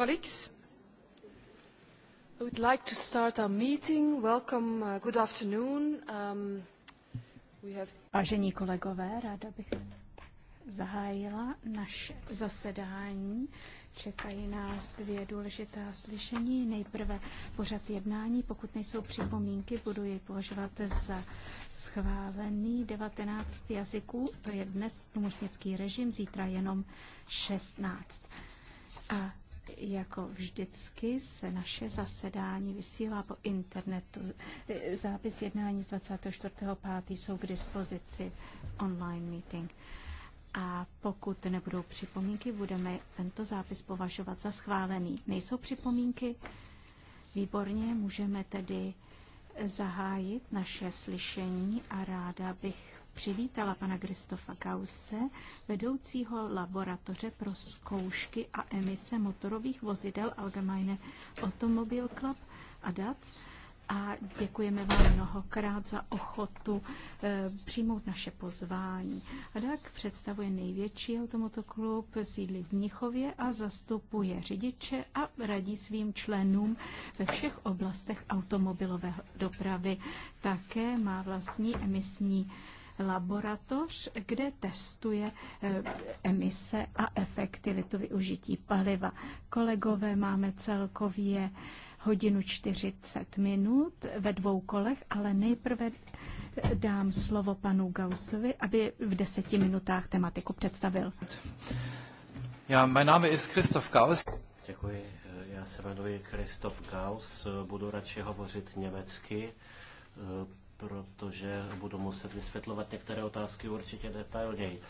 colleagues. I would like to start our meeting. Welcome, uh, good afternoon. Um, we have... Vážení kolegové, ráda bych zahájila naše zasedání. Čekají nás dvě důležitá slyšení. Nejprve pořad jednání. Pokud nejsou připomínky, budu jej považovat za schválený 19 jazyků. To je dnes tlumočnický režim, zítra jenom 16. A jako vždycky se naše zasedání vysílá po internetu. Zápis jednání z 24.5. jsou k dispozici online meeting. A pokud nebudou připomínky, budeme tento zápis považovat za schválený. Nejsou připomínky? Výborně, můžeme tedy zahájit naše slyšení a ráda bych přivítala pana Kristofa Gause, vedoucího laboratoře pro zkoušky a emise motorových vozidel Allgemeine Automobil Club a DAC a děkujeme vám mnohokrát za ochotu e, přijmout naše pozvání. Adak představuje největší automotoklub, sídlí v Mnichově a zastupuje řidiče a radí svým členům ve všech oblastech automobilové dopravy. Také má vlastní emisní laboratoř, kde testuje eh, emise a efektivitu využití paliva. Kolegové, máme celkově hodinu 40 minut ve dvou kolech, ale nejprve dám slovo panu Gausovi, aby v deseti minutách tematiku představil. Já, mein Name ist Christoph Gauss. Děkuji. Já se jmenuji Christoph Gauss, budu radši hovořit německy, protože budu muset vysvětlovat některé otázky určitě detailněji.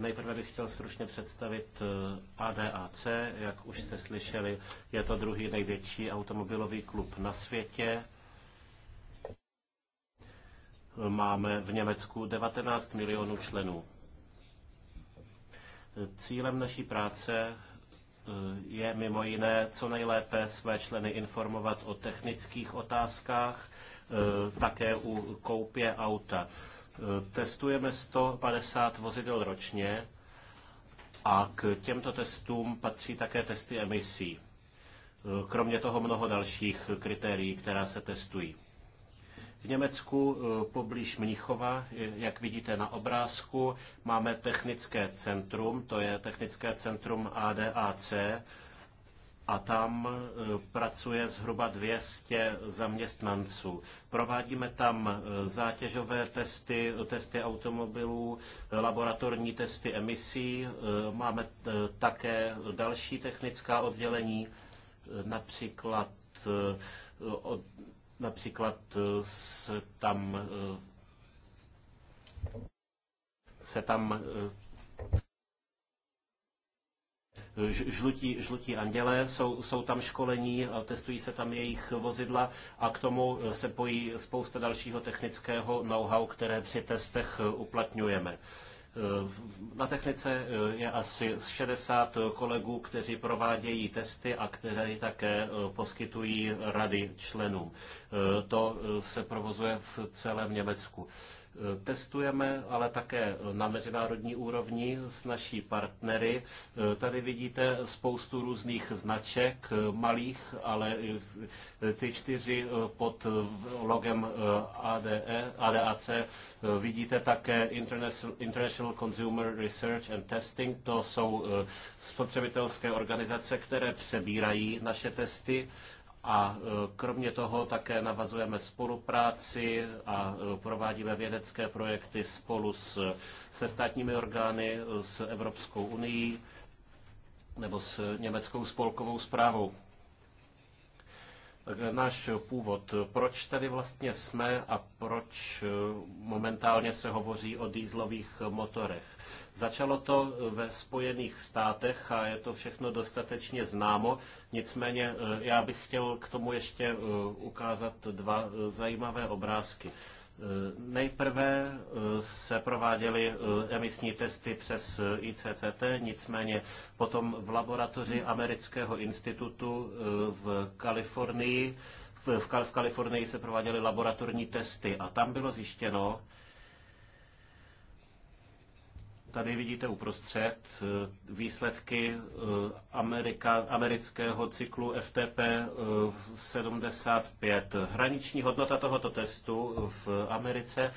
Nejprve bych chtěl stručně představit eh, ADAC, jak už jste slyšeli, je to druhý největší automobilový klub na světě. Máme v Německu 19 milionů členů. Cílem naší práce Eh, je mimo jiné co nejlépe své členy informovat o technických otázkách, eh, také u koupě auta. Eh, testujeme 150 vozidel ročně a k těmto testům patří také testy emisí. Kromě toho mnoho dalších kritérií, která se testují. V Německu eh, poblíž Mnichova, jak vidíte na obrázku, máme technické centrum, to je technické centrum ADAC, a tam eh, pracuje zhruba 200 zaměstnanců. Provádíme tam eh, zátěžové testy, testy automobilů, laboratorní testy emisí, máme také další technická oddělení, například Například eh, se tam eh, se tam eh, žlutí, žlutí andělé, jsou, jsou tam školení, testují se tam jejich vozidla a k tomu se pojí spousta dalšího technického know-how, které při testech uplatňujeme. Eh, na technice eh, je asi 60 kolegů, kteří provádějí testy a kteří také eh, poskytují rady členům. To se provozuje v celém Německu. Testujeme ale také na mezinárodní úrovni s naší partnery. Tady vidíte spoustu různých značek, malých, ale ty čtyři pod logem ADE, ADAC vidíte také International Consumer Research and Testing. To jsou spotřebitelské organizace, které přebírají naše testy. A e, kromě toho také navazujeme spolupráci a e, provádíme vědecké projekty spolu s, se státními orgány, e, s Evropskou unii nebo s Německou spolkovou zprávou náš původ. Proč tady vlastně jsme a proč eh, momentálně se hovoří o dýzlových motorech? Začalo to eh, ve Spojených státech a je to všechno dostatečně známo. Nicméně eh, já bych chtěl k tomu ještě ukázat dva zajímavé obrázky. Nejprve eh, se prováděly eh, emisní testy přes eh, ICCT, nicméně potom v laboratoři Amerického institutu v Kalifornii, v, Kalifornii se prováděly laboratorní testy a tam bylo zjištěno, Tady vidíte uprostřed eh, výsledky eh, Amerika, amerického cyklu FTP 75. Eh, Hraniční hodnota tohoto testu v Americe,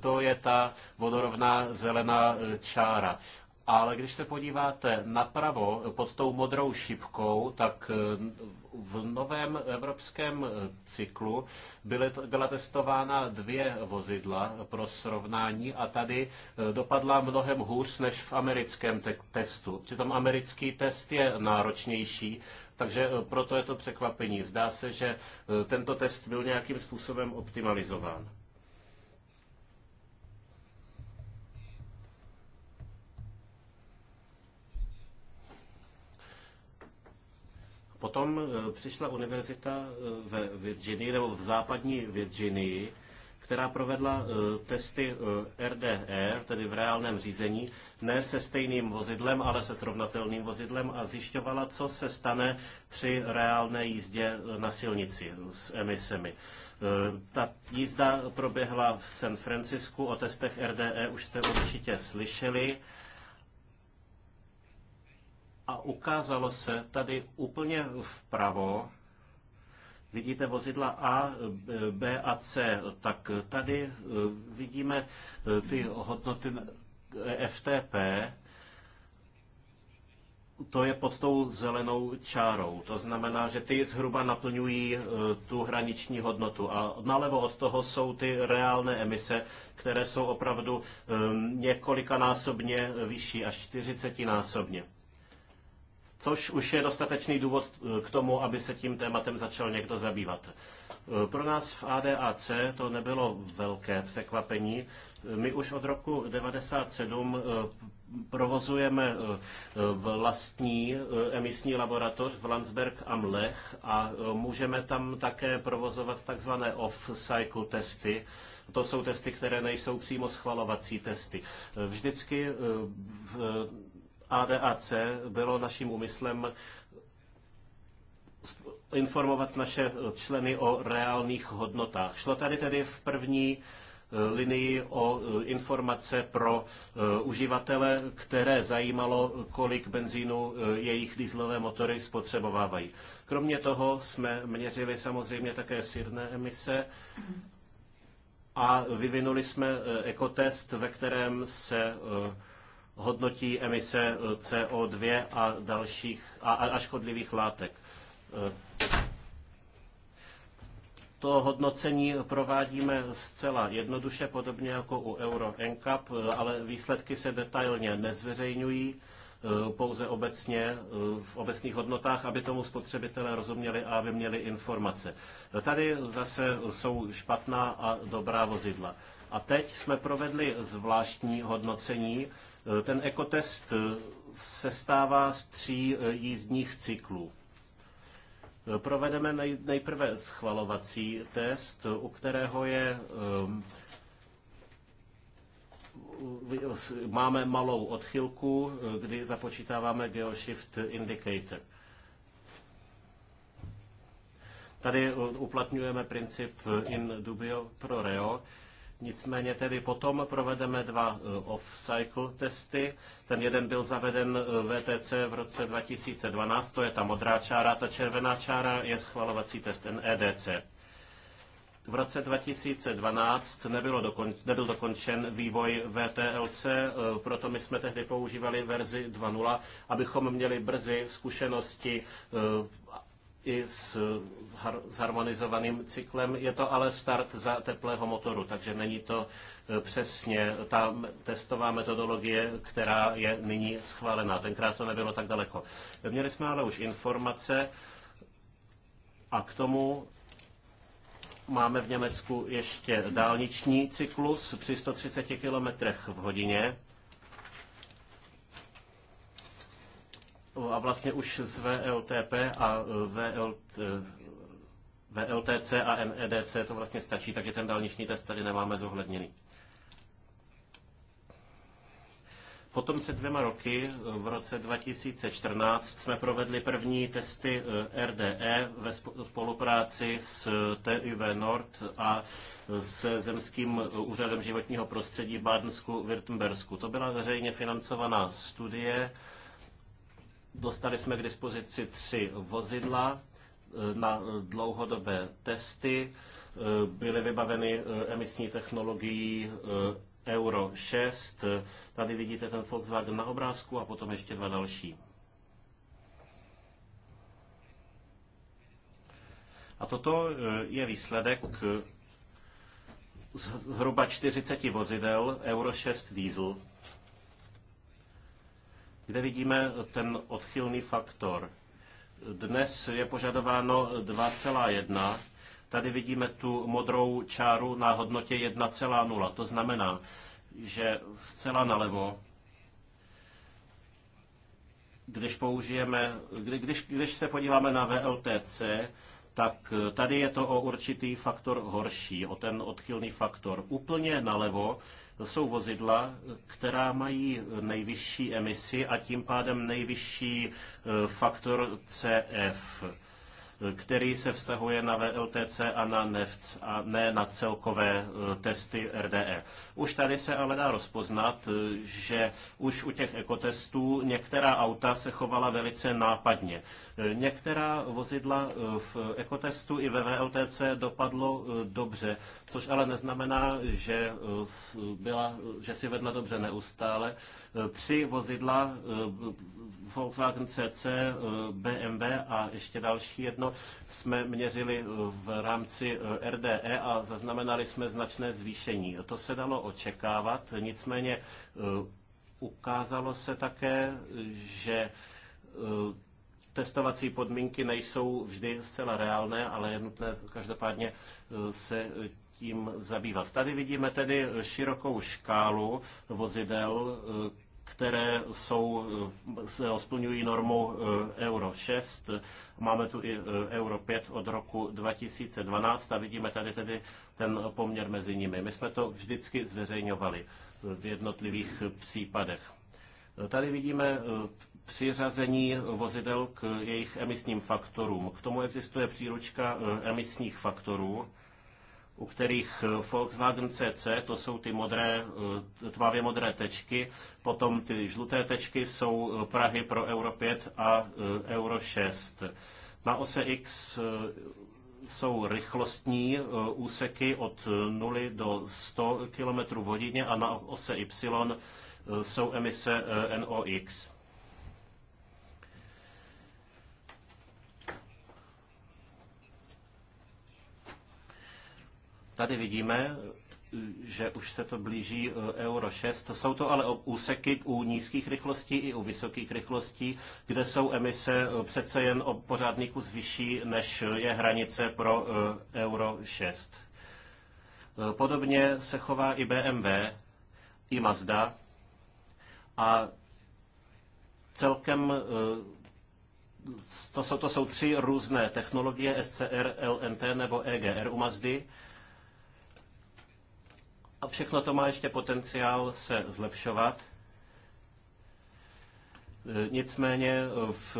to je ta vodorovná zelená čára. Ale když se podíváte napravo pod tou modrou šipkou, tak eh, v novém evropském eh, cyklu byly, byla testována dvě vozidla pro srovnání a tady eh, dopadla mnohem hůř než v americkém te- testu. Přitom americký test je náročnější, takže proto je to překvapení. Zdá se, že tento test byl nějakým způsobem optimalizován. Potom e, přišla univerzita e, ve Virginii, nebo v západní Virginii, která provedla e, testy RDE, tedy v reálném řízení, ne se stejným vozidlem, ale se srovnatelným vozidlem a zjišťovala, co se stane při reálné jízdě na silnici s emisemi. Ta jízda proběhla v San Francisku, o testech RDE už jste určitě slyšeli. A ukázalo se tady úplně vpravo, vidíte vozidla A, B a C, tak tady eh, vidíme eh, ty hodnoty e FTP, to je pod tou zelenou čárou. To znamená, že ty zhruba naplňují eh, tu hraniční hodnotu. A nalevo od toho jsou ty reálné emise, které jsou opravdu několikanásobně vyšší, až čtyřicetinásobně. násobně což už je dostatečný důvod eh, k tomu, aby se tím tématem začal někdo zabývat. Eh, pro nás v ADAC to nebylo velké překvapení. Eh, my už od roku 1997 provozujeme vlastní emisní laboratoř v Landsberg am Lech a můžeme tam také provozovat takzvané off-cycle testy, to jsou testy, které nejsou přímo schvalovací testy. Vždycky v ADAC bylo naším úmyslem informovat naše členy o reálných hodnotách. Šlo tady tedy v první e, linii o e, informace pro e, uživatele, které zajímalo, kolik benzínu jejich dýzlové motory spotřebovávají. Kromě toho jsme měřili samozřejmě také sírné emise a vyvinuli jsme ekotest, ve kterém se hodnotí emise eh, CO2 a dalších a, a škodlivých látek. Eh, to hodnocení provádíme zcela jednoduše, podobně jako u Euro NCAP, eh, ale výsledky se detailně nezveřejňují, pouze obecně v obecných hodnotách, aby tomu spotřebitelé rozuměli a aby měli informace. Tady zase jsou špatná a dobrá vozidla. A teď jsme provedli zvláštní hodnocení, Eh, ten ekotest eh, se stává z tří eh, jízdních cyklů. Provedeme nejprve schvalovací test, u kterého je ehm, máme malou odchylku, kdy započítáváme GeoShift Indicator. Tady uplatňujeme princip in dubio pro reo, Nicméně tedy potom provedeme dva e, off-cycle testy. Ten jeden byl zaveden e, VTC v roce 2012, to je ta modrá čára, ta červená čára je schvalovací test NEDC. V roce 2012 nebylo dokon, nebyl dokončen vývoj VTLC, e, proto my jsme tehdy používali verzi 2.0, abychom měli brzy zkušenosti i s, s harmonizovaným cyklem. Je to ale start za teplého motoru, takže není to e, přesně ta testová metodologie, která je nyní schválená. Tenkrát to nebylo tak daleko. Měli jsme ale už informace a k tomu máme v Německu ještě dálniční cyklus při 130 km v hodině a vlastně už z VLTP a e, VLT, e, VLTC a MEDC to vlastně stačí, takže ten dálniční test tady nemáme zohledněný. Potom před dvěma roky, e, v roce 2014, jsme provedli první testy RDE ve spolupráci s TUV Nord a se Zemským úřadem životního prostředí v Bádensku-Württembersku. To byla veřejně financovaná studie, Dostali jsme k dispozici tři vozidla eh, na eh, dlouhodobé testy. Eh, byly vybaveny emisní technologií Euro 6. Tady vidíte ten Volkswagen na obrázku a potom ještě dva další. A toto je výsledek zhruba 40 vozidel Euro 6 diesel kde vidíme ten odchylný faktor. Dnes je požadováno 2,1. Tady vidíme tu modrou čáru na hodnotě 1,0. To znamená, že zcela nalevo když použijeme, kdy, když, když se podíváme na VLTC, tak tady je to o určitý faktor horší, o ten odchylný faktor. Úplně nalevo jsou vozidla, která mají nejvyšší emisi a tím pádem nejvyšší eh, faktor CF který se vztahuje na VLTC a na NEFC a ne na celkové e, testy RDE. Už tady se ale dá rozpoznat, e, že už u těch ekotestů některá auta se chovala velice nápadně. E, některá vozidla v ekotestu i ve VLTC dopadlo dobře, což ale neznamená, že, byla, že si vedla dobře neustále. Tři vozidla Volkswagen CC, BMW a ještě další jedno jsme měřili eh, v rámci eh, RDE a zaznamenali jsme značné zvýšení. To se dalo očekávat, nicméně eh, ukázalo se také, že testovací podmínky nejsou vždy zcela reálné, ale je nutné každopádně se tím zabývat. Tady vidíme tedy širokou škálu vozidel, které jsou, eh, se splňují normu eh, Euro 6. Máme tu i eh, Euro 5 od roku 2012 a vidíme tady tedy ten poměr mezi nimi. My jsme to vždycky zveřejňovali v jednotlivých případech. Tady vidíme přiřazení vozidel k jejich emisním faktorům. K tomu existuje příručka emisních faktorů u kterých eh, Volkswagen CC, to jsou ty modré, eh, tmavě modré tečky, potom ty žluté tečky jsou eh, Prahy pro Euro 5 a Euro 6. Na ose X jsou rychlostní úseky od 0 do 100 km v hodině a na ose Y jsou emise NOx. Tady vidíme, že už se to blíží eh, Euro 6. Jsou to ale úseky u nízkých rychlostí i u vysokých rychlostí, kde jsou emise eh, přece jen o pořádný kus vyšší, než je hranice pro eh, Euro 6. Podobně se chová i BMW, i Mazda a celkem to jsou, to jsou tři různé technologie SCR, LNT nebo EGR u Mazdy a všechno to má ještě potenciál se zlepšovat. E, nicméně e, v,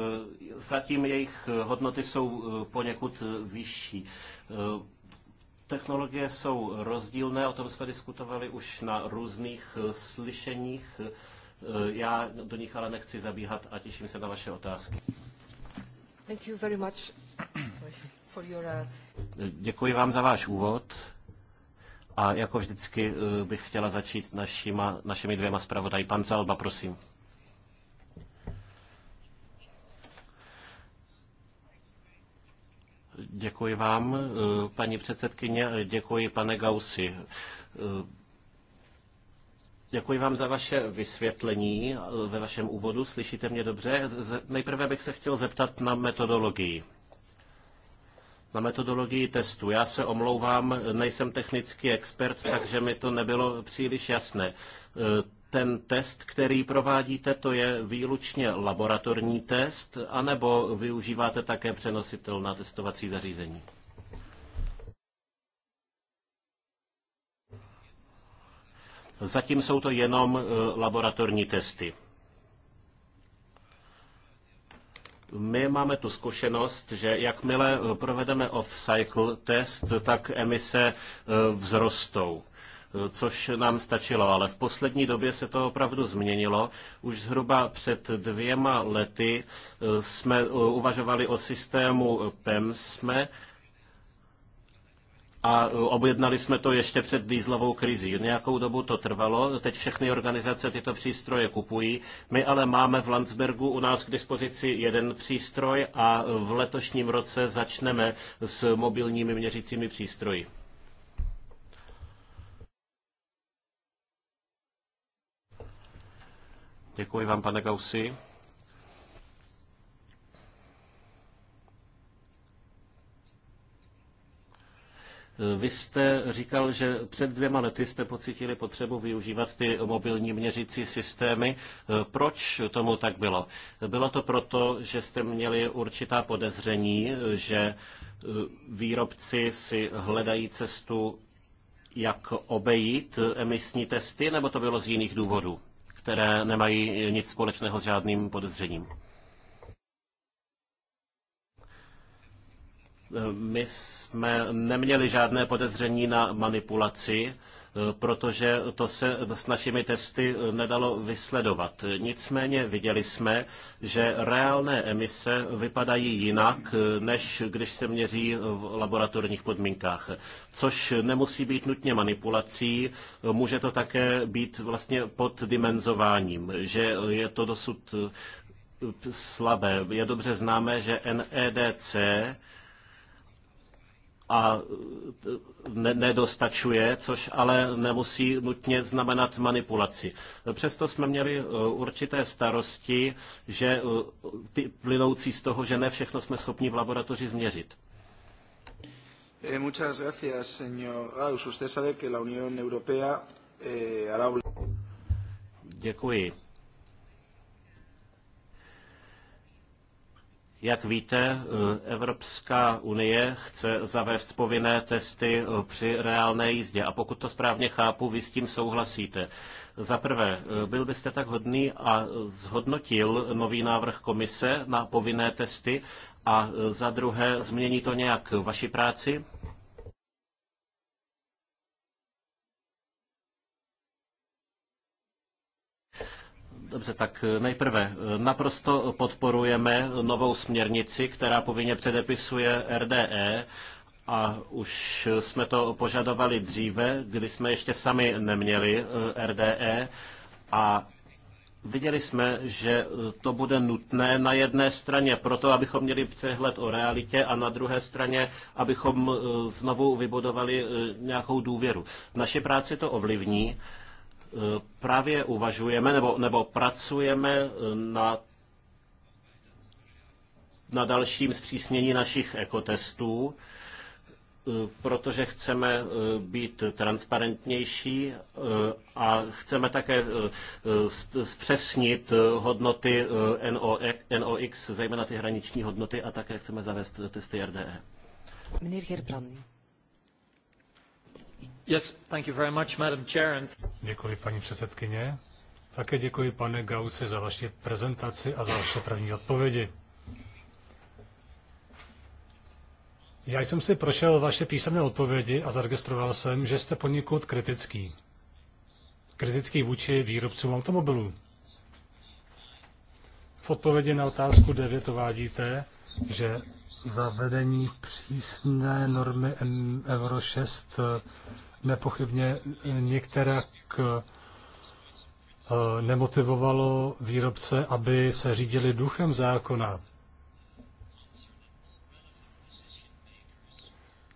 zatím jejich hodnoty jsou e, poněkud vyšší. Technologie jsou rozdílné, o tom jsme diskutovali už na různých slyšeních. Já do nich ale nechci zabíhat a těším se na vaše otázky. Uh, Děkuji vám za váš úvod. A jako vždycky eh, bych chtěla začít našima, našimi dvěma zpravodají. Pan Zalba, prosím. Děkuji vám, eh, paní předsedkyně, děkuji, pane Gausi. Eh, děkuji vám za vaše vysvětlení ve vašem úvodu. Slyšíte mě dobře? Nejprve bych se chtěl zeptat na metodologii na metodologii testu. Já se omlouvám, nejsem technický expert, takže mi to nebylo příliš jasné. E, ten test, který provádíte, to je výlučně laboratorní test, anebo využíváte také přenositelná testovací zařízení? Zatím jsou to jenom e, laboratorní testy. My máme tu zkušenost, že jakmile eh, provedeme off-cycle test, tak emise eh, vzrostou eh, což nám stačilo, ale v poslední době se to opravdu změnilo. Už zhruba před dvěma lety jsme uvažovali o systému PEMSME, a objednali jsme to ještě před dýzlovou krizí. Nějakou dobu to trvalo, teď všechny organizace tyto přístroje kupují. My ale máme v Landsbergu u nás k dispozici jeden přístroj a v letošním roce začneme s mobilními měřicími přístroji. Děkuji vám, pane Gausi. Vy jste říkal, že před dvěma lety jste pocitili potřebu využívat ty mobilní měřící systémy. Proč tomu tak bylo? Bylo to proto, že jste měli určitá podezření, že e, výrobci si hledají cestu, jak obejít emisní testy, nebo to bylo z jiných důvodů, které nemají nic společného s žádným podezřením? My jsme neměli žádné podezření na manipulaci, eh, protože to se s našimi testy eh, nedalo vysledovat. Nicméně viděli jsme, že reálné emise vypadají jinak, eh, než když se měří v laboratorních podmínkách. Což nemusí být nutně manipulací, může to také být vlastně poddimenzováním, že je to dosud slabé. Je dobře známé, že NEDC a e, ne- nedostačuje, což ale nemusí nutně znamenat manipulaci. Přesto jsme měli e, určité starosti, že e, ty plynoucí z toho, že ne všechno jsme schopni v laboratoři změřit. Eh, muchas gracias, señor Raus. Usted sabe que la Unión Europea eh, hará... Děkuji. Jak víte, eh, Evropská unie chce zavést povinné testy eh, při reálné jízdě. A pokud to správně chápu, vy s tím souhlasíte. Za prvé, eh, byl byste tak hodný a zhodnotil nový návrh komise na povinné testy? A za druhé, změní to nějak vaši práci? Dobře, tak eh, nejprve eh, naprosto podporujeme novou směrnici, která povinně předepisuje RDE a už eh, jsme to požadovali dříve, kdy jsme ještě sami neměli RDE a Viděli jsme, že to bude nutné na jedné straně proto, abychom měli přehled o realitě a na druhé straně, abychom znovu vybudovali nějakou důvěru. Naše naši práci to ovlivní právě uvažujeme nebo, nebo pracujeme eh, na, na dalším zpřísnění našich ekotestů, eh, protože chceme eh, být transparentnější a chceme také zpřesnit hodnoty NOx, zejména ty hraniční hodnoty, a také chceme zavést testy RDE. Meneer Gerbrandy. Yes, thank you very much, Madam Chair. And... Děkuji, paní předsedkyně. Také děkuji, pane Gausi, za vaši prezentaci a za vaše první odpovědi. Já jsem si prošel vaše písemné odpovědi a zaregistroval jsem, že jste poněkud kritický. Kritický vůči výrobcům automobilů. V odpovědi na otázku 9 uvádíte, že zavedení přísné normy Euro 6 nepochybně některá k eh, nemotivovalo výrobce, aby se řídili duchem zákona.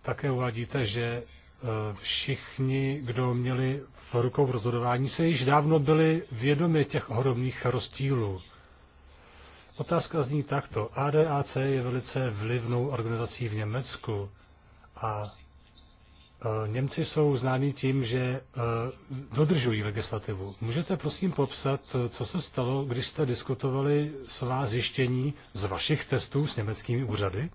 Také uvádíte, že eh, všichni, kdo měli v rukou rozhodování, se již dávno byli vědomi těch ohromných rozdílů. Otázka zní takto. ADAC je velice vlivnou organizací v Německu a Eh, Němci jsou známí tím, že eh, dodržují legislativu. Můžete prosím popsat, eh, co se stalo, když jste diskutovali svá zjištění z vašich testů s německými úřady?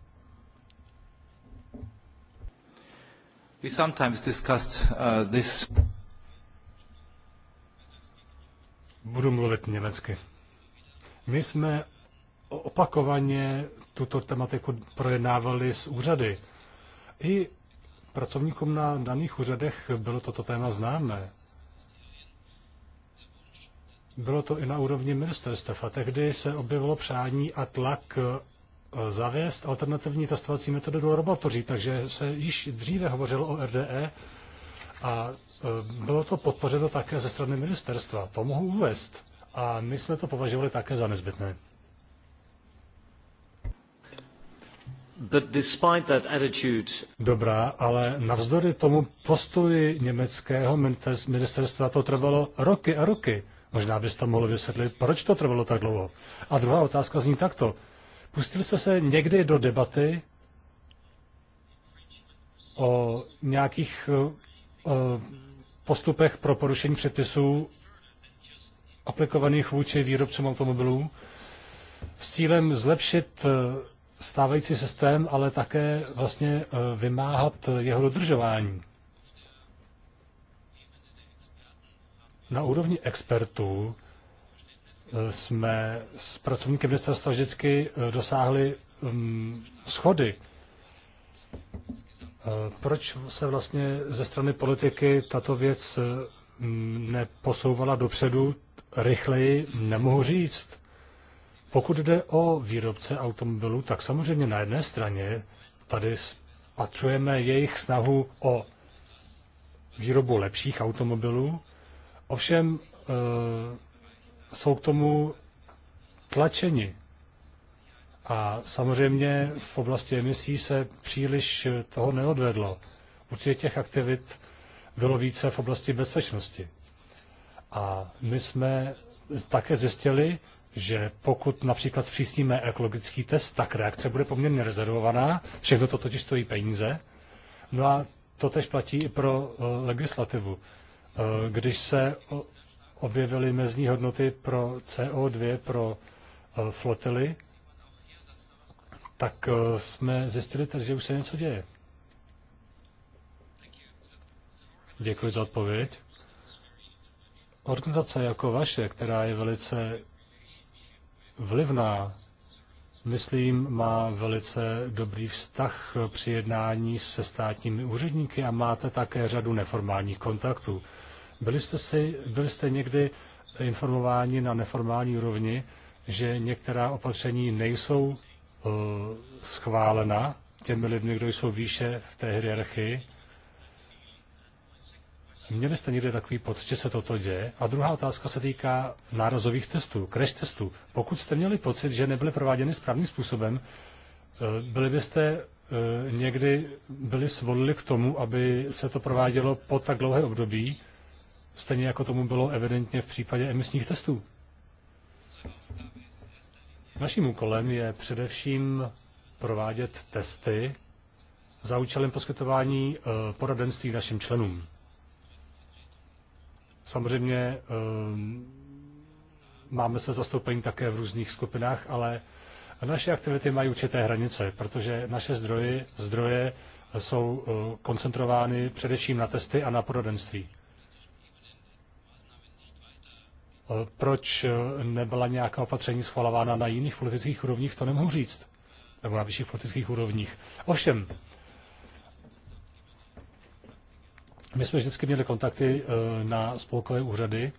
We sometimes discussed uh, this. Budu mluvit německy. My jsme opakovaně tuto tematiku projednávali s úřady. I Pracovníkům na daných úřadech bylo toto téma známé. Bylo to i na úrovni ministerstva. a tehdy se objevilo přání a tlak eh, zavést alternativní testovací metodu do laboratoří, takže se již dříve hovořilo o RDE a eh, bylo to podpořeno také ze strany ministerstva. To mohu uvést a my jsme to považovali také za nezbytné. Dobrá, ale navzdory tomu postoji německého ministerstva to trvalo roky a roky. Možná byste mohli vysvětlit, proč to trvalo tak dlouho. A druhá otázka zní takto. Pustil jste se někdy do debaty o nějakých eh, eh, postupech pro porušení předpisů aplikovaných vůči výrobcům automobilů s cílem zlepšit eh, stávající systém, ale také vlastně e, vymáhat jeho dodržování. Na úrovni expertů e, jsme s pracovníky ministerstva vždycky e, dosáhli mm, schody. Proč se vlastně ze strany politiky tato věc mm, neposouvala dopředu rychleji, nemohu říct. Pokud jde o výrobce automobilů, tak samozřejmě na jedné straně tady spatřujeme jejich snahu o výrobu lepších automobilů, ovšem e, jsou k tomu tlačeni. A samozřejmě v oblasti emisí se příliš toho neodvedlo. Určitě těch aktivit bylo více v oblasti bezpečnosti. A my jsme také zjistili, že pokud například přísníme ekologický test, tak reakce bude poměrně rezervovaná, všechno to totiž stojí peníze. No a to tež platí i pro eh, legislativu. Eh, když se objevily mezní hodnoty pro CO2 pro eh, flotily, tak jsme zjistili, že už se něco děje. Děkuji za odpověď. Organizace jako vaše, která je velice vlivná. Myslím, má velice dobrý vztah při jednání se státními úředníky a máte také řadu neformálních kontaktů. Byli jste, si, byli jste někdy informováni na neformální úrovni, že některá opatření nejsou uh, schválena těmi lidmi, kdo jsou výše v té hierarchii, Měli jste někde takový pocit, že se toto děje? A druhá otázka se týká nárazových testů, crash testů. Pokud jste měli pocit, že nebyly prováděny správným způsobem, eh, byli byste eh, někdy byli svolili k tomu, aby se to provádělo po tak dlouhé období, stejně jako tomu bylo evidentně v případě emisních testů. Naším úkolem je především provádět testy za účelem poskytování eh, poradenství našim členům. Samozřejmě ehm, máme své zastoupení také v různých skupinách, ale naše aktivity mají určité hranice, protože naše zdroje, zdroje jsou eh, koncentrovány především na testy a na poradenství. Eh, proč eh, nebyla nějaká opatření schvalována na jiných politických úrovních, to nemohu říct, nebo na vyšších politických úrovních. Ovšem, My jsme vždycky měli kontakty eh, na spolkové úřady.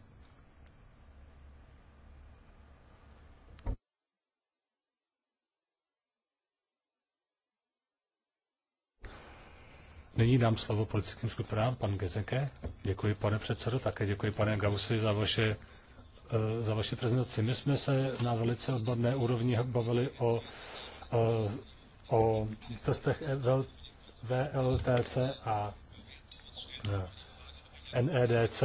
Nyní dám slovo politickým skupinám. Pan Gezeke, děkuji pane předsedo, také děkuji pane Gausi za vaše eh, za vaše prezentaci. My jsme se na velice odborné úrovni bavili o, o, eh, o testech VLTC a NEDC.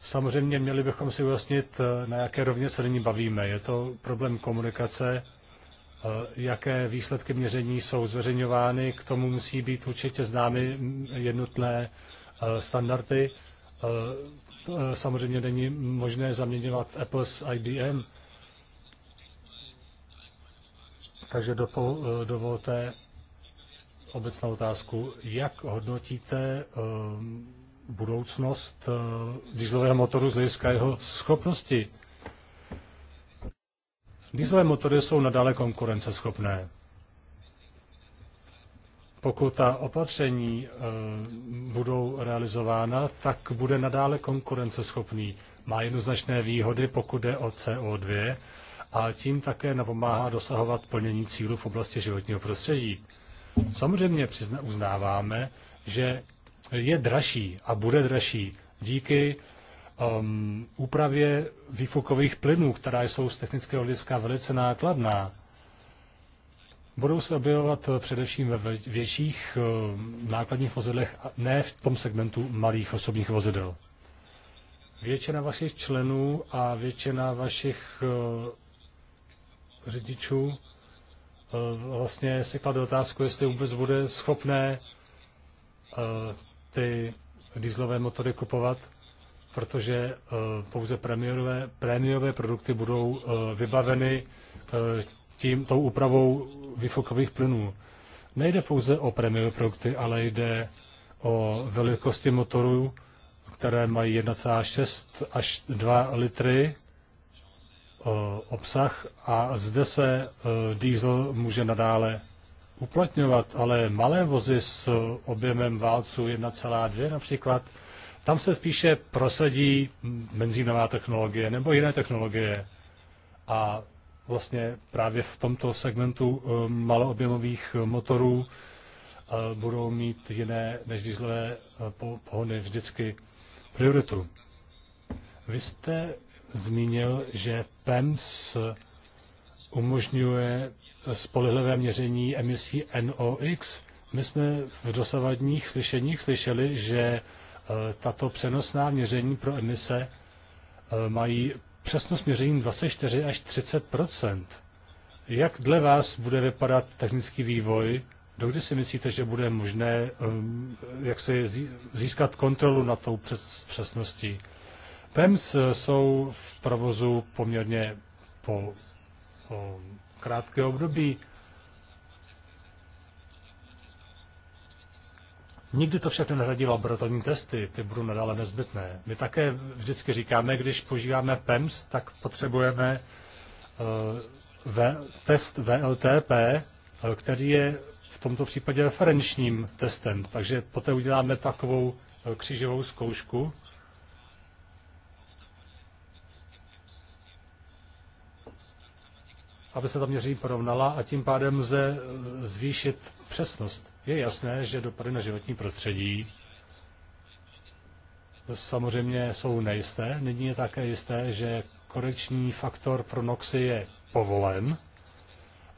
Samozřejmě měli bychom si ujasnit, eh, na jaké rovně se nyní bavíme. Je to problém komunikace, eh, jaké výsledky měření jsou zveřejňovány, k tomu musí být určitě známy jednotné eh, standardy. Samozřejmě není možné zaměňovat Apple s IBM. Takže dovolte, obecnou otázku. Jak hodnotíte ehm, budoucnost ehm, dieselového motoru z hlediska jeho schopnosti? Dieselové motory jsou nadále konkurenceschopné. Pokud ta opatření ehm, budou realizována, tak bude nadále konkurenceschopný. Má jednoznačné výhody, pokud jde o CO2 a tím také napomáhá dosahovat plnění cílů v oblasti životního prostředí. Samozřejmě uznáváme, že je dražší a bude dražší díky um, úpravě výfukových plynů, která jsou z technického hlediska velice nákladná. Budou se objevovat především ve větších um, nákladních vozidlech, ne v tom segmentu malých osobních vozidel. Většina vašich členů a většina vašich uh, řidičů Eh, vlastně si klade otázku, jestli vůbec bude schopné eh, ty dieselové motory kupovat, protože eh, pouze prémiové, prémiové produkty budou vybaveny tím, tou úpravou výfokových plynů. Nejde pouze o prémiové produkty, ale jde o velikosti motorů, které mají 1,6 až 2 litry Eh, obsah a zde se eh, diesel může nadále uplatňovat, ale malé vozy s objemem válců 1,2 například, tam se spíše prosadí benzínová technologie nebo jiné technologie. A vlastně právě v tomto segmentu eh, maloobjemových motorů budou mít jiné než dieselové pohony vždycky prioritu. Vy jste zmínil, že PEMS umožňuje spolehlivé měření emisí NOx. My jsme v dosavadních slyšeních slyšeli, že e, tato přenosná měření pro emise e, mají přesnost měření 24 až 30 Jak dle vás bude vypadat technický vývoj? Dokdy si myslíte, že bude možné e, jak se získat kontrolu nad tou přes, přesností? PEMS eh, jsou v provozu poměrně po, po krátké období. Nikdy to však nenahradí laboratorní testy, ty budou nadále nezbytné. My také vždycky říkáme, když používáme PEMS, tak potřebujeme uh, v, test VLTP, eh, který je v tomto případě referenčním testem. Takže poté uděláme takovou křížovou zkoušku aby se ta měření porovnala a tím pádem lze zvýšit přesnost. Je jasné, že dopady na životní prostředí samozřejmě jsou nejisté. Nyní je také jisté, že koreční faktor pro NOXy je povolen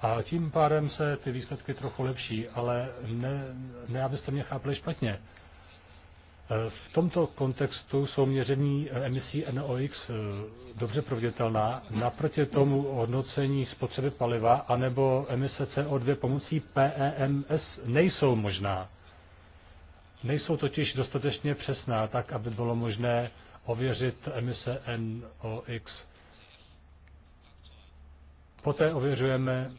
a tím pádem se ty výsledky trochu lepší, ale ne, ne abyste mě chápali špatně. Eh, v tomto kontextu jsou měření emisí NOx eh, dobře proveditelná. Naproti tomu hodnocení spotřeby paliva anebo emise CO2 pomocí PEMS nejsou možná. Nejsou totiž dostatečně přesná, tak aby bylo možné ověřit emise NOx. Poté ověřujeme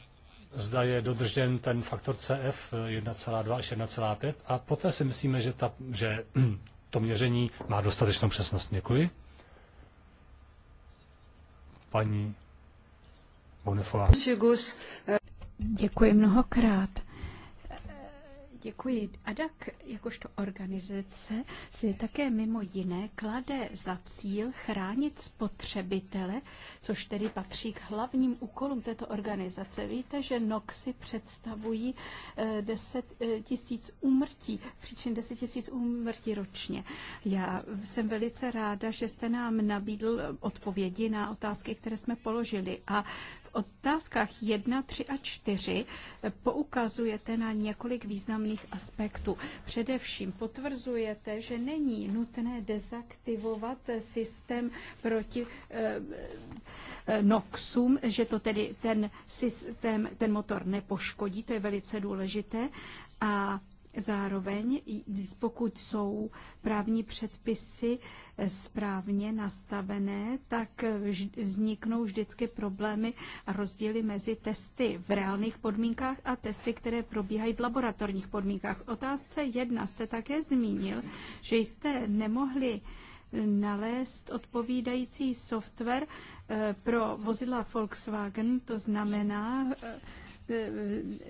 zda je dodržen ten faktor CF 1,2 až 1,5 a poté si myslíme, že, ta, že to měření má dostatečnou přesnost. Děkuji. Paní Bonifová. Eh. Děkuji mnohokrát. Děkuji. ADAC jakožto organizace si také mimo jiné klade za cíl chránit spotřebitele, což tedy patří k hlavním úkolům této organizace. Víte, že NOXy představují 10 eh, eh, tisíc úmrtí, příčin 10 tisíc úmrtí ročně. Já jsem velice ráda, že jste nám nabídl odpovědi na otázky, které jsme položili a otázkách 1, 3 a 4 poukazujete na několik významných aspektů. Především potvrzujete, že není nutné dezaktivovat systém proti eh, eh, NOXům, že to tedy ten systém, ten motor nepoškodí, to je velice důležité. A Zároveň, pokud jsou právní předpisy eh, správně nastavené, tak eh, vzniknou vždycky problémy a rozdíly mezi testy v reálných podmínkách a testy, které probíhají v laboratorních podmínkách. V otázce jedna jste také zmínil, že jste nemohli eh, nalézt odpovídající software pro vozidla Volkswagen, to znamená,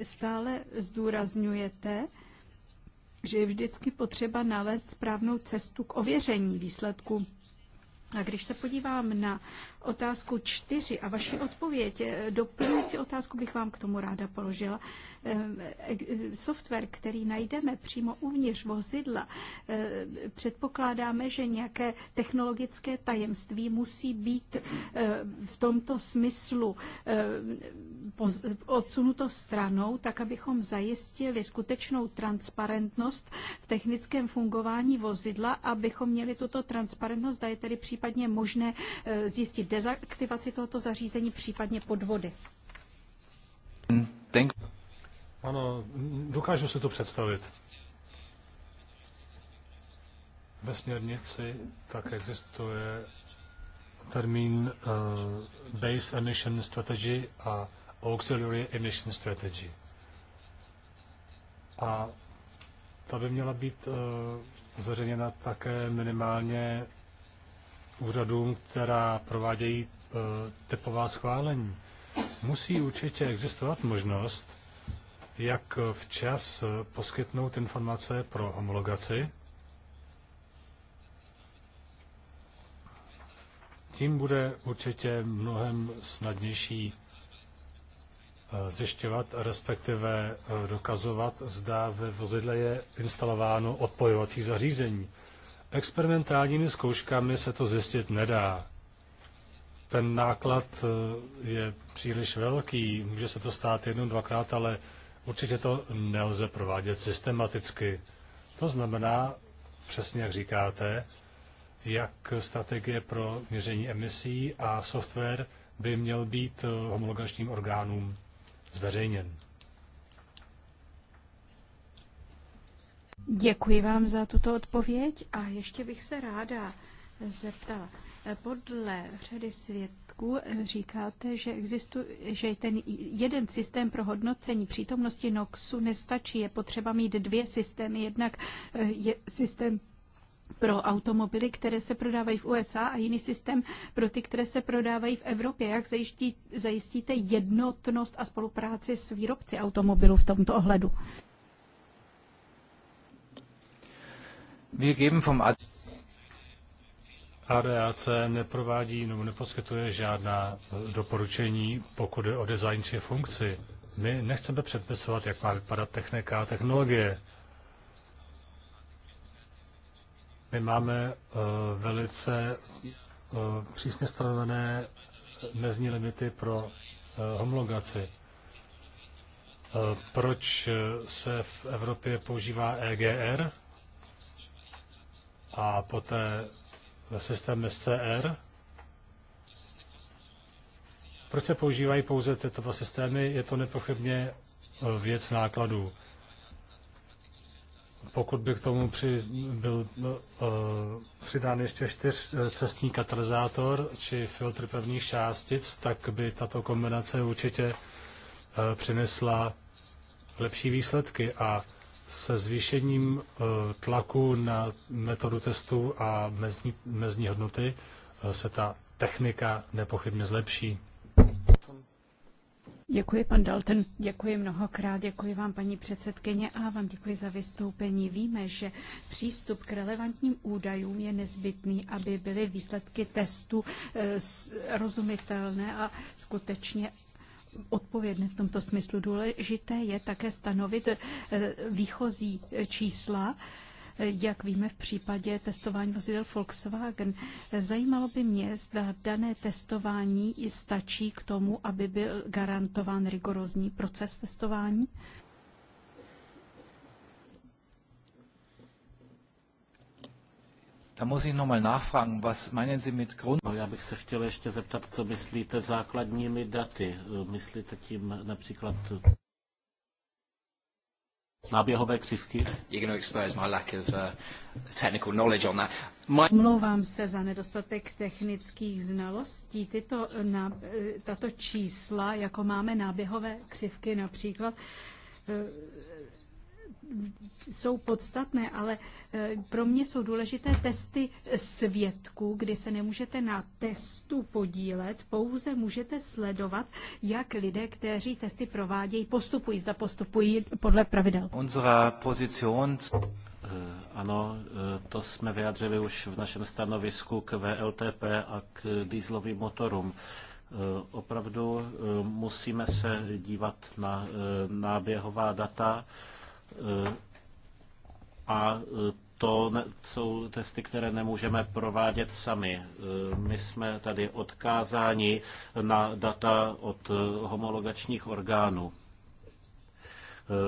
stále zdůrazňujete, že je vždycky potřeba nalézt správnou cestu k ověření výsledku. A když se podívám na otázku čtyři a vaši odpověď. Eh, doplňující otázku bych vám k tomu ráda položila. Ehm, software, který najdeme přímo uvnitř vozidla, eh, předpokládáme, že nějaké technologické tajemství musí být eh, v tomto smyslu odsunuto stranou, tak abychom zajistili skutečnou transparentnost v technickém fungování vozidla, abychom měli tuto transparentnost a je tedy případně možné zjistit dezaktivaci tohoto zařízení, případně podvody. Ano, dokážu si to představit. Ve směrnici tak existuje termín uh, Base Emission Strategy a Auxiliary Emission Strategy. A ta by měla být uh, zveřejněna také minimálně úřadům, která provádějí e, typová schválení. Musí určitě existovat možnost, jak včas e, poskytnout informace pro homologaci. Tím bude určitě mnohem snadnější e, zjišťovat, respektive dokazovat, zda ve vozidle je instalováno odpojovací zařízení. Experimentálními zkouškami se to zjistit nedá. Ten náklad eh, je příliš velký, může se to stát jednou, dvakrát, ale určitě to nelze provádět systematicky. To znamená, přesně jak říkáte, jak strategie pro měření emisí a software by měl být eh, homologačním orgánům zveřejněn. Děkuji vám za tuto odpověď a ještě bych se ráda zeptala. Podle řady svědků říkáte, že, existuje, že ten jeden systém pro hodnocení přítomnosti NOXu nestačí. Je potřeba mít dvě systémy. Jednak eh, je systém pro automobily, které se prodávají v USA a jiný systém pro ty, které se prodávají v Evropě. Jak zajistí, zajistíte jednotnost a spolupráci s výrobci automobilů v tomto ohledu? ADAC neprovádí nebo neposkytuje žádná doporučení, pokud je o design či funkci. My nechceme předpisovat, jak má vypadat technika a technologie. My máme uh, velice uh, přísně stanovené mezní limity pro uh, homologaci. Uh, proč se v Evropě používá EGR? a poté systém SCR. Proč se používají pouze tyto dva systémy? Je to nepochybně e, věc nákladů. Pokud by k tomu při, byl uh, přidán ještě čtyřcestní e, katalyzátor či filtr pevných částic, tak by tato kombinace určitě uh, přinesla lepší výsledky a se zvýšením eh, tlaku na metodu testu a mezní, mezní hodnoty eh, se ta technika nepochybně zlepší. Děkuji, pan Dalton. Děkuji mnohokrát. Děkuji vám, paní předsedkyně, a vám děkuji za vystoupení. Víme, že přístup k relevantním údajům je nezbytný, aby byly výsledky testu eh, rozumitelné a skutečně odpovědné v tomto smyslu. Důležité je také stanovit eh, výchozí čísla, eh, jak víme v případě testování vozidel Volkswagen. Zajímalo by mě, zda dané testování i stačí k tomu, aby byl garantován rigorózní proces testování? Da muss ich nochmal nachfragen, was meinen Sie mit Grund... No, já bych se chtěl ještě zeptat, co myslíte základními daty. E, myslíte tím například e, náběhové křivky? Uh, Mluvám se za nedostatek technických znalostí. Tyto, e, na, tato čísla, jako máme náběhové křivky například, jsou podstatné, ale e, pro mě jsou důležité testy svědků, kdy se nemůžete na testu podílet, pouze můžete sledovat, jak lidé, kteří testy provádějí, postupují, zda postupují podle pravidel. Unsere Position... Eh, ano, eh, to jsme vyjadřili už v našem stanovisku k VLTP a k dýzlovým motorům eh, opravdu musíme se dívat na náběhová data Eh, a eh, to jsou testy, které nemůžeme provádět sami. Eh, my jsme tady odkázáni na data od homologačních orgánů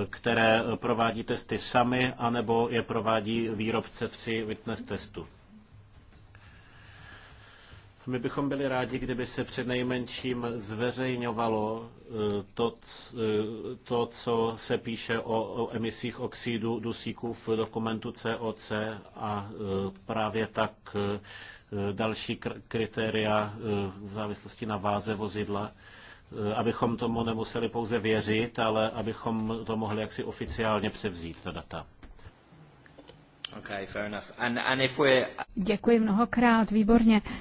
které provádí testy sami, anebo je provádí výrobce při witness testu. My bychom byli rádi, kdyby se před nejmenším zveřejňovalo e, to, e, to co se píše o, o emisích oxidu dusíků v dokumentu COC a e, právě tak další kritéria v závislosti na váze vozidla, abychom tomu nemuseli pouze věřit, ale abychom to mohli jaksi oficiálně převzít, ta data. Okay, fair enough. And, and if we're... Děkuji mnohokrát, výborně. Uh,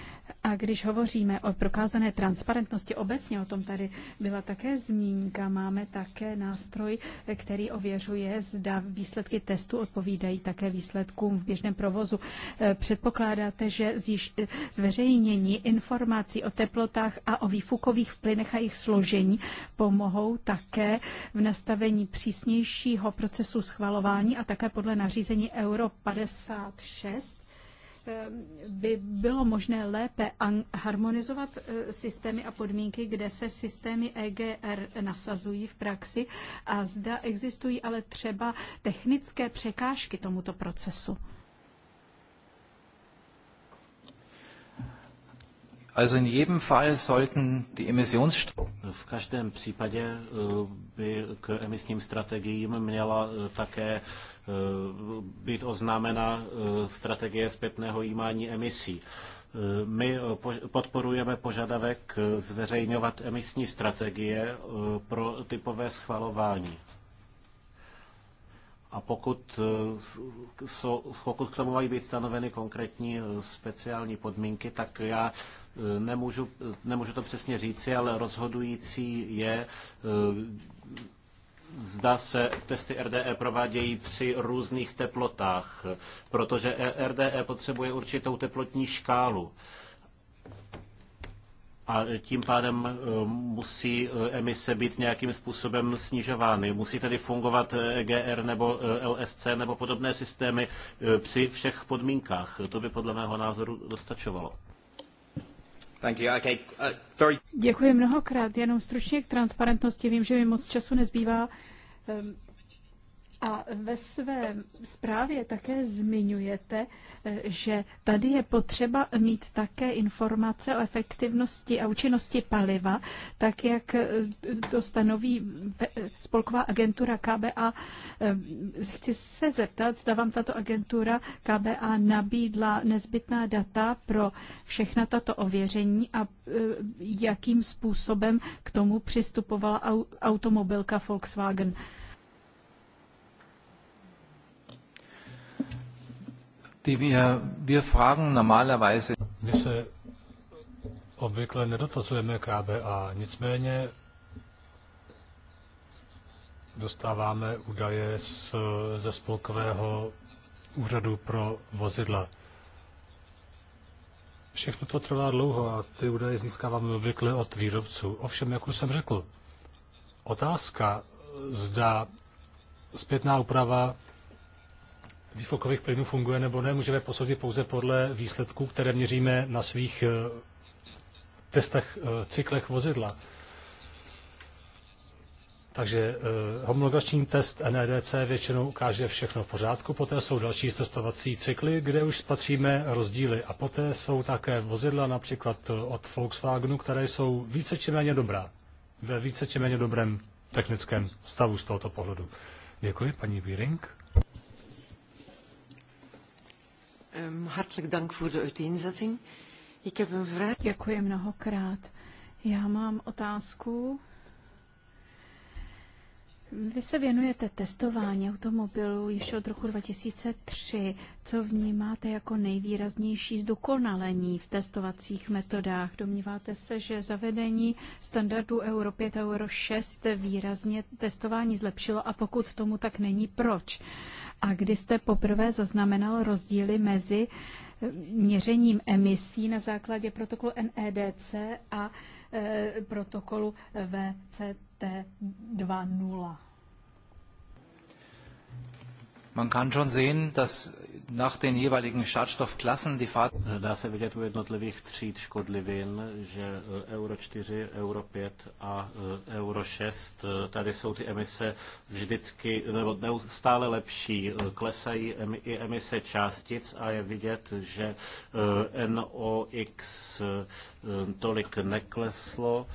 a když hovoříme o prokázané transparentnosti, obecně o tom tady byla také zmínka, máme také nástroj, který ověřuje, zda výsledky testu odpovídají také výsledkům v běžném provozu. Eh, předpokládáte, že zveřejnění informací o teplotách a o výfukových plynech a jejich složení pomohou také v nastavení přísnějšího procesu schvalování a také podle nařízení Euro 56 Eh, by bylo možné lépe harmonizovat eh, systémy a podmínky, kde se systémy EGR nasazují v praxi a zda existují ale třeba technické překážky tomuto procesu. Also in jedem Fall sollten die Emissionsstrategien. V každém případě eh, by k emisním strategiím měla eh, také eh, být oznámena strategie zpětného jímání emisí. My podporujeme požadavek zveřejňovat emisní strategie pro typové schvalování. A pokud, eh, jsou, pokud k tomu mají být stanoveny konkrétní eh, speciální podmínky, tak já eh, nemůžu, nemůžu to přesně říci, ale rozhodující je, zda se testy RDE provádějí při různých teplotách, protože RDE potřebuje určitou teplotní škálu a tím pádem eh, musí eh, emise být nějakým způsobem snižovány. Musí tedy fungovat EGR eh, e nebo LSC nebo podobné systémy při všech podmínkách. To by podle mého názoru dostačovalo. Uh, Děkuji mnohokrát. Jenom stručně k transparentnosti. Vím, že mi moc času nezbývá. Ehm, a ve své zprávě také zmiňujete, že tady je potřeba mít také informace o efektivnosti a účinnosti paliva, tak jak to stanoví spolková agentura KBA. Chci se zeptat, zda vám tato agentura KBA nabídla nezbytná data pro všechna tato ověření a jakým způsobem k tomu přistupovala automobilka Volkswagen. die wir, wir fragen normalerweise. My se obvykle nedotazujeme KBA, nicméně dostáváme údaje z, ze spolkového úřadu pro vozidla. Všechno to trvá dlouho a ty údaje získáváme obvykle od výrobců. Ovšem, jak už jsem řekl, otázka, zda zpětná úprava výfukových plynů funguje nebo ne, můžeme posoudit pouze podle výsledků, které měříme na svých eh, testech, eh, cyklech vozidla. Takže eh, homologační test NEDC většinou ukáže všechno v pořádku, poté jsou další testovací cykly, kde už spatříme rozdíly a poté jsou také vozidla například od Volkswagenu, které jsou více či méně dobrá, ve více či méně dobrém technickém stavu z tohoto pohledu. Děkuji, paní Víring. Ehm, hartelijk dank voor de uiteenzetting. Ik heb een vraag. Já mám otázku vy se věnujete testování automobilů již od roku 2003. Co vnímáte jako nejvýraznější zdokonalení v testovacích metodách? Domníváte se, že zavedení standardu Euro 5 Euro 6 výrazně testování zlepšilo a pokud tomu tak není, proč? A kdy jste poprvé zaznamenal rozdíly mezi měřením emisí na základě protokolu NEDC a Eh, protokolu VCT 2.0. Man kann schon sehen, dass nach den jeweiligen Schadstoffklassen die Fahrt... Dá se vidět u jednotlivých tříd škodlivin, že eh, Euro 4, Euro 5 a eh, Euro 6, eh, tady jsou ty emise vždycky, nebo stále lepší, klesají i emise částic a je vidět, že NOx tolik nekleslo,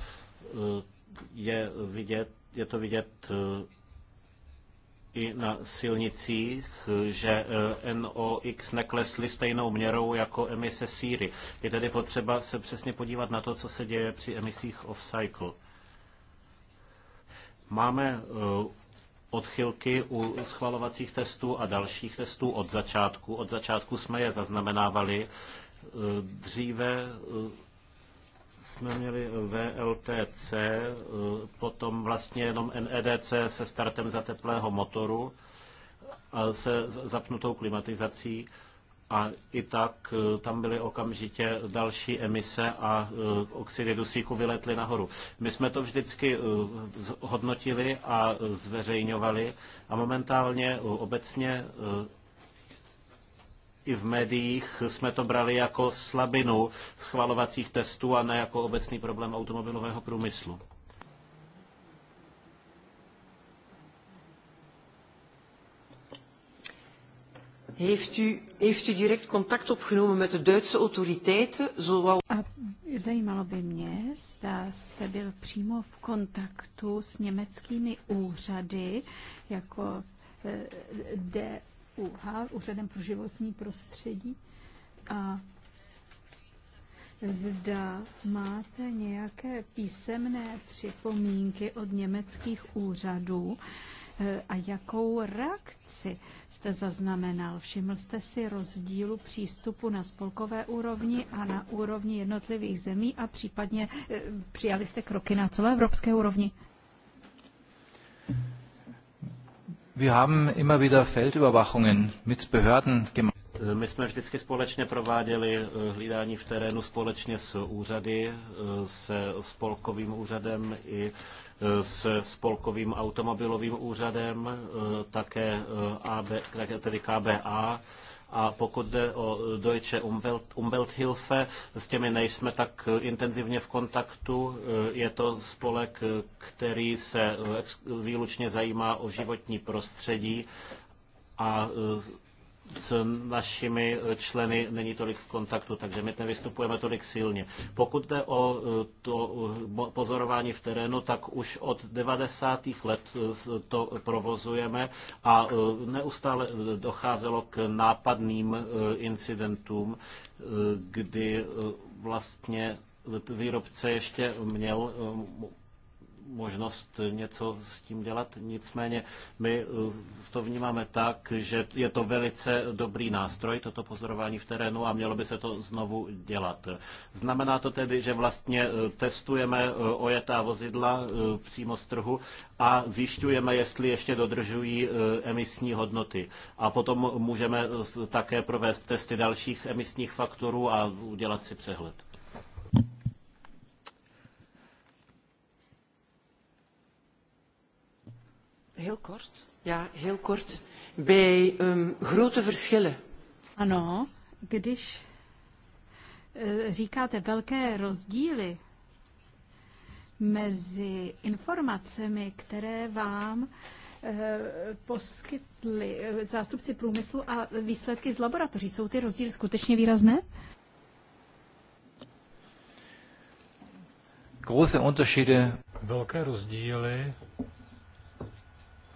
je vidět, je to vidět i na silnicích, že eh, NOx neklesly stejnou měrou jako emise síry. Je tedy potřeba se přesně podívat na to, co se děje při emisích off-cycle. Máme eh, odchylky u schvalovacích testů a dalších testů od začátku. Od začátku jsme je zaznamenávali. Eh, dříve jsme měli VLTC, eh, potom vlastně jenom NEDC se startem za teplého motoru, eh, se zapnutou klimatizací a i tak eh, tam byly okamžitě další emise a oxidy dusíku vyletly nahoru. My jsme to vždycky hodnotili a zveřejňovali a momentálně obecně i v médiích jsme to brali jako slabinu schvalovacích testů a ne jako obecný problém automobilového průmyslu. Heeft u, heeft u direct contact opgenomen met de Duitse autoriteiten, zoals... A zajímalo by mě, zda jste byl přímo v kontaktu s německými úřady, jako eh, UH, Úřadem pro životní prostředí. A zda máte nějaké písemné připomínky od německých úřadů eh, a jakou reakci jste zaznamenal? Všiml jste si rozdílu přístupu na spolkové úrovni a na úrovni jednotlivých zemí a případně eh, přijali jste kroky na celoevropské úrovni? Wir haben immer wieder Feldüberwachungen mit Behörden gemacht. My jsme vždycky společně prováděli eh, hlídání v terénu společně s úřady, eh, se spolkovým úřadem i eh, s spolkovým automobilovým úřadem, také, AB, tedy KBA a pokud jde o Deutsche Umwelt, Umwelthilfe, s těmi nejsme tak intenzivně v kontaktu. Je to spolek, který se výlučně zajímá o životní prostředí a s našimi členy není tolik v kontaktu, takže my nevystupujeme tolik silně. Pokud jde o eh, to eh, pozorování v terénu, tak už od 90. let eh, to provozujeme a neustále docházelo k nápadným incidentům, kdy vlastně výrobce ještě měl možnost něco s tím dělat. Nicméně my eh, to vnímáme tak, že je to velice dobrý nástroj, toto pozorování v terénu a mělo by se to znovu dělat. Znamená to tedy, že vlastně eh, testujeme eh, ojetá vozidla přímo z trhu a zjišťujeme, jestli ještě dodržují emisní hodnoty. A potom můžeme také provést testy dalších emisních faktorů a udělat si přehled. Heel kort. Ja, heel kort. Bij um, grote verschillen. Ano, když eh, říkáte velké rozdíly mezi informacemi, které vám eh, poskytli eh, zástupci průmyslu a výsledky z laboratoří. Jsou ty rozdíly skutečně výrazné? Große Unterschiede. Velké rozdíly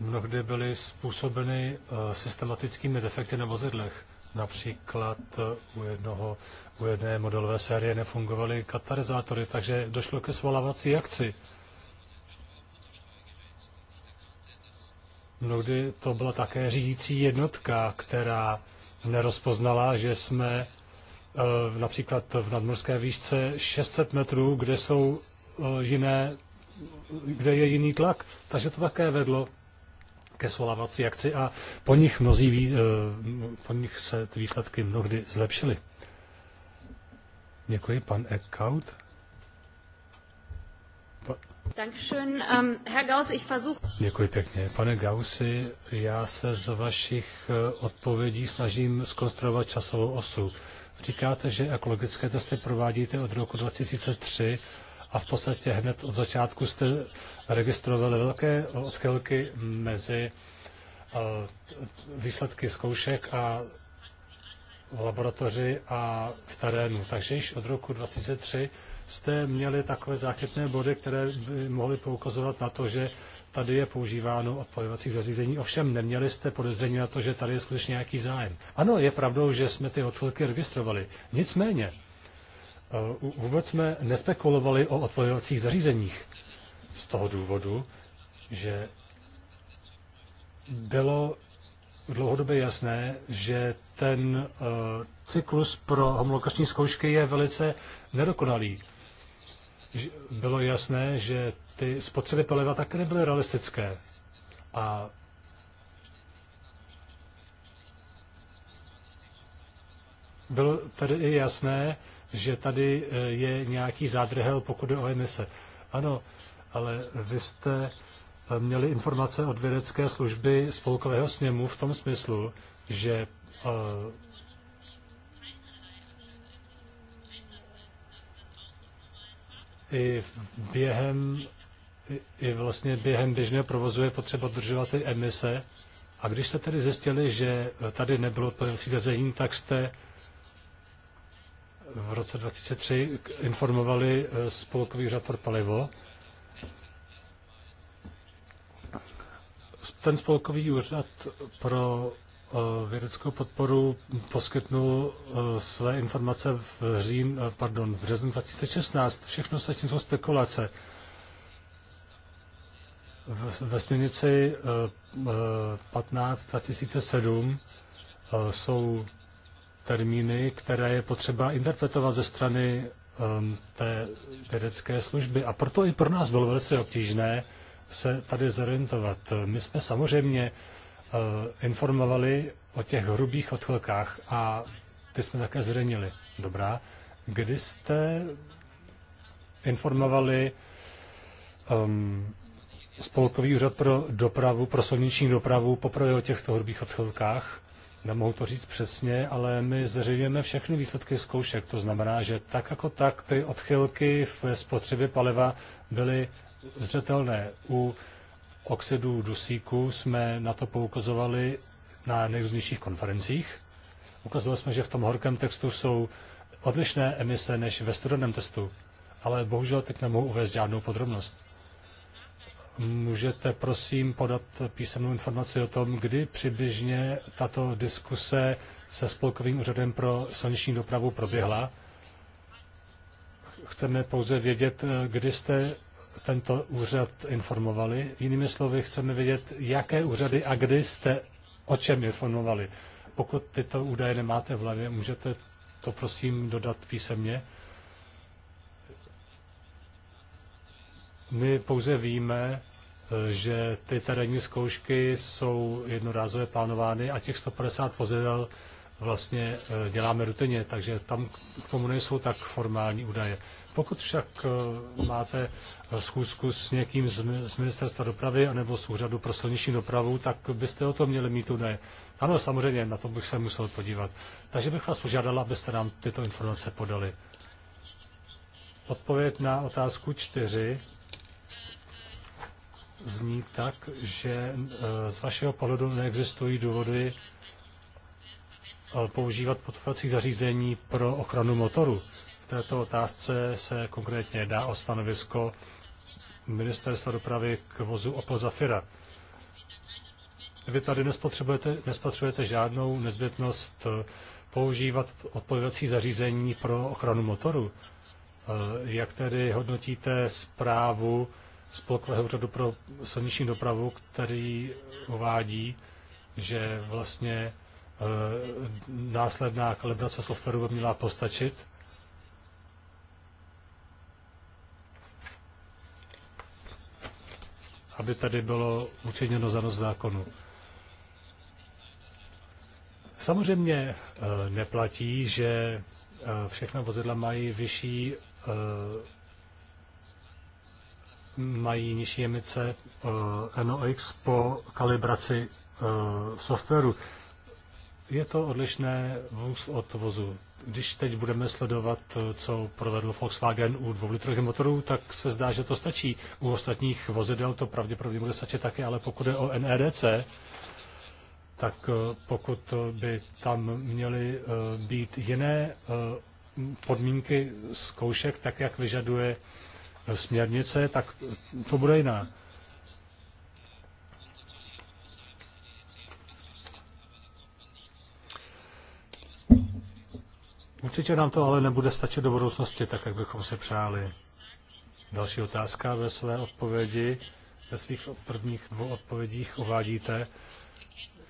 mnohdy byly způsobeny eh, systematickými defekty na vozidlech. Například eh, u, jednoho, u jedné modelové série nefungovaly katalyzátory, takže došlo ke svalavací akci. Mnohdy to byla také řídící jednotka, která nerozpoznala, že jsme eh, například v nadmorské výšce 600 metrů, kde jsou jiné, kde je jiný tlak. Takže to také vedlo ke svolávací akci a po nich, mnozí, eh, po nich se ty výsledky mnohdy zlepšily. Děkuji, pan Eckhout. Ähm, Děkuji pěkně. Pane Gausi, já se z vašich eh, odpovědí snažím skonstruovat časovou osu. Říkáte, že ekologické testy provádíte od roku 2003 a v podstatě hned od začátku jste registrovaly velké odchylky mezi eh, výsledky zkoušek a v laboratoři a v terénu. Takže již od roku 2003 jste měli takové záchytné body, které by mohly poukazovat na to, že tady je používáno odpojovací zařízení. Ovšem neměli jste podezření na to, že tady je skutečně nějaký zájem. Ano, je pravdou, že jsme ty odchylky registrovali. Nicméně, eh, vůbec jsme nespekulovali o odpojovacích zařízeních z toho důvodu, že bylo dlouhodobě jasné, že ten uh, cyklus pro homologační zkoušky je velice nedokonalý. Bylo jasné, že ty spotřeby paliva také nebyly realistické. A bylo tady i jasné, že tady eh, je nějaký zádrhel, pokud jde o emise. Ano, ale vy jste eh, měli informace od vědecké služby spolkového sněmu v tom smyslu, že eh, i během i vlastně během běžného provozu je potřeba držovat ty emise. A když jste tedy zjistili, že tady nebylo plné zařízení, tak jste eh, v roce 2003 informovali spolkový řad pro palivo ten spolkový úřad pro eh, vědeckou podporu poskytnul eh, své informace v, říjen, eh, pardon, v březnu 2016. Všechno tím jsou spekulace. Ve směnici 15 2007 jsou termíny, které je potřeba interpretovat ze strany té vědecké služby. A proto i pro nás bylo velice obtížné se tady zorientovat. My jsme samozřejmě eh, informovali o těch hrubých odchylkách a ty jsme také zrenili. Dobrá. Kdy jste informovali um, Spolkový úřad pro dopravu, pro silniční dopravu poprvé o těchto hrubých odchylkách? Nemohu to říct přesně, ale my zveřejňujeme všechny výsledky zkoušek. To znamená, že tak jako tak ty odchylky v spotřebě paliva byly zřetelné. U oxidu dusíku jsme na to poukazovali na nejrůznějších konferencích. Ukazovali jsme, že v tom horkém textu jsou odlišné emise než ve studeném testu, ale bohužel teď nemohu uvést žádnou podrobnost. Můžete prosím podat písemnou informaci o tom, kdy přibližně tato diskuse se Spolkovým úřadem pro silniční dopravu proběhla? Chceme pouze vědět, kdy jste tento úřad informovali. Jinými slovy, chceme vědět, jaké úřady a kdy jste o čem informovali. Pokud tyto údaje nemáte v hlavě, můžete to prosím dodat písemně. My pouze víme, že ty terénní zkoušky jsou jednorázově plánovány a těch 150 vozidel vlastně eh, děláme rutině, takže tam k tomu nejsou tak formální údaje. Pokud však eh, máte schůzku s někým z, ministerstva dopravy anebo z úřadu pro silniční dopravu, tak byste o tom měli mít údaje. Ano, samozřejmě, na to bych se musel podívat. Takže bych vás požádala, abyste nám tyto informace podali. Odpověď na otázku čtyři zní tak, že e, z vašeho pohledu neexistují důvody e, používat potopací zařízení pro ochranu motoru. V této otázce se konkrétně dá o stanovisko ministerstva dopravy k vozu Opel Zafira. Vy tady nespotřebujete, nespatřujete žádnou nezbytnost eh, používat odpovědací zařízení pro ochranu motoru. Eh, jak tedy hodnotíte zprávu Spolkového úřadu pro silniční dopravu, který uvádí, že vlastně eh, následná kalibrace softwaru by měla postačit? aby tady bylo učiněno za zákonu. Samozřejmě eh, neplatí, že eh, všechna vozidla mají vyšší eh, mají nižší emice NOx po kalibraci softwaru. Je to odlišné vůz od vozu když teď budeme sledovat, co provedl Volkswagen u dvoulitrových motorů, tak se zdá, že to stačí. U ostatních vozidel to pravděpodobně bude stačit také, ale pokud je o NEDC, tak eh, pokud by tam měly eh, být jiné eh, podmínky zkoušek, tak jak vyžaduje směrnice, tak to bude jiná. Určitě nám to ale nebude stačit do budoucnosti, tak jak bychom se přáli. Další otázka ve své odpovědi, ve svých prvních dvou odpovědích uvádíte,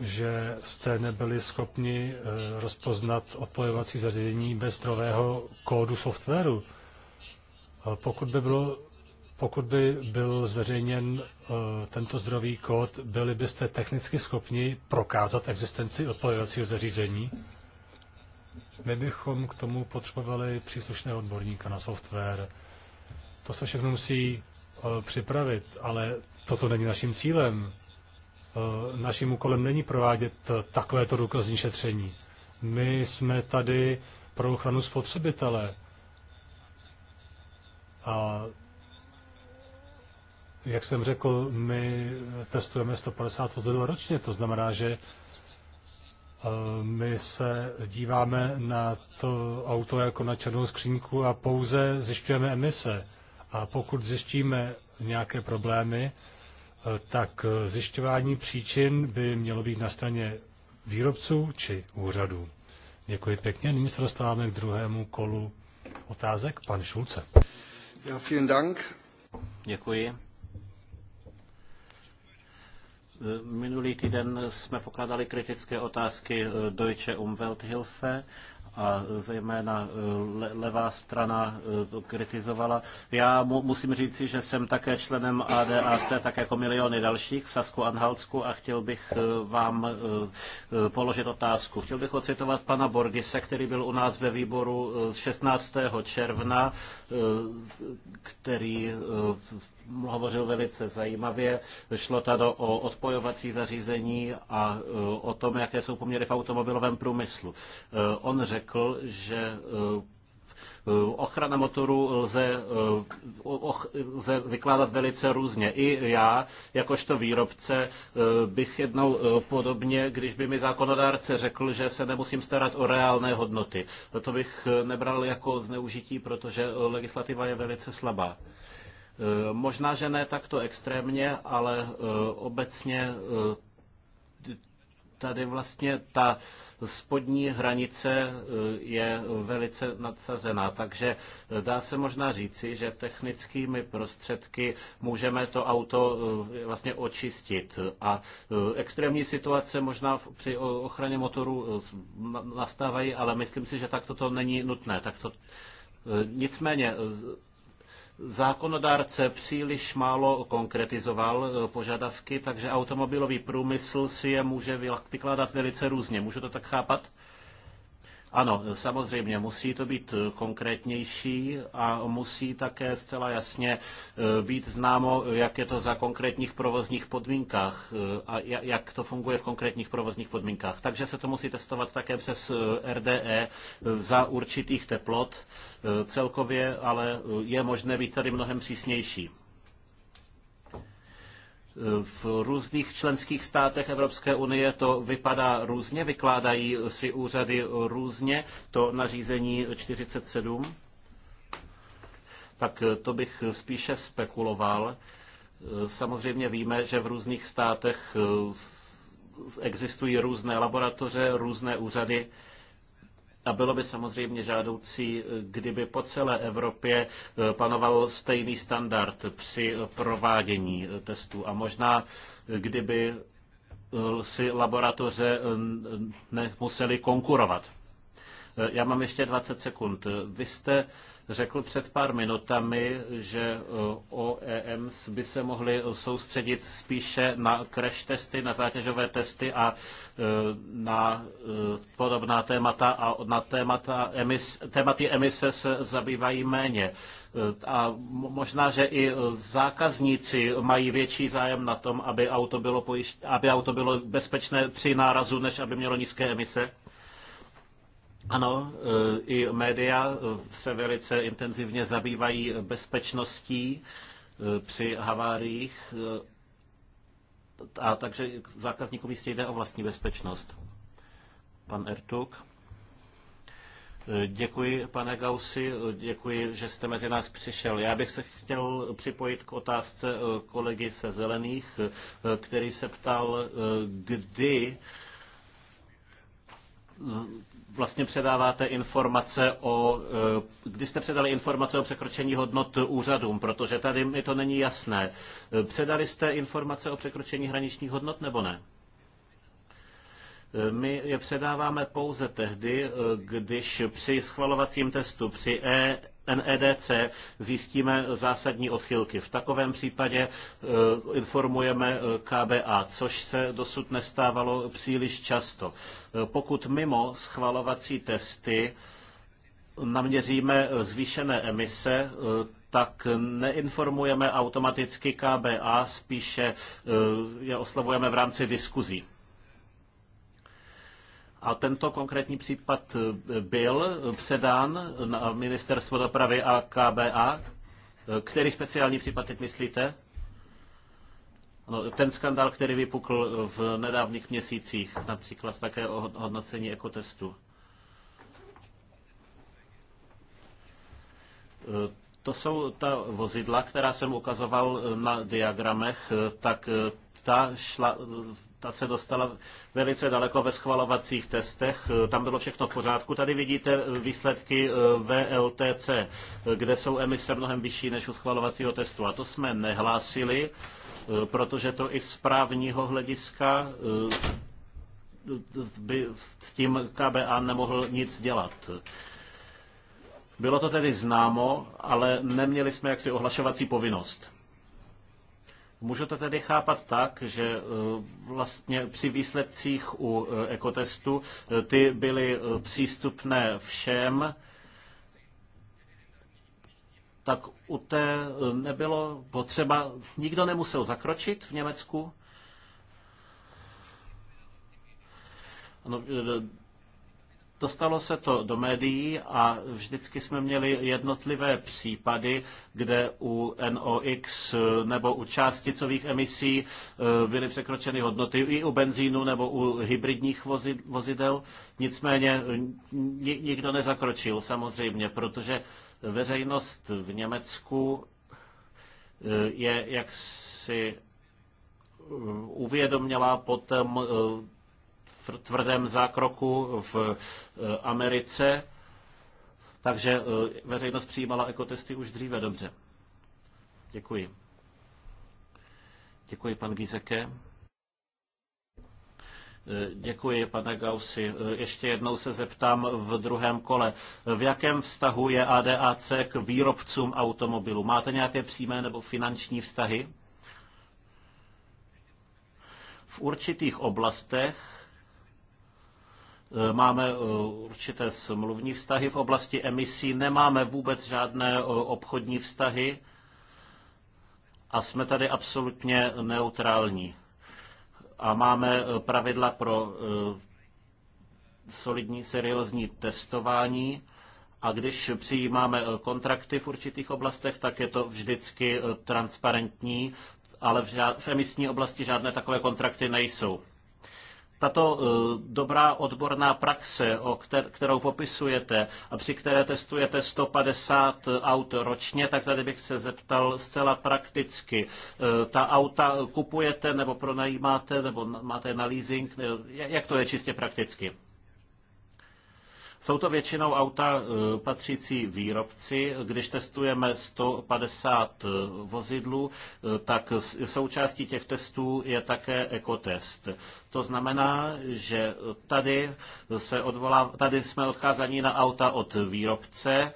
že jste nebyli schopni eh, rozpoznat odpojovací zařízení bez zdrového kódu softwaru. Eh, pokud by, bylo, pokud by byl zveřejněn eh, tento zdrový kód, byli byste technicky schopni prokázat existenci odpojovacího zařízení? My bychom k tomu potřebovali příslušného odborníka na software. To se všechno musí eh, připravit, ale toto není naším cílem. Eh, naším úkolem není provádět eh, takovéto důkazní šetření. My jsme tady pro ochranu spotřebitele. A jak jsem řekl, my testujeme 150 vozidel ročně, to znamená, že my se díváme na to auto jako na černou skřínku a pouze zjišťujeme emise. A pokud zjištíme nějaké problémy, tak zjišťování příčin by mělo být na straně výrobců či úřadů. Děkuji pěkně. Nyní se dostáváme k druhému kolu otázek. Pan Šulce. Ja, vielen Dank. Děkuji. Minulý týden jsme pokládali kritické otázky eh, Deutsche Umwelthilfe a zejména eh, levá strana eh, to kritizovala. Já mu, musím říci, že jsem také členem ADAC, tak jako miliony dalších v Sasku Anhalsku a chtěl bych vám položit otázku. Chtěl bych ocitovat pana Borgise, který byl u nás ve výboru 16. června, který hovořil velice zajímavě. Šlo tady o odpojovací zařízení a e, o tom, jaké jsou poměry v automobilovém průmyslu. E, on řekl, že e, Ochrana motoru lze, lze vykládat velice různě. I já, jakožto výrobce, bych jednou podobně, když by mi zákonodárce řekl, že se nemusím starat o reálné hodnoty. To bych nebral jako zneužití, protože legislativa je velice slabá. Eh, možná, že ne takto extrémně, ale eh, obecně eh, tady vlastně ta spodní hranice je velice nadsazená, takže dá se možná říci, že technickými prostředky můžeme to auto vlastně očistit a extrémní situace možná při ochraně motoru nastávají, ale myslím si, že takto to není nutné. Tak to... Nicméně Zákonodárce příliš málo konkretizoval eh, požadavky, takže automobilový průmysl si je může vykládat velice různě. Můžu to tak chápat? Ano, samozřejmě musí to být eh, konkrétnější a musí také zcela jasně eh, být známo, jak je to za konkrétních provozních podmínkách eh, a jak to funguje v konkrétních provozních podmínkách. Takže se to musí testovat také přes RDE za určitých teplot celkově, ale je možné být tady mnohem přísnější. V různých členských státech Evropské unie to vypadá různě, vykládají si úřady různě to nařízení 47. Tak to bych spíše spekuloval. Samozřejmě víme, že v různých státech existují různé laboratoře, různé úřady a bylo by samozřejmě žádoucí, kdyby po celé Evropě eh, panoval stejný standard při provádění testů. A možná, eh, kdyby eh, si laboratoře nemuseli konkurovat. Já mám ještě 20 sekund. Vy jste řekl před pár minutami, že eh, OEMs by se mohly soustředit spíše na crash testy, na zátěžové testy a eh, na eh, podobná témata a na témata emis, tématy emise se zabývají méně. A možná, že i zákazníci mají větší zájem na tom, aby auto bylo, pojiště, aby auto bylo bezpečné při nárazu, než aby mělo nízké emise. Ano, eh, i média eh, se velice intenzivně zabývají bezpečností eh, při haváriích, a takže zákazníkům jistě jde o vlastní bezpečnost. Pan Ertuk. Děkuji, pane Gausi, děkuji, že jste mezi nás přišel. Já bych se chtěl připojit k otázce kolegy se Zelených, který se ptal, kdy vlastně předáváte informace o, eh, kdy jste předali informace o překročení hodnot úřadům, protože tady mi to není jasné. Eh, předali jste informace o překročení hraničních hodnot nebo ne? Eh, my je předáváme pouze tehdy, když při schvalovacím testu, při e NEDC zjistíme zásadní odchylky. V takovém případě e, informujeme e, KBA, což se dosud nestávalo příliš často. E, pokud mimo schvalovací testy naměříme zvýšené emise, tak neinformujeme automaticky KBA, spíše je oslovujeme v rámci diskuzí. A tento konkrétní případ eh, byl eh, předán na ministerstvo dopravy a KBA. Eh, který speciální případ teď myslíte? No, ten skandal, který vypukl v nedávných měsících, například také o hodnocení ekotestu. To jsou ta vozidla, která jsem ukazoval na diagramech, tak ta šla ta se dostala velice daleko ve schvalovacích testech. Tam bylo všechno v pořádku. Tady vidíte výsledky eh, VLTC, eh, kde jsou emise mnohem vyšší než u schvalovacího testu. A to jsme nehlásili, eh, protože to i z právního hlediska by s tím KBA nemohl nic dělat. Bylo to tedy známo, ale neměli jsme jaksi ohlašovací povinnost. Můžu to tedy chápat tak, že e, vlastně při výsledcích u e, ekotestu e, ty byly přístupné všem, tak u té nebylo potřeba, nikdo nemusel zakročit v Německu? No, Dostalo se to do médií a vždycky jsme měli jednotlivé případy, kde u NOx nebo u částicových emisí eh, byly překročeny hodnoty i u benzínu nebo u hybridních vozidel. Nicméně eh, nikdo nezakročil samozřejmě, protože veřejnost v Německu eh, je jaksi uvědoměla po tom tvrdém zákroku v eh, Americe, takže eh, veřejnost přijímala ekotesty už dříve dobře. Děkuji. Děkuji, pan Gizeke. Eh, děkuji, pane Gausi. Ještě jednou se zeptám v druhém kole. V jakém vztahu je ADAC k výrobcům automobilů? Máte nějaké přímé nebo finanční vztahy? V určitých oblastech Eh, máme eh, určité smluvní vztahy v oblasti emisí, nemáme vůbec žádné eh, obchodní vztahy a jsme tady absolutně neutrální. A máme pravidla pro solidní, seriózní testování. A když přijímáme kontrakty v určitých oblastech, tak je to vždycky transparentní, ale v, žád, v emisní oblasti žádné takové kontrakty nejsou. Tato eh, dobrá odborná praxe, kterou popisujete a při které testujete 150 eh, aut ročně, tak tady bych se zeptal zcela prakticky. Eh, ta auta kupujete nebo pronajímáte nebo máte na leasing? Jak to je čistě prakticky? Jsou to většinou auta eh, patřící výrobci. Když testujeme 150 eh, vozidlů, eh, tak součástí těch testů je také ekotest. To znamená, že tady, se odvolá, tady jsme odkázaní na auta od výrobce,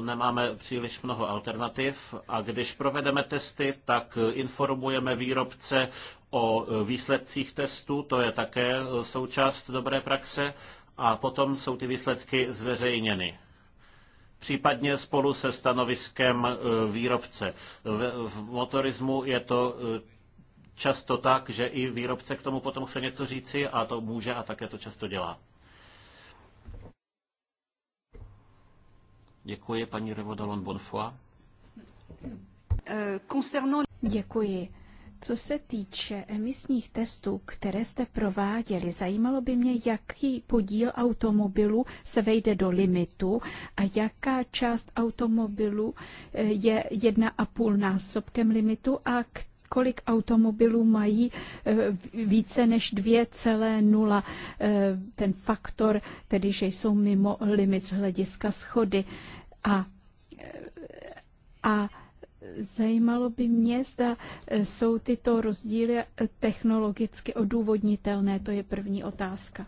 nemáme příliš mnoho alternativ a když provedeme testy, tak informujeme výrobce o výsledcích testů, to je také součást dobré praxe a potom jsou ty výsledky zveřejněny případně spolu se stanoviskem e, výrobce. V motorismu je to e, často tak, že i výrobce k tomu potom chce něco říci a to může a také to často dělá. Děkuji, paní Revodalon Bonfoy. Děkuji. Co se týče emisních testů, které jste prováděli, zajímalo by mě, jaký podíl automobilu se vejde do limitu a jaká část automobilu eh, je 1,5 násobkem limitu a kolik automobilů mají eh, více než 2,0 eh, ten faktor, tedy že jsou mimo limit z hlediska schody. A, a Zajímalo by mě, zda e, jsou tyto rozdíly e, technologicky odůvodnitelné. To je první otázka.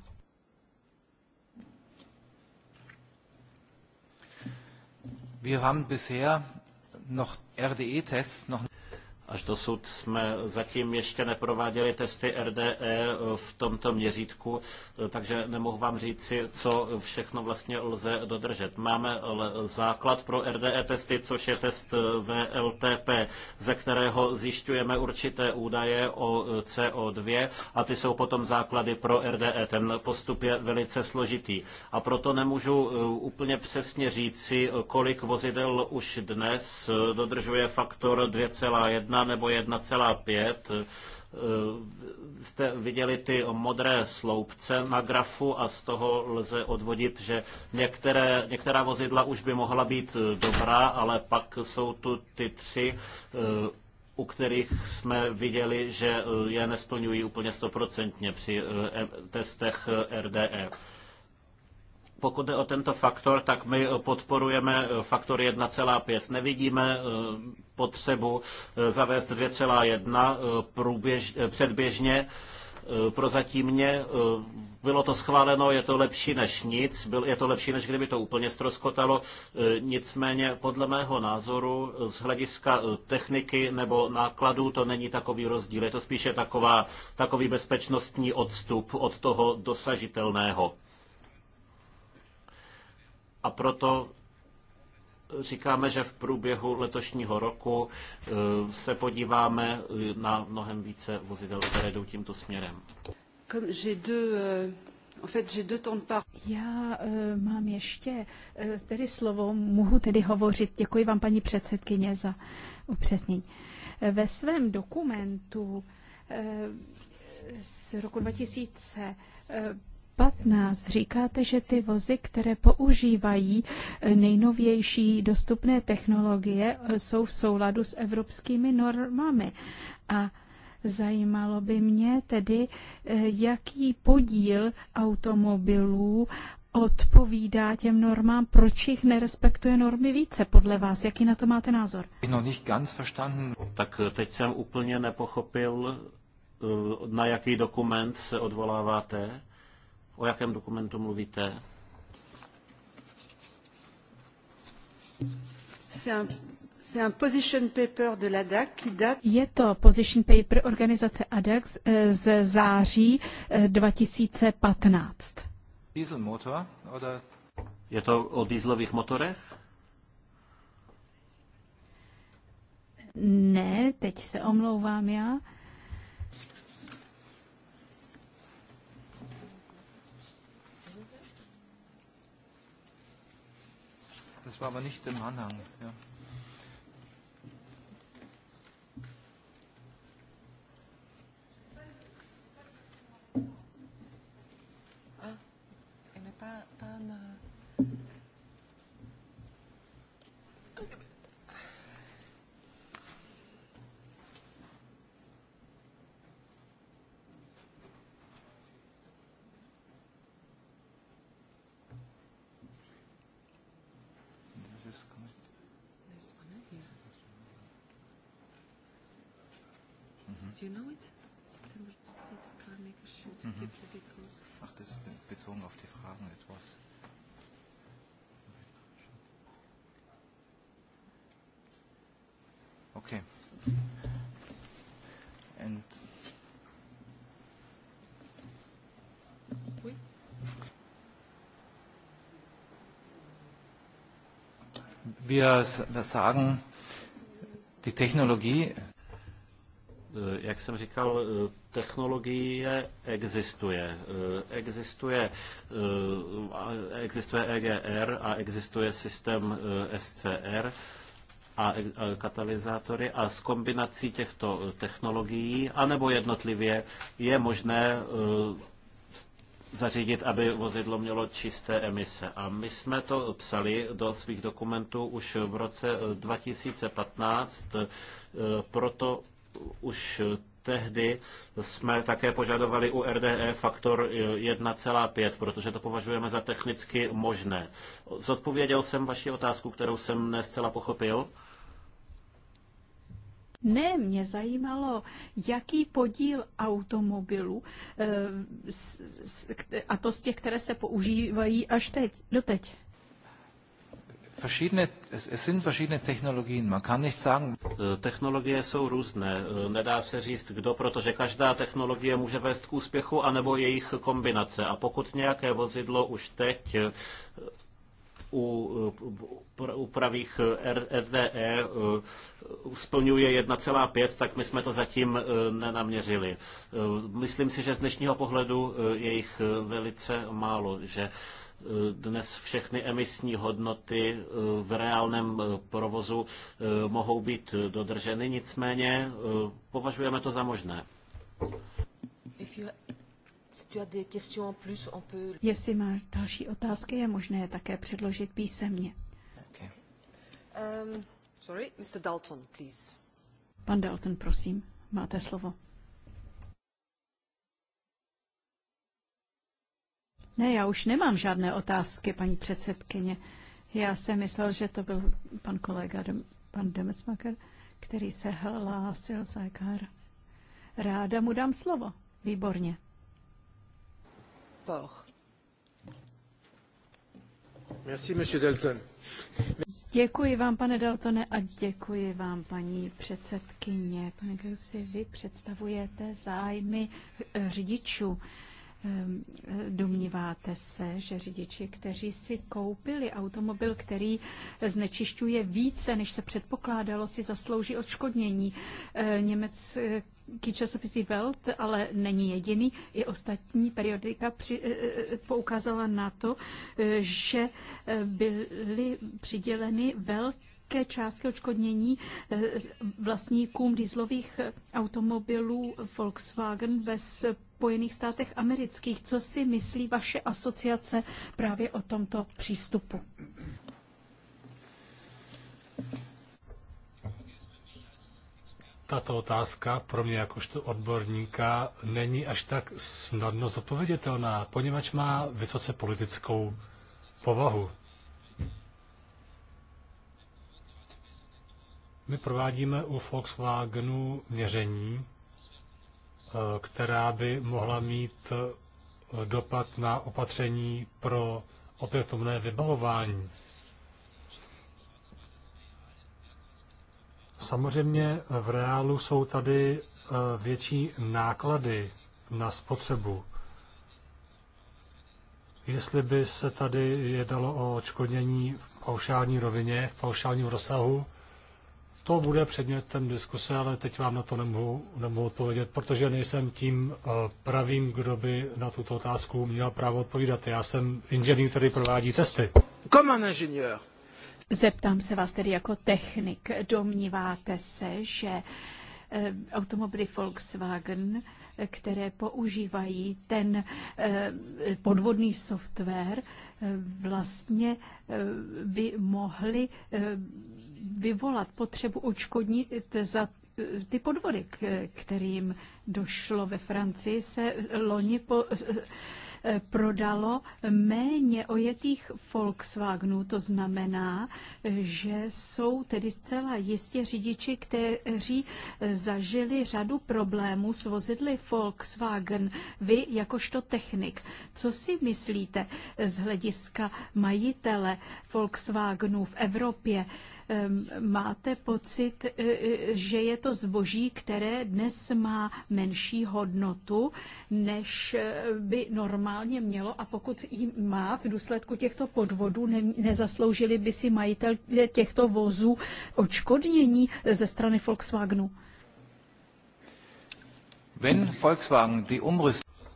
Wir haben bisher noch RDE-Tests noch Až dosud jsme zatím ještě neprováděli testy RDE v tomto měřítku, takže nemohu vám říci, co všechno vlastně lze dodržet. Máme základ pro RDE testy, což je test VLTP, ze kterého zjišťujeme určité údaje o CO2 a ty jsou potom základy pro RDE. Ten postup je velice složitý a proto nemůžu uh, úplně přesně říci, kolik vozidel už dnes dodržuje faktor 2,1 1 nebo 1,5, eh, jste viděli ty modré sloupce na grafu a z toho lze odvodit, že některé, některá vozidla už by mohla být eh, dobrá, ale pak jsou tu ty tři, eh, u kterých jsme viděli, že je nesplňují úplně stoprocentně při testech RDE. Pokud jde o tento faktor, tak my podporujeme faktor 1,5. Nevidíme eh, potřebu eh, zavést 2,1 eh, průběž, předběžně. mě bylo to schváleno, je to lepší než nic, je to lepší, než kdyby to úplně stroskotalo. Nicméně podle mého názoru z hlediska techniky nebo nákladů to není takový rozdíl. Je to spíše taková, takový bezpečnostní odstup od toho dosažitelného. A proto eh, říkáme, že v průběhu letošního roku eh, se podíváme eh, na mnohem více vozidel, které jdou tímto směrem. Euh, Já mám ještě tedy slovo, mohu tedy hovořit. Děkuji vám, paní předsedkyně, za upřesnění. Ve svém dokumentu z roku 2000 15 říkáte, že ty vozy, které používají eh, nejnovější dostupné technologie, eh, jsou v souladu s evropskými normami. A zajímalo by mě tedy, eh, jaký podíl automobilů odpovídá těm normám, proč jich nerespektuje normy více podle vás? Jaký na to máte názor? No, nicht ganz verstanden. Tak teď jsem úplně nepochopil, na jaký dokument se odvoláváte. O jakém dokumentu mluvíte? Je to position paper organizace ADAX eh, z září 2015. Eh, Diesel motor, oder? Je to o dieselových motorech? Ne, teď se omlouvám já. war aber nicht im Anhang. Ja. Ah, eine n'est pas, Okay. And oui. Wir sagen, die Technologie eh, jak jsem říkal, eh, technologie existuje. Eh, existuje, existuje EGR a existuje systém SCR a katalyzátory a s kombinací těchto e, technologií anebo jednotlivě je možné e, zařídit, aby vozidlo mělo čisté emise. A my jsme to psali do svých dokumentů už v roce 2015, e, proto už tehdy jsme také požadovali u RDE faktor 1,5, protože to považujeme za technicky možné. Zodpověděl jsem vaši otázku, kterou jsem nescela pochopil. Ne, mě zajímalo, jaký podíl automobilů, eh, a to z těch, které se používají až teď, doteď. Verschiedene, Man eh, Technologie jsou různé. Eh, nedá se říct, kdo, protože každá technologie může vést k úspěchu, anebo jejich kombinace. A pokud nějaké vozidlo už teď u, u pravých RDE eh, splňuje 1,5, tak my jsme to zatím eh, nenaměřili. Eh, myslím si, že z dnešního pohledu je jich velice málo, že dnes všechny emisní hodnoty v reálném provozu mohou být dodrženy, nicméně považujeme to za možné. Jestli má další otázky, je možné je také předložit písemně. Um, sorry, Dalton, Pan Dalton, prosím, máte slovo. Ne, já už nemám žádné otázky, paní předsedkyně. Já jsem myslel, že to byl pan kolega, pan Demesmaker, který se hlásil za Ráda mu dám slovo. Výborně rapport. Merci, monsieur Dalton. Děkuji vám, pane Daltone, a děkuji vám, paní předsedkyně. Pane Gausi, vy představujete zájmy řidičů. Ehm, domníváte se, že řidiči, kteří si koupili automobil, který znečišťuje více, než se předpokládalo, si zaslouží odškodnění. Ehm, Němec časopis Welt, ale není jediný. I ostatní periodika při, e, e, poukázala na to, e, že byly přiděleny velké velké částky odškodnění eh, vlastníkům dieslových eh, automobilů Volkswagen ve Spojených státech amerických. Co si myslí vaše asociace právě o tomto přístupu? Tato otázka pro mě jakožto odborníka není až tak snadno zodpověditelná, poněvadž má vysoce politickou povahu. My provádíme u Volkswagenu měření, eh, která by mohla mít eh, dopad na opatření pro opětovné vybavování. Samozřejmě eh, v reálu jsou tady větší náklady na spotřebu. Jestli by se tady jedalo o odškodnění v paušální rovině, v paušálním rozsahu, to bude předmětem diskuse, ale teď vám na to nemohu, nemohu odpovědět, protože nejsem tím eh, pravým, kdo by na tuto otázku měl právo odpovídat. Já jsem inženýr, který provádí testy. Comme un Zeptám se vás tedy jako technik. Domníváte se, že eh, automobily Volkswagen které používají ten eh, podvodný software, eh, vlastně eh, by mohly vyvolat potřebu očkodnit za ty podvody, kterým došlo ve Francii, se loni po, Eh, prodalo méně ojetých Volkswagenů. To znamená, eh, že jsou tedy zcela jistě řidiči, kteří eh, zažili řadu problémů s vozidly Volkswagen. Vy jakožto technik, co si myslíte z hlediska majitele Volkswagenů v Evropě? Máte pocit, e, e, že je to zboží, které dnes má menší hodnotu, než e, by normálně mělo a pokud ji má v důsledku těchto podvodů, ne, nezasloužili by si majitel těchto vozů odškodnění ze strany Volkswagenu? Wenn Volkswagen die Umrüstung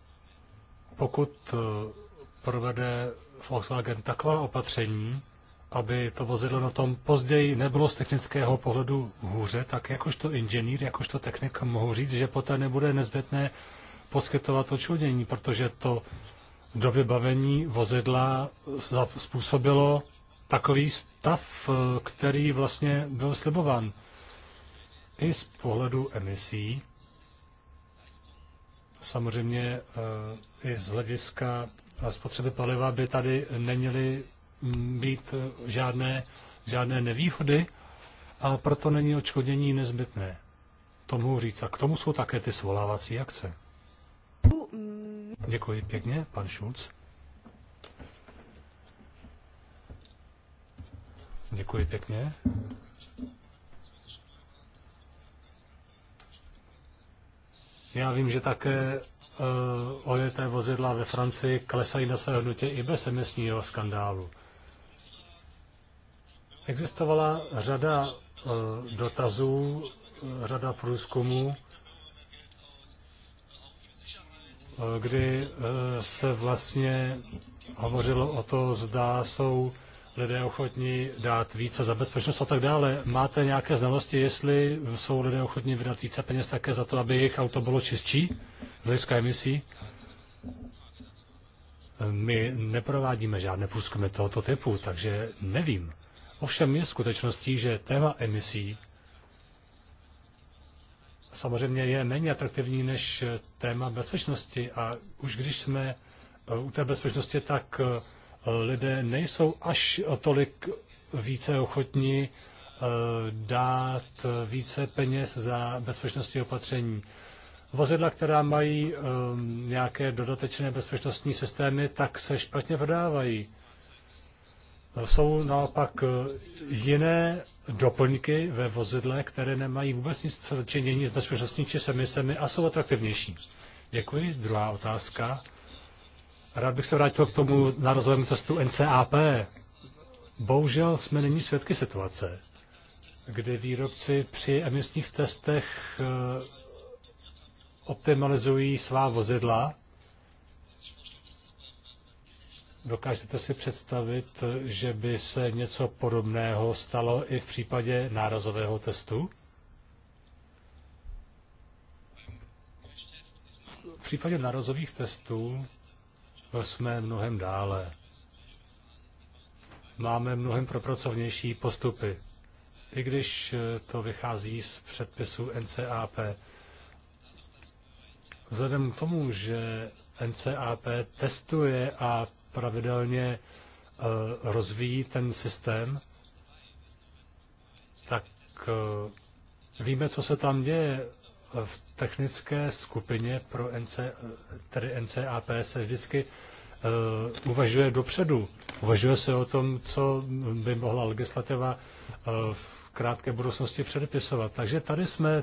pokud provede Volkswagen taková opatření, aby to vozidlo na tom později nebylo z technického pohledu hůře, tak jakožto inženýr, jakožto technik mohu říct, že poté nebude nezbytné poskytovat očudění, protože to do vybavení vozidla způsobilo takový stav, který vlastně byl slibován. I z pohledu emisí, samozřejmě eh, i z hlediska spotřeby paliva by tady neměly Mm, být eh, žádné, žádné nevýhody a proto není očkodnění nezbytné. To mohu říct. A k tomu jsou také ty svolávací akce. Děkuji pěkně, pan Šulc. Děkuji pěkně. Já vím, že také uh, eh, ojeté vozidla ve Francii klesají na své hnutě i bez emisního skandálu. Existovala řada eh, dotazů, řada průzkumů, eh, kdy eh, se vlastně hovořilo o to, zda jsou lidé ochotní dát více za bezpečnost a tak dále. Máte nějaké znalosti, jestli jsou lidé ochotní vydat více peněz také za to, aby jejich auto bylo čistší z hlediska emisí? My neprovádíme žádné průzkumy tohoto typu, takže nevím. Ovšem je skutečností, že téma emisí samozřejmě je méně atraktivní než téma bezpečnosti a už když jsme eh, u té bezpečnosti, tak eh, lidé nejsou až tolik více ochotní eh, dát více peněz za bezpečnostní opatření. Vozidla, která mají nějaké dodatečné bezpečnostní systémy, tak se špatně prodávají jsou naopak eh, jiné doplňky ve vozidle, které nemají vůbec nic činění s bezpečnostní či s emisemi a jsou atraktivnější. Děkuji. Druhá otázka. Rád bych se vrátil k tomu nárazovému testu NCAP. Bohužel jsme nyní svědky situace, kdy výrobci při emisních testech eh, optimalizují svá vozidla Dokážete si představit, že by se něco podobného stalo i v případě nárazového testu? V případě nárazových testů jsme mnohem dále. Máme mnohem propracovnější postupy. I když to vychází z předpisu NCAP, vzhledem k tomu, že NCAP testuje a pravidelně eh, rozvíjí ten systém, tak eh, víme, co se tam děje. V technické skupině pro NC, tedy NCAP se vždycky eh, uvažuje dopředu. Uvažuje se o tom, co by mohla legislativa v krátké budoucnosti předepisovat. Takže tady jsme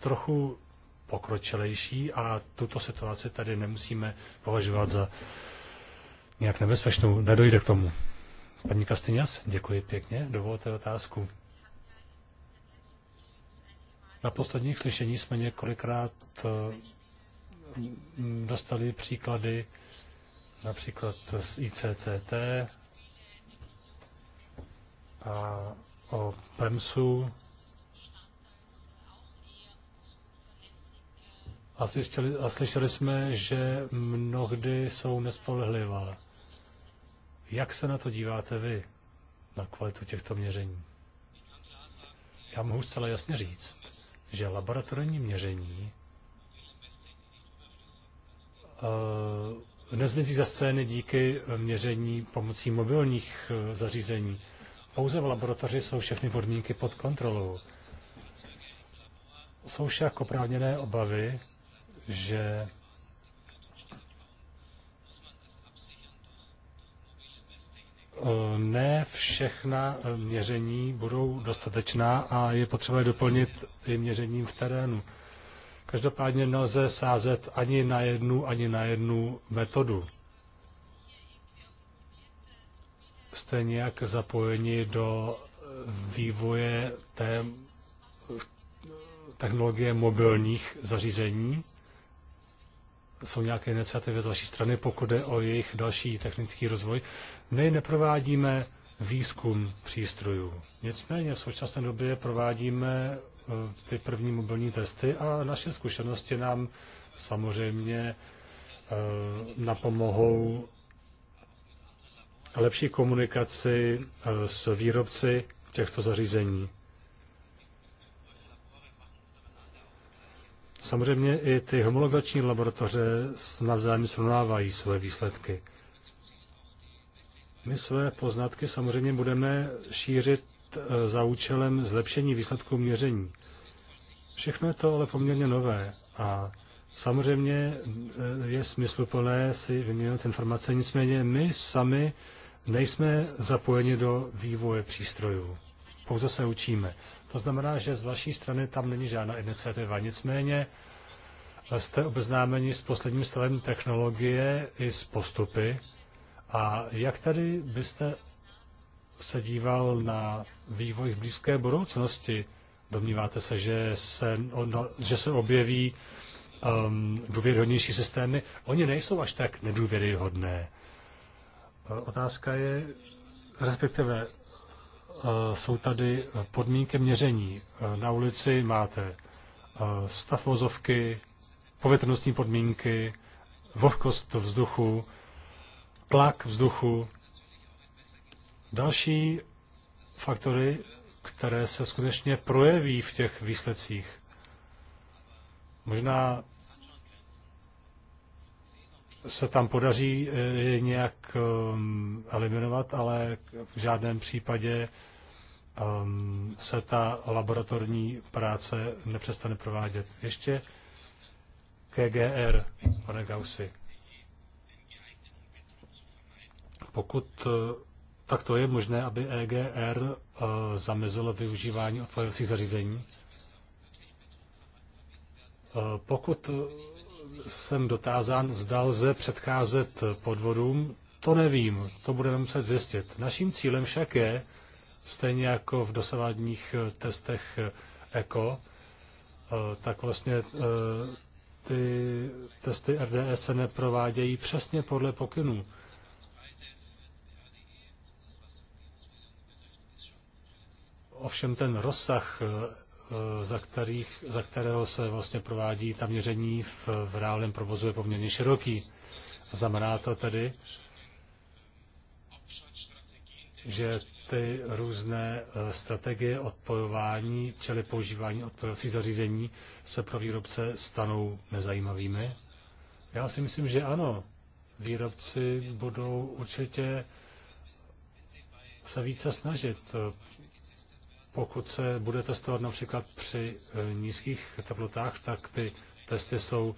trochu pokročilejší a tuto situaci tady nemusíme považovat za nějak nebezpečnou. Nedojde k tomu. Paní Kastyňas, děkuji pěkně. Dovolte otázku. Na posledních slyšení jsme několikrát eh, dostali příklady například z ICCT a o PEMSu a slyšeli, a slyšeli jsme, že mnohdy jsou nespolehlivá. Jak se na to díváte vy, na kvalitu těchto měření? Já mohu zcela jasně říct, že laboratorní měření eh, nezmizí za scény díky měření pomocí mobilních eh, zařízení. Pouze v laboratoři jsou všechny podmínky pod kontrolou. Jsou však oprávněné obavy, že ne všechna eh, měření budou dostatečná a je potřeba je doplnit i měřením v terénu. Každopádně nelze sázet ani na jednu, ani na jednu metodu. Jste nějak zapojeni do eh, vývoje té eh, technologie mobilních zařízení? jsou nějaké iniciativy z vaší strany, pokud jde o jejich další technický rozvoj. My neprovádíme výzkum přístrojů. Nicméně v současné době provádíme eh, ty první mobilní testy a naše zkušenosti nám samozřejmě eh, napomohou lepší komunikaci eh, s výrobci těchto zařízení. Samozřejmě i ty homologační laboratoře navzájem srovnávají své výsledky. My své poznatky samozřejmě budeme šířit e, za účelem zlepšení výsledků měření. Všechno je to ale poměrně nové a samozřejmě e, je smysluplné si vyměnit informace, nicméně my sami nejsme zapojeni do vývoje přístrojů. Pouze se učíme. To znamená, že z vaší strany tam není žádná iniciativa. Nicméně jste obeznámeni s posledním stavem technologie i s postupy. A jak tady byste se díval na vývoj v blízké budoucnosti? Domníváte se, že se, no, že se objeví um, důvěryhodnější systémy? Oni nejsou až tak nedůvěryhodné. E, otázka je, respektive Eh, jsou tady eh, podmínky měření. Eh, na ulici máte stav vozovky, povětrnostní podmínky, vlhkost vzduchu, tlak vzduchu. Další faktory, které se skutečně projeví v těch výsledcích. Možná se tam podaří je nějak ehm, eliminovat, ale v žádném případě um, se ta laboratorní práce nepřestane provádět. Ještě KGR, pane Gaussi. Pokud eh, tak to je možné, aby EGR uh, eh, zamezilo využívání odpadovacích zařízení? Eh, pokud jsem dotázán, zda lze předcházet podvodům, to nevím, to budeme muset zjistit. Naším cílem však je stejně jako v dosavadních eh, testech ECO, eh, e eh, tak vlastně ty testy RDS se neprovádějí přesně podle pokynů. Ovšem ten rozsah, za, kterých, za kterého se vlastně provádí ta měření v, v reálném provozu je poměrně široký. Znamená to tedy, že ty různé eh, strategie odpojování, čili používání odpojovacích zařízení, se pro výrobce stanou nezajímavými? Já si myslím, že ano. Výrobci budou určitě se více snažit. Eh, pokud se bude testovat například při eh, nízkých teplotách, tak ty testy jsou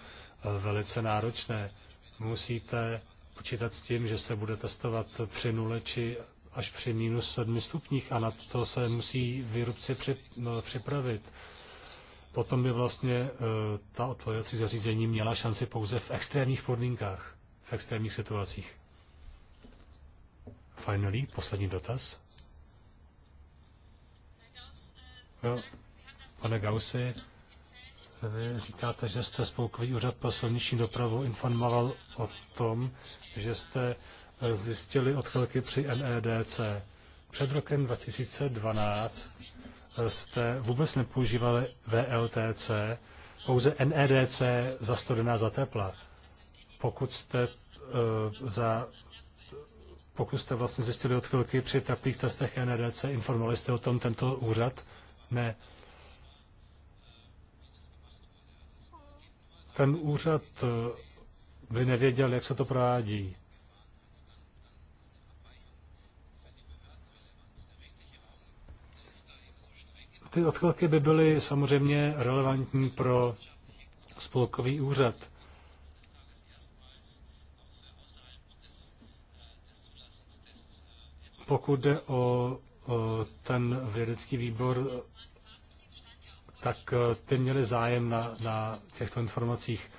velice náročné. Musíte počítat s tím, že se bude testovat při nule či až při minus 7 stupních a na to se musí výrobci no, připravit. Potom by vlastně eh, ta odpovědací zařízení měla šanci pouze v extrémních podmínkách, v extrémních situacích. Finally, poslední dotaz. Jo. Pane Gausy, vy říkáte, že jste spolkový úřad pro silniční dopravu informoval o tom, že jste zjistili odchylky při NEDC. Před rokem 2012 jste vůbec nepoužívali VLTC, pouze NEDC za studená za tepla. Pokud jste, uh, za, pokud jste vlastně zjistili odchylky při teplých testech NEDC, informovali jste o tom tento úřad? Ne. Ten úřad eh, by nevěděl, jak se to provádí. ty odchylky by byly samozřejmě relevantní pro spolkový úřad. Pokud jde o, o ten vědecký výbor, tak e, ty měli zájem na, na těchto informacích.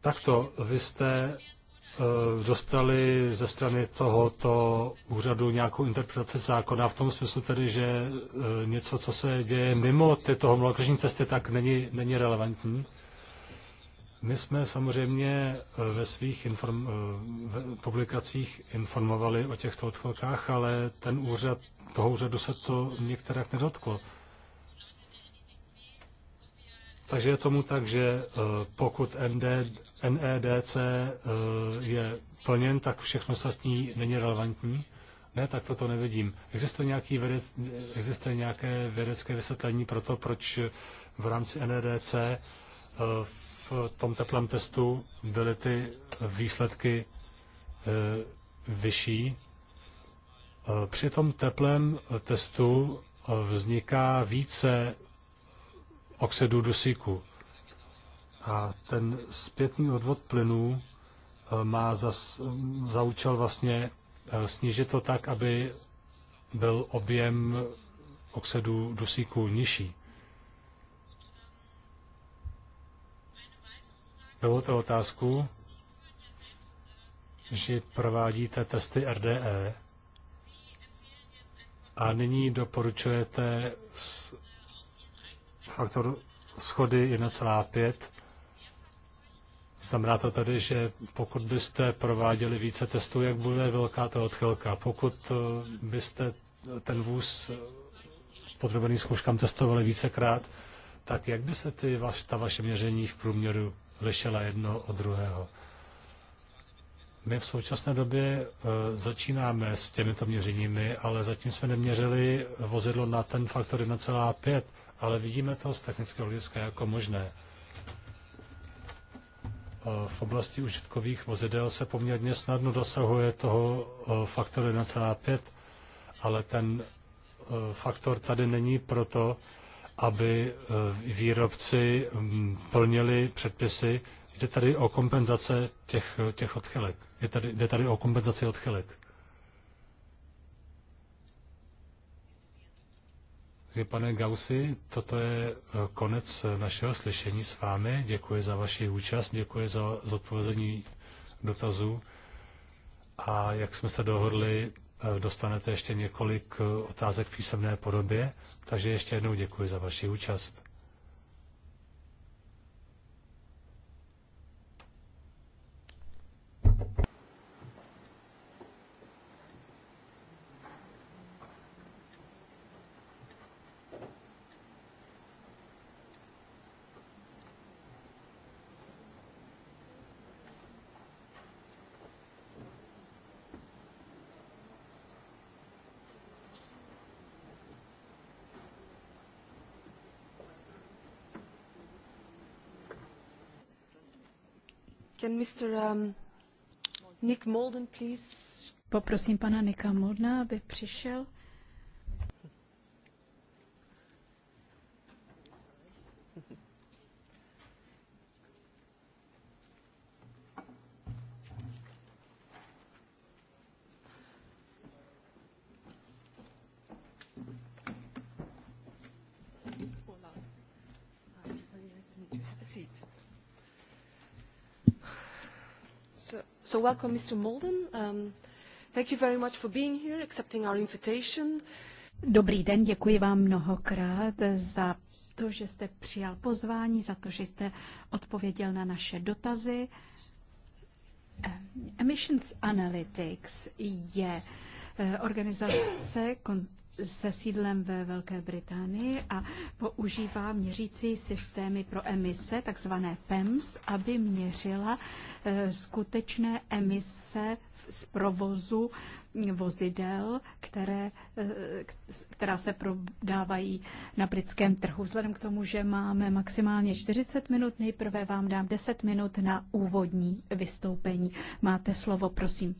Takto, vy jste Eh, dostali ze strany tohoto úřadu nějakou interpretaci zákona v tom smyslu tedy, že eh, něco, co se děje mimo tyto homologační cesty, tak není, není relevantní. My jsme samozřejmě eh, ve svých inform, v publikacích informovali o těchto odchylkách, ale ten úřad, toho úřadu se to některak nedotklo. Takže je tomu tak, že pokud ND NEDC eh, je plněn, tak všechno ostatní není relevantní? Ne, tak toto nevidím. Existuje, nějaký vědec, existuje nějaké vědecké vysvětlení pro to, proč v rámci NEDC eh, v tom teplém testu byly ty výsledky eh, vyšší. Při tom teplém testu vzniká více oxidu dusíku. A ten zpětný odvod plynů eh, má za, za účel vlastně eh, snížit to tak, aby byl objem oxidu dusíku nižší. Dovolte otázku, že provádíte testy RDE a nyní doporučujete faktor schody Znamená to tedy, že pokud byste prováděli více testů, jak bude velká ta odchylka. Pokud eh, byste ten vůz eh, podrobený zkouškám testovali vícekrát, tak jak by se ty vaš, ta vaše měření v průměru lišila jedno od druhého? My v současné době e, začínáme s těmito měřeními, ale zatím jsme neměřili vozidlo na ten faktor 1,5, ale vidíme to z technického hlediska jako možné v oblasti užitkových vozidel se poměrně snadno dosahuje toho e, faktoru 1,5, ale ten e, faktor tady není proto, aby e, výrobci plnili předpisy. Jde tady o kompenzace těch, těch odchylek. Je tady, jde tady o kompenzaci odchylek. Pane Gausi, toto je eh, konec eh, našeho slyšení s vámi. Děkuji za vaši účast, děkuji za zodpovězení dotazů. A jak jsme se dohodli, eh, dostanete ještě několik otázek v písemné podobě, takže ještě jednou děkuji za vaši účast. Um, poprosím pana nicka moldena aby přišel welcome, Mr. Molden. Um, thank you very much for being here, accepting our invitation. Dobrý den, děkuji vám mnohokrát za to, že jste přijal pozvání, za to, že jste odpověděl na naše dotazy. Ehm, Emissions Analytics je eh, organizace, se sídlem ve Velké Británii a používá měřící systémy pro emise, takzvané PEMS, aby měřila eh, skutečné emise z provozu vozidel, které, eh, která se prodávají na britském trhu. Vzhledem k tomu, že máme maximálně 40 minut, nejprve vám dám 10 minut na úvodní vystoupení. Máte slovo, prosím.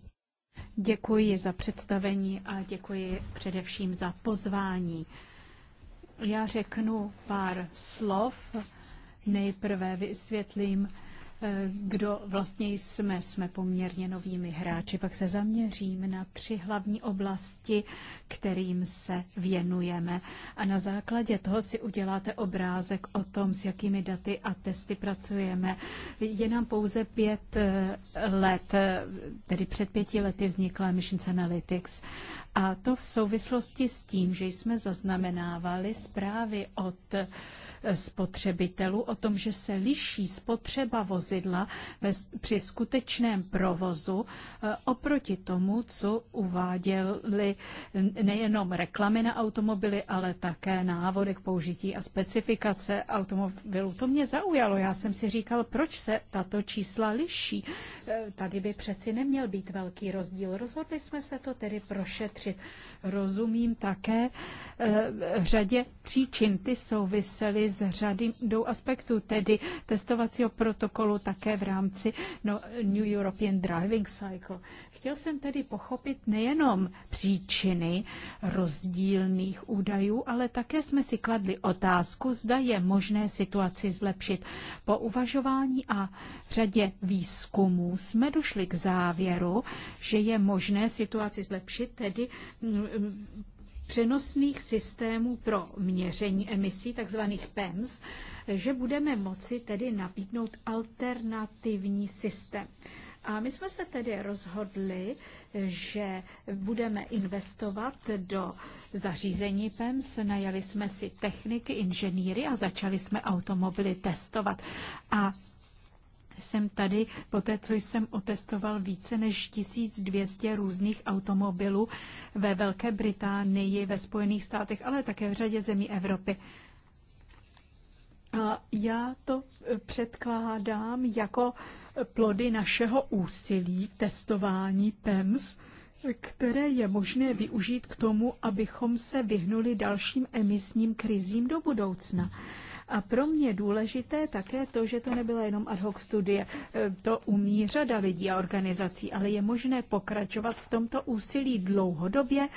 Děkuji za představení a děkuji především za pozvání. Já řeknu pár slov. Nejprve vysvětlím, kdo vlastně jsme. Jsme poměrně novými hráči. Pak se zaměřím na tři hlavní oblasti, kterým se věnujeme. A na základě toho si uděláte obrázek o tom, s jakými daty a testy pracujeme. Je nám pouze pět eh, let, eh, tedy před pěti lety vznikla Missions Analytics. A to v souvislosti s tím, že jsme zaznamenávali zprávy od spotřebitelů o tom, že se liší spotřeba vozidla ve, při skutečném provozu e, oproti tomu, co uváděly nejenom reklamy na automobily, ale také návody k použití a specifikace automobilů. To mě zaujalo. Já jsem si říkal, proč se tato čísla liší. E, tady by přeci neměl být velký rozdíl. Rozhodli jsme se to tedy prošetřit. Rozumím také e, řadě příčin. Ty souvisely z řady aspektů, tedy testovacího protokolu také v rámci no, New European Driving Cycle. Chtěl jsem tedy pochopit nejenom příčiny rozdílných údajů, ale také jsme si kladli otázku, zda je možné situaci zlepšit. Po uvažování a řadě výzkumů jsme došli k závěru, že je možné situaci zlepšit, tedy přenosných systémů pro měření emisí, takzvaných PEMS, že budeme moci tedy nabídnout alternativní systém. A my jsme se tedy rozhodli, že budeme investovat do zařízení PEMS, najali jsme si techniky, inženýry a začali jsme automobily testovat. A jsem tady po té, co jsem otestoval více než 1200 různých automobilů ve Velké Británii, ve Spojených státech, ale také v řadě zemí Evropy. A já to e, předkládám jako plody našeho úsilí testování PEMS, které je možné využít k tomu, abychom se vyhnuli dalším emisním krizím do budoucna. A pro mě důležité také to, že to nebyla jenom ad hoc studie. E, to umí řada lidí a organizací, ale je možné pokračovat v tomto úsilí dlouhodobě,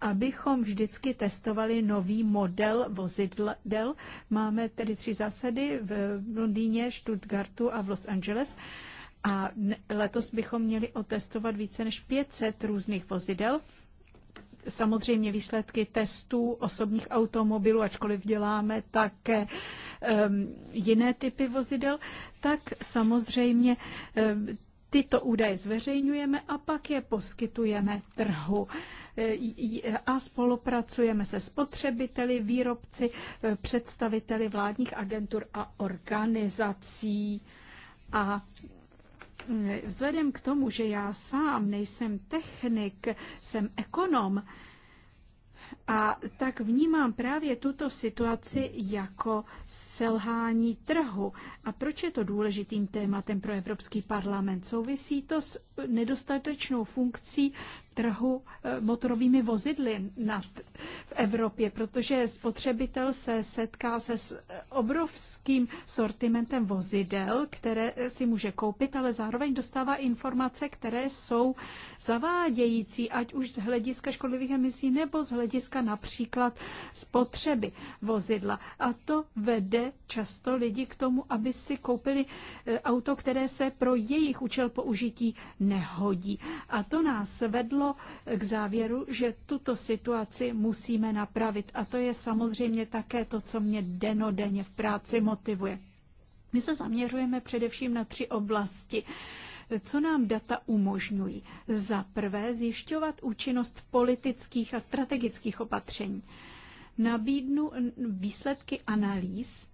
abychom vždycky testovali nový model vozidel. Máme tedy tři zásady v Londýně, Stuttgartu a v Los Angeles. A letos bychom měli otestovat více než 500 různých vozidel samozřejmě výsledky testů osobních automobilů, ačkoliv děláme také um, jiné typy vozidel, tak samozřejmě um, tyto údaje zveřejňujeme a pak je poskytujeme trhu e, a spolupracujeme se spotřebiteli, výrobci, e, představiteli vládních agentur a organizací. A Vzhledem k tomu, že já sám nejsem technik, jsem ekonom, a tak vnímám právě tuto situaci jako selhání trhu. A proč je to důležitým tématem pro Evropský parlament? Souvisí to s nedostatečnou funkcí trhu eh, motorovými vozidly v Evropě, protože spotřebitel se setká se s eh, obrovským sortimentem vozidel, které eh, si může koupit, ale zároveň dostává informace, které jsou zavádějící, ať už z hlediska škodlivých emisí nebo z hlediska hlediska například spotřeby vozidla. A to vede často lidi k tomu, aby si koupili eh, auto, které se pro jejich účel použití nehodí. A to nás vedlo eh, k závěru, že tuto situaci musíme napravit. A to je samozřejmě také to, co mě denodenně v práci motivuje. My se zaměřujeme především na tři oblasti. Co nám data umožňují? Za prvé zjišťovat účinnost politických a strategických opatření. Nabídnu výsledky analýz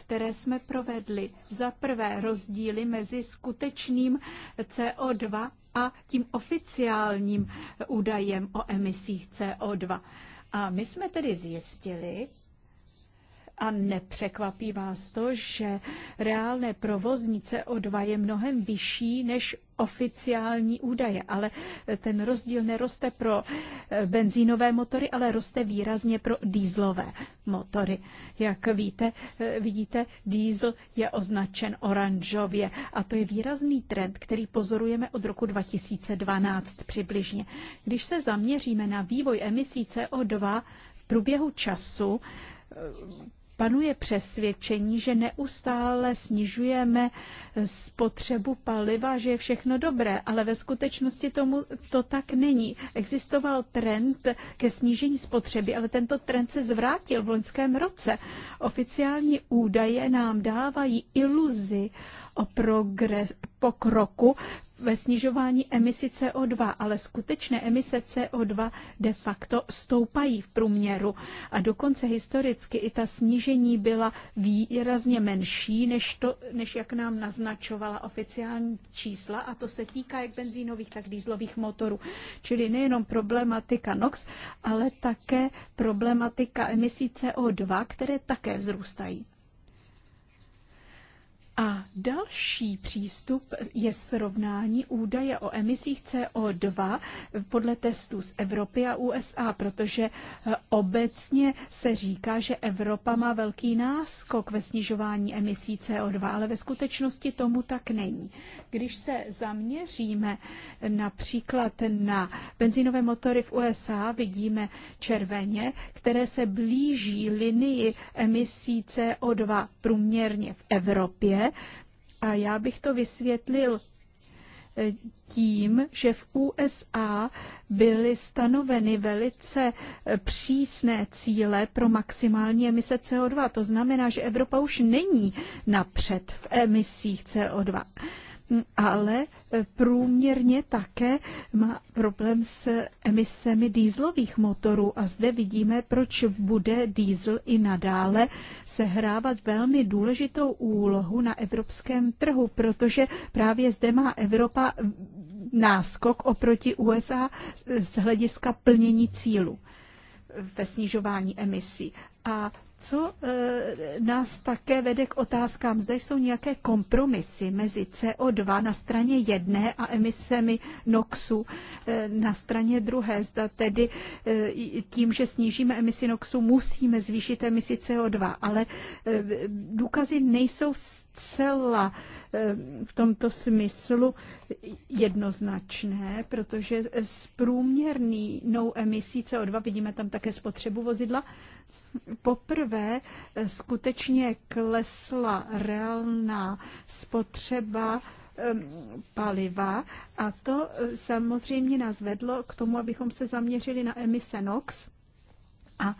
které jsme provedli. Za prvé rozdíly mezi skutečným CO2 a tím oficiálním údajem o emisích CO2. A my jsme tedy zjistili, a nepřekvapí vás to, že reálné provozní CO2 je mnohem vyšší než oficiální údaje, ale ten rozdíl neroste pro eh, benzínové motory, ale roste výrazně pro dýzlové motory. Jak víte, eh, vidíte, dýzl je označen oranžově a to je výrazný trend, který pozorujeme od roku 2012 přibližně. Když se zaměříme na vývoj emisí CO2 v průběhu času, eh, panuje přesvědčení, že neustále snižujeme spotřebu paliva, že je všechno dobré, ale ve skutečnosti tomu to tak není. Existoval trend ke snížení spotřeby, ale tento trend se zvrátil v loňském roce. Oficiální údaje nám dávají iluzi o progres, pokroku ve snižování emisí CO2, ale skutečné emise CO2 de facto stoupají v průměru. A dokonce historicky i ta snížení byla výrazně menší, než, to, než jak nám naznačovala oficiální čísla. A to se týká jak benzínových, tak dýzlových motorů. Čili nejenom problematika NOx, ale také problematika emisí CO2, které také vzrůstají. A další přístup je srovnání údaje o emisích CO2 podle testů z Evropy a USA, protože eh, obecně se říká, že Evropa má velký náskok ve snižování emisí CO2, ale ve skutečnosti tomu tak není. Když se zaměříme například na benzínové motory v USA, vidíme červeně, které se blíží linii emisí CO2 průměrně v Evropě, a já bych to vysvětlil eh, tím, že v USA byly stanoveny velice eh, přísné cíle pro maximální emise CO2. To znamená, že Evropa už není napřed v emisích CO2 ale průměrně také má problém s emisemi dýzlových motorů a zde vidíme, proč bude dýzl i nadále sehrávat velmi důležitou úlohu na evropském trhu, protože právě zde má Evropa náskok oproti USA z hlediska plnění cílu ve snižování emisí. A co e, nás také vede k otázkám. Zde jsou nějaké kompromisy mezi CO2 na straně jedné a emisemi NOXu e, na straně druhé. Zda tedy e, tím, že snížíme emisi NOXu, musíme zvýšit emisi CO2, ale e, důkazy nejsou zcela e, Eh, v tomto smyslu jednoznačné, protože s průměrnou emisí CO2 vidíme tam také spotřebu vozidla. Poprvé skutečně klesla reálná spotřeba paliva a to eh, samozřejmě nás vedlo k tomu, abychom se zaměřili na emise NOx a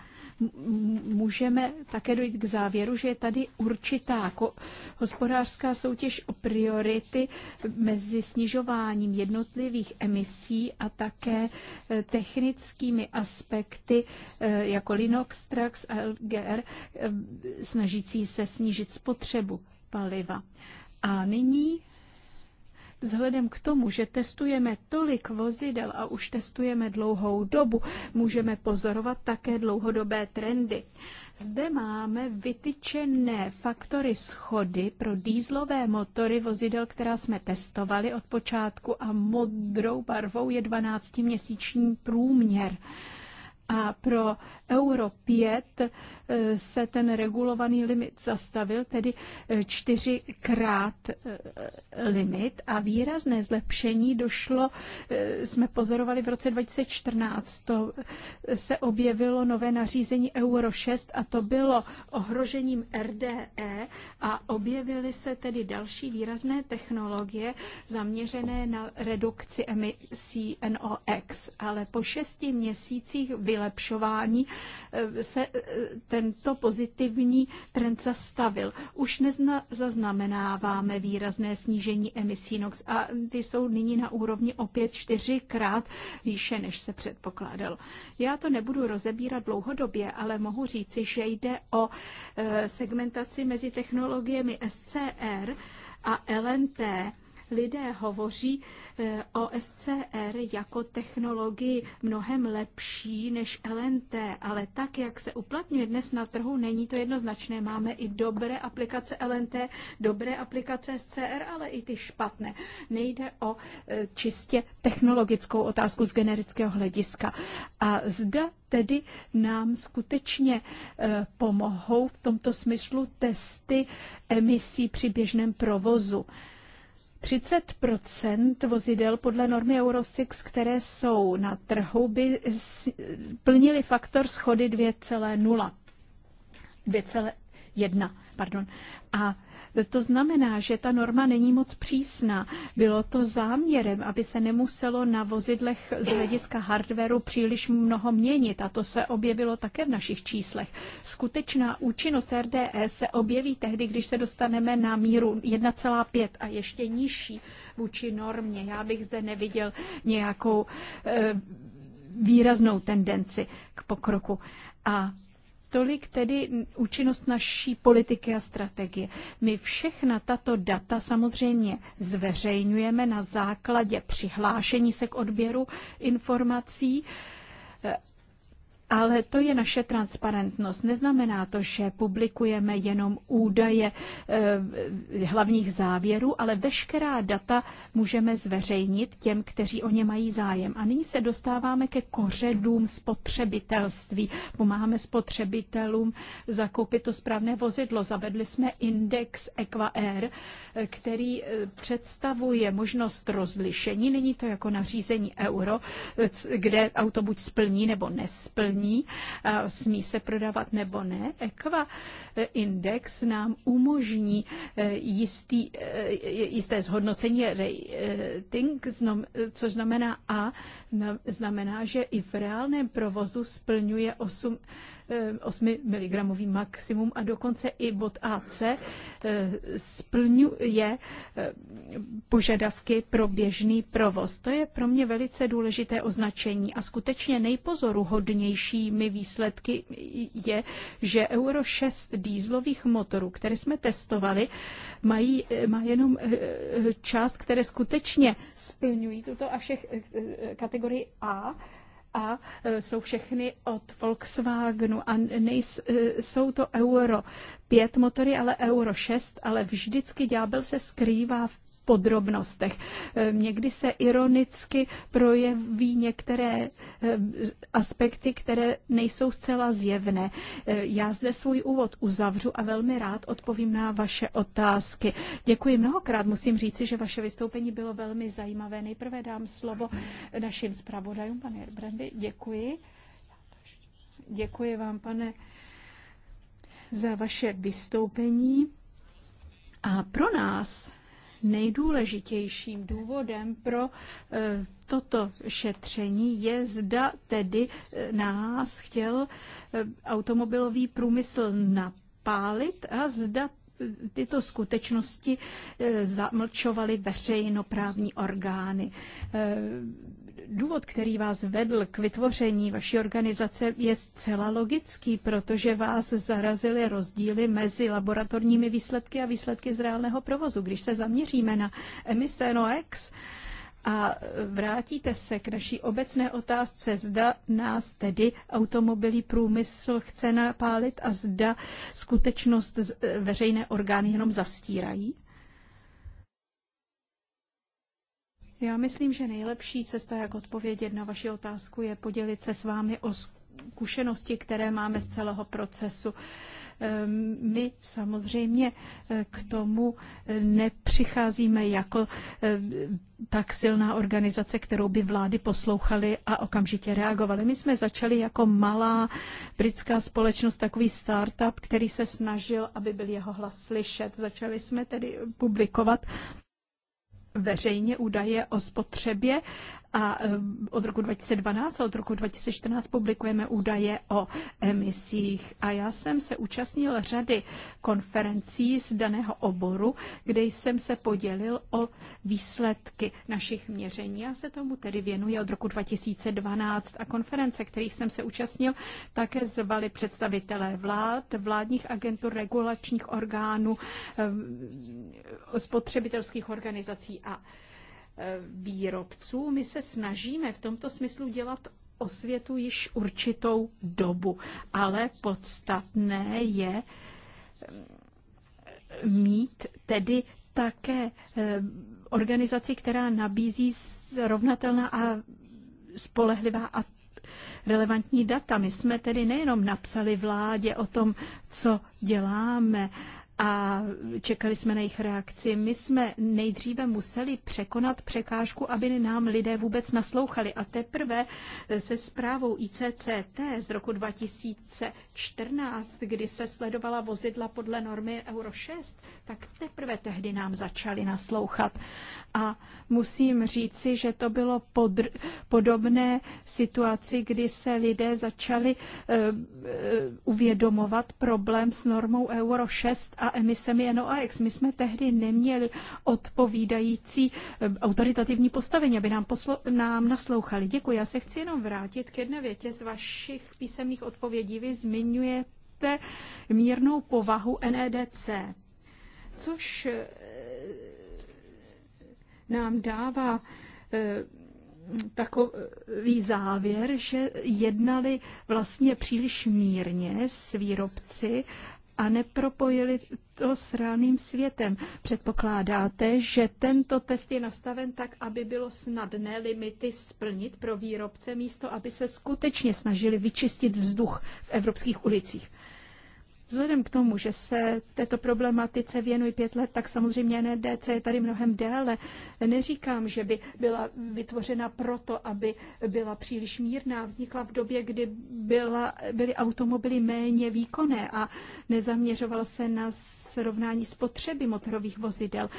můžeme také dojít k závěru, že je tady určitá hospodářská soutěž o priority mezi snižováním jednotlivých emisí a také eh, technickými aspekty eh, jako Linux, Trax a LGR, eh, snažící se snížit spotřebu paliva. A nyní Vzhledem k tomu, že testujeme tolik vozidel a už testujeme dlouhou dobu, můžeme pozorovat také dlouhodobé trendy. Zde máme vytyčené faktory schody pro dýzlové motory vozidel, která jsme testovali od počátku a modrou barvou je 12-měsíční průměr. A pro Euro 5 se ten regulovaný limit zastavil, tedy eh, čtyřikrát eh, limit a výrazné zlepšení došlo, eh, jsme pozorovali v roce 2014, to se objevilo nové nařízení Euro 6 a to bylo ohrožením RDE a objevily se tedy další výrazné technologie zaměřené na redukci emisí NOx, ale po šesti měsících vylepšování se tento pozitivní trend zastavil. Už nezaznamenáváme výrazné snížení emisí NOx a ty jsou nyní na úrovni opět čtyřikrát výše, než se předpokládalo. Já to nebudu rozebírat dlouhodobě, ale mohu říci, že jde o eh, segmentaci mezi technologiemi SCR a LNT, Lidé hovoří eh, o SCR jako technologii mnohem lepší než LNT, ale tak, jak se uplatňuje dnes na trhu, není to jednoznačné. Máme i dobré aplikace LNT, dobré aplikace SCR, ale i ty špatné. Nejde o eh, čistě technologickou otázku z generického hlediska. A zda tedy nám skutečně eh, pomohou v tomto smyslu testy emisí při běžném provozu. 30 vozidel podle normy Euro 6, které jsou na trhu, by plnili faktor schody 2,0. 2,1, pardon. A to znamená, že ta norma není moc přísná. Bylo to záměrem, aby se nemuselo na vozidlech z hlediska hardwareu příliš mnoho měnit a to se objevilo také v našich číslech. Skutečná účinnost RDE se objeví tehdy, když se dostaneme na míru 1,5 a ještě nižší vůči normě. Já bych zde neviděl nějakou eh, výraznou tendenci k pokroku. A Tolik tedy účinnost naší politiky a strategie. My všechna tato data samozřejmě zveřejňujeme na základě přihlášení se k odběru informací ale to je naše transparentnost. Neznamená to, že publikujeme jenom údaje e, hlavních závěrů, ale veškerá data můžeme zveřejnit těm, kteří o ně mají zájem. A nyní se dostáváme ke kořenům spotřebitelství. Pomáháme spotřebitelům zakoupit to správné vozidlo. Zavedli jsme index EquaR, eh, který eh, představuje možnost rozlišení. Není to jako nařízení euro, kde auto buď splní nebo nesplní kontrolní, smí se prodávat nebo ne. Ekva e, index nám umožní e, jistý, e, jisté zhodnocení rating, což znamená A, znamená, že i v reálném provozu splňuje 8 8 mg maximum a dokonce i bod AC eh, splňuje eh, požadavky pro běžný provoz. To je pro mě velice důležité označení a skutečně nejpozoruhodnějšími výsledky je, že Euro 6 dýzlových motorů, které jsme testovali, mají, eh, má jenom část, které skutečně splňují tuto a všech kategorii A, a e, jsou všechny od Volkswagenu a nejsou e, to Euro 5 motory, ale Euro 6, ale vždycky ďábel se skrývá v podrobnostech. Eh, někdy se ironicky projeví některé eh, aspekty, které nejsou zcela zjevné. Eh, já zde svůj úvod uzavřu a velmi rád odpovím na vaše otázky. Děkuji mnohokrát. Musím říci, že vaše vystoupení bylo velmi zajímavé. Nejprve dám slovo našim zpravodajům, pane Brandy. Děkuji. Děkuji vám, pane, za vaše vystoupení. A pro nás nejdůležitějším důvodem pro eh, toto šetření je, zda tedy eh, nás chtěl eh, automobilový průmysl napálit a zda tyto skutečnosti zamlčovaly veřejnoprávní orgány důvod, který vás vedl k vytvoření vaší organizace, je zcela logický, protože vás zarazily rozdíly mezi laboratorními výsledky a výsledky z reálného provozu. Když se zaměříme na emise NOx, a vrátíte se k naší obecné otázce, zda nás tedy automobilí průmysl chce napálit a zda skutečnost veřejné orgány jenom zastírají? Já myslím, že nejlepší cesta, jak odpovědět na vaši otázku, je podělit se s vámi o zkušenosti, které máme z celého procesu. Ehm, my samozřejmě eh, k tomu eh, nepřicházíme jako eh, tak silná organizace, kterou by vlády poslouchaly a okamžitě reagovaly. My jsme začali jako malá britská společnost, takový startup, který se snažil, aby byl jeho hlas slyšet. Začali jsme tedy publikovat veřejně údaje o spotřebě a od roku 2012 a od roku 2014 publikujeme údaje o emisích. A já jsem se účastnil řady konferencí z daného oboru, kde jsem se podělil o výsledky našich měření. Já se tomu tedy věnuji od roku 2012 a konference, kterých jsem se účastnil, také zvali představitelé vlád, vládních agentur, regulačních orgánů, spotřebitelských organizací a výrobců. My se snažíme v tomto smyslu dělat osvětu již určitou dobu, ale podstatné je eh, mít tedy také eh, organizaci, která nabízí rovnatelná a spolehlivá a relevantní data. My jsme tedy nejenom napsali vládě o tom, co děláme, a čekali jsme na jejich reakci. My jsme nejdříve museli překonat překážku, aby nám lidé vůbec naslouchali. A teprve se zprávou ICCT z roku 2014, kdy se sledovala vozidla podle normy Euro 6, tak teprve tehdy nám začali naslouchat. A musím říci, že to bylo podr- podobné situaci, kdy se lidé začali eh, eh, uvědomovat problém s normou Euro 6 a a emisemi NOAX. My jsme tehdy neměli odpovídající eh, autoritativní postavení, aby nám, poslo- nám naslouchali. Děkuji. Já se chci jenom vrátit k jedné větě z vašich písemných odpovědí. Vy zmiňujete mírnou povahu NEDC, což eh, nám dává eh, takový závěr, že jednali vlastně příliš mírně s výrobci a nepropojili to s reálným světem. Předpokládáte, že tento test je nastaven tak, aby bylo snadné limity splnit pro výrobce místo, aby se skutečně snažili vyčistit vzduch v evropských ulicích? Vzhledem k tomu, že se této problematice věnují pět let, tak samozřejmě NDC je tady mnohem déle. Neříkám, že by byla vytvořena proto, aby byla příliš mírná. Vznikla v době, kdy byla, byly automobily méně výkonné a nezaměřoval se na srovnání spotřeby motorových vozidel.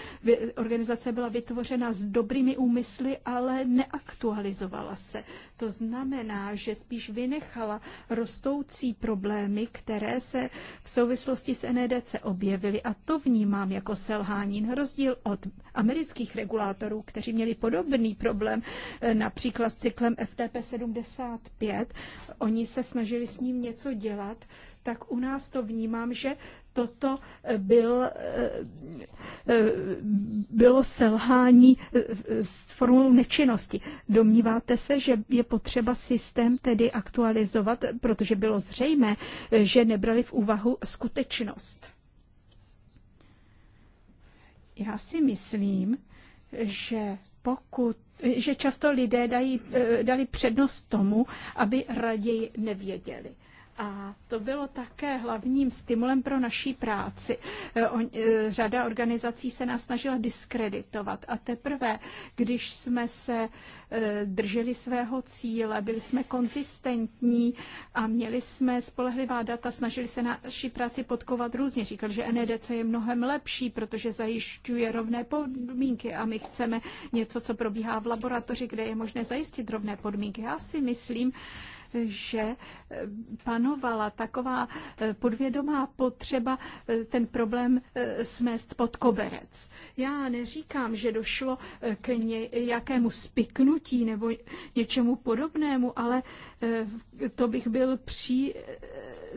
Organizace byla vytvořena s dobrými úmysly, ale neaktualizovala se. To znamená, že spíš vynechala rostoucí problémy, které se v souvislosti s NEDC objevily a to vnímám jako selhání. Na rozdíl od amerických regulátorů, kteří měli podobný problém eh, například s cyklem FTP 75, oni se snažili s ním něco dělat, tak u nás to vnímám, že toto byl, eh, eh, bylo selhání eh, s formou nečinnosti. Domníváte se, že je potřeba systém tedy aktualizovat, protože bylo zřejmé, že nebrali v úvahu skutečnost? Já si myslím, že pokud že často lidé dají, dali přednost tomu, aby raději nevěděli. A to bylo také hlavním stimulem pro naší práci. Eh, eh, řada organizací se nás snažila diskreditovat a teprve, když jsme se eh, drželi svého cíle, byli jsme konzistentní a měli jsme spolehlivá data, snažili se naší práci podkovat různě. Říkal, že NEDC je mnohem lepší, protože zajišťuje rovné podmínky a my chceme něco, co probíhá v laboratoři, kde je možné zajistit rovné podmínky. Já si myslím, že eh, panovala taková eh, podvědomá potřeba eh, ten problém smést pod koberec. Já neříkám, že došlo k nějakému spiknutí nebo něčemu podobnému, ale to bych byl při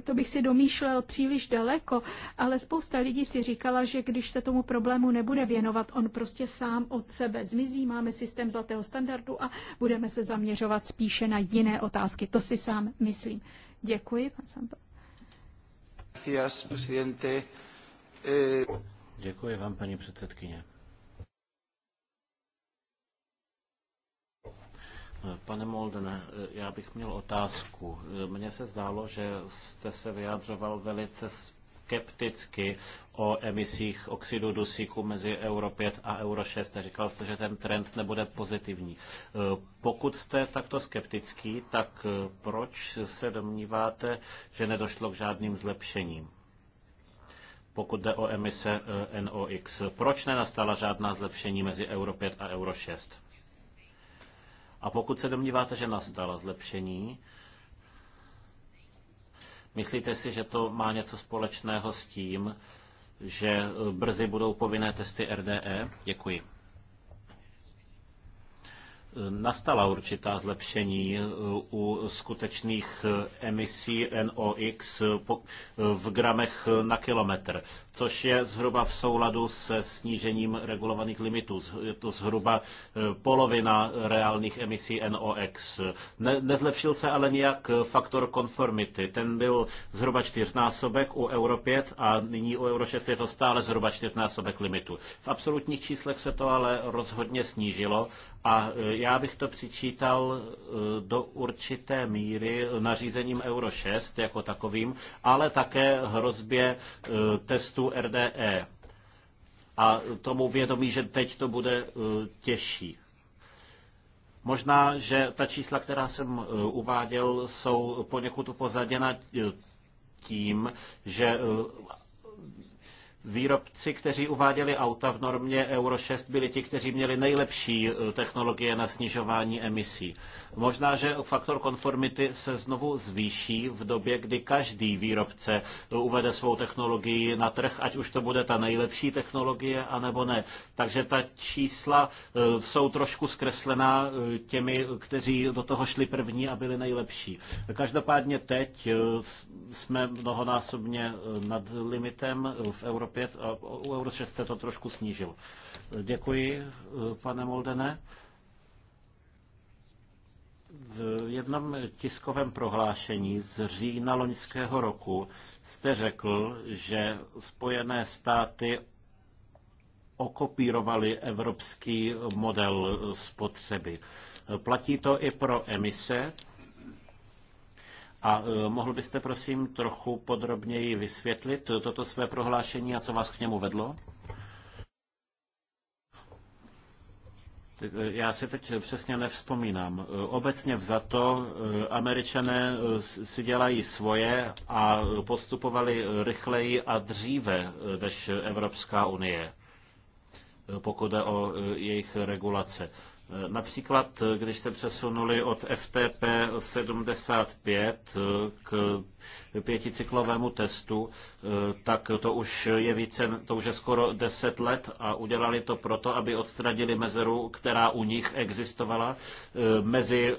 to bych si domýšlel příliš daleko, ale spousta lidí si říkala, že když se tomu problému nebude věnovat, on prostě sám od sebe zmizí, máme systém zlatého standardu a budeme se zaměřovat spíše na jiné otázky. To si sám myslím. Děkuji, pan eh, Děkuji vám, paní předsedkyně. Pane Moldene, já bych měl otázku. Mně se zdálo, že jste se vyjadřoval velice skepticky o emisích oxidu dusíku mezi Euro 5 a Euro 6 říkal jste, že ten trend nebude pozitivní. Pokud jste takto skeptický, tak proč se domníváte, že nedošlo k žádným zlepšením? pokud jde o emise eh, NOx. Proč nenastala žádná zlepšení mezi Euro 5 a Euro 6? A pokud se domníváte, že nastala zlepšení, myslíte si, že to má něco společného s tím, že brzy budou povinné testy RDE? Děkuji nastala určitá zlepšení eh, u skutečných eh, emisí NOx eh, v gramech na kilometr, což je zhruba v souladu se snížením regulovaných limitů. Je to zhruba polovina reálných emisí NOx. Ne, nezlepšil se ale nijak faktor konformity. Ten byl zhruba čtyřnásobek u Euro 5 a nyní u Euro 6 je to stále zhruba čtyřnásobek limitu. V absolutních číslech se to ale rozhodně snížilo a já bych to přičítal e, do určité míry nařízením Euro 6 jako takovým, ale také hrozbě e, testů RDE a tomu vědomí, že teď to bude e, těžší. Možná, že ta čísla, která jsem uváděl, jsou poněkud upozaděna tím, že Výrobci, kteří uváděli auta v normě Euro 6, byli ti, kteří měli nejlepší eh, technologie na snižování emisí. Možná, že faktor konformity se znovu zvýší v době, kdy každý výrobce eh, uvede svou technologii na trh, ať už to bude ta nejlepší technologie, anebo ne. Takže ta čísla eh, jsou trošku zkreslená těmi, kteří do toho šli první a byli nejlepší. Každopádně teď jsme mnohonásobně nad limitem v Evropě 5 a u Euro 6 se to trošku snížil. Děkuji, pane Moldene. V jednom tiskovém prohlášení z října loňského roku jste řekl, že Spojené státy okopírovali evropský model spotřeby. Platí to i pro emise a e, mohl byste prosím trochu podrobněji vysvětlit toto své prohlášení a co vás k němu vedlo? E, já si teď přesně nevzpomínám. E, obecně vzato američané si dělají svoje a postupovali rychleji a dříve než Evropská unie, pokud je o jejich regulace. Například, když se přesunuli od FTP 75 k pěticyklovému testu, tak to už je více, to už je skoro 10 let a udělali to proto, aby odstranili mezeru, která u nich existovala eh, mezi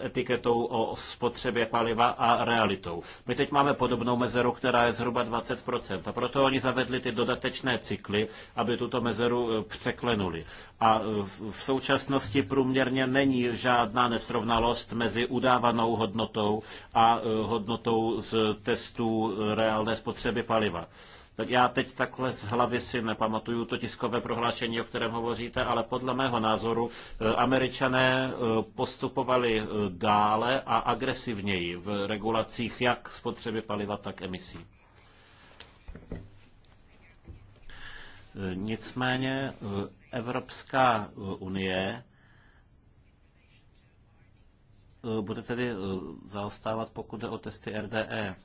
eh, etiketou o spotřebě paliva a realitou. My teď máme podobnou mezeru, která je zhruba 20%. A proto oni zavedli ty dodatečné cykly, aby tuto mezeru eh, překlenuli. A v současné současnosti průměrně není žádná nesrovnalost mezi udávanou hodnotou a eh, hodnotou z testů reálné spotřeby paliva. Tak já teď takhle z hlavy si nepamatuju to tiskové prohlášení, o kterém hovoříte, ale podle mého názoru eh, američané eh, postupovali dále a agresivněji v regulacích jak spotřeby paliva, tak emisí. Nicméně Evropská eh, unie eh, bude tedy eh, zaostávat, pokud jde o testy RDE.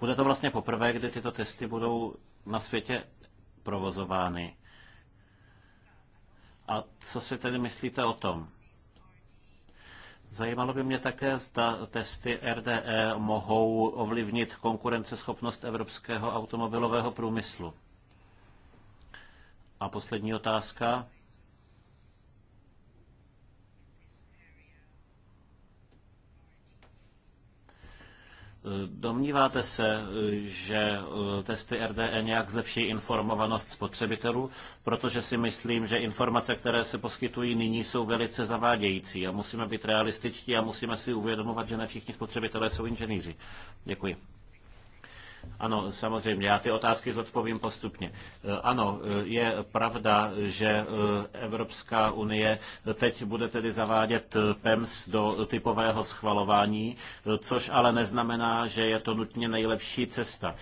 Bude to vlastně poprvé, kdy tyto testy budou na světě provozovány. A co si tedy myslíte o tom? Zajímalo by mě také, zda testy RDE mohou ovlivnit konkurenceschopnost evropského automobilového průmyslu. A poslední otázka. Domníváte se, že eh, testy RDE nějak zlepší informovanost spotřebitelů, protože si myslím, že informace, které se poskytují nyní, jsou velice zavádějící a musíme být realističtí a musíme si uvědomovat, že ne všichni spotřebitelé jsou inženýři. Děkuji. Ano, samozřejmě, já ty otázky zodpovím postupně. E, ano, e, je pravda, že e, Evropská unie teď bude tedy zavádět PEMS do typového schvalování, což ale neznamená, že je to nutně nejlepší cesta.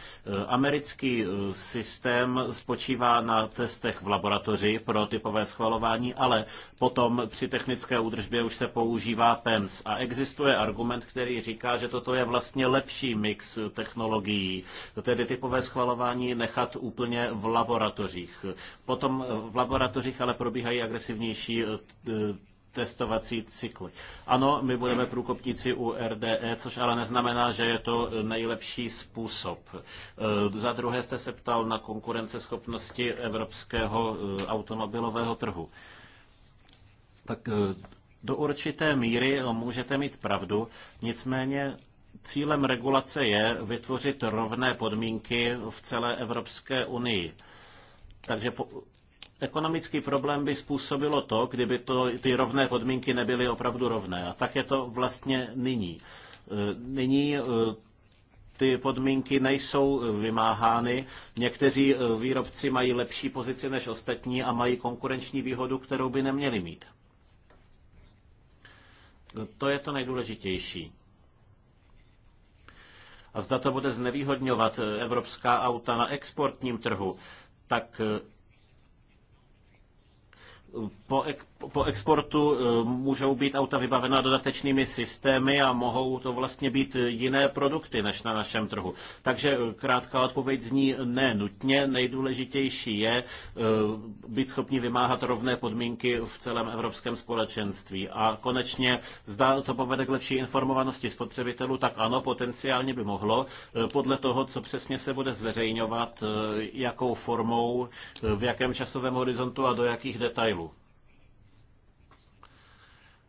Americký systém spočívá na testech v laboratoři pro typové schvalování, ale potom při technické údržbě už se používá PEMS. A existuje argument, který říká, že toto je vlastně lepší mix technologií tedy typové schvalování nechat úplně v laboratořích. Potom eh, v laboratořích ale probíhají agresivnější eh, eh, testovací cykly. Ano, my budeme průkopníci u RDE, což ale neznamená, že je to nejlepší způsob. Za druhé jste se ptal na konkurenceschopnosti evropského automobilového trhu. Tak do určité míry můžete mít pravdu, nicméně Cílem regulace je vytvořit rovné podmínky v celé Evropské unii. Takže po, ekonomický problém by způsobilo to, kdyby to, ty rovné podmínky nebyly opravdu rovné. A tak je to vlastně nyní. E, nyní e, ty podmínky nejsou vymáhány. Někteří e, výrobci mají lepší pozici než ostatní a mají konkurenční výhodu, kterou by neměli mít. To je to nejdůležitější a zda to bude znevýhodňovat eh, evropská auta na exportním trhu, tak eh, po, po exportu eh, můžou být auta vybavena dodatečnými systémy a mohou to vlastně být jiné produkty než na našem trhu. Takže eh, krátká odpověď zní ne nutně. Nejdůležitější je eh, být schopni vymáhat rovné podmínky v celém evropském společenství. A konečně zda to povede k lepší informovanosti spotřebitelů, tak ano, potenciálně by mohlo. Podle toho, co přesně se bude zveřejňovat, jakou formou, v jakém časovém horizontu a do jakých detailů.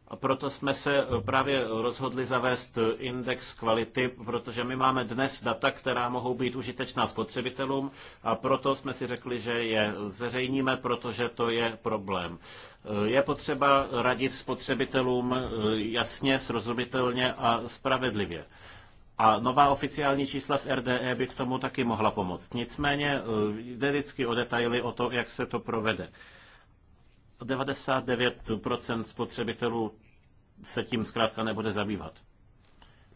A proto jsme se eh, právě rozhodli zavést eh, index kvality, protože my máme dnes data, která mohou být užitečná spotřebitelům a proto jsme si řekli, že je zveřejníme, protože to je problém. Eh, je potřeba radit spotřebitelům jasně, srozumitelně a spravedlivě. A nová oficiální čísla z RDE by k tomu taky mohla pomoct. Nicméně jde vždycky o detaily o to, jak se to provede. 99% spotřebitelů se tím zkrátka nebude zabývat.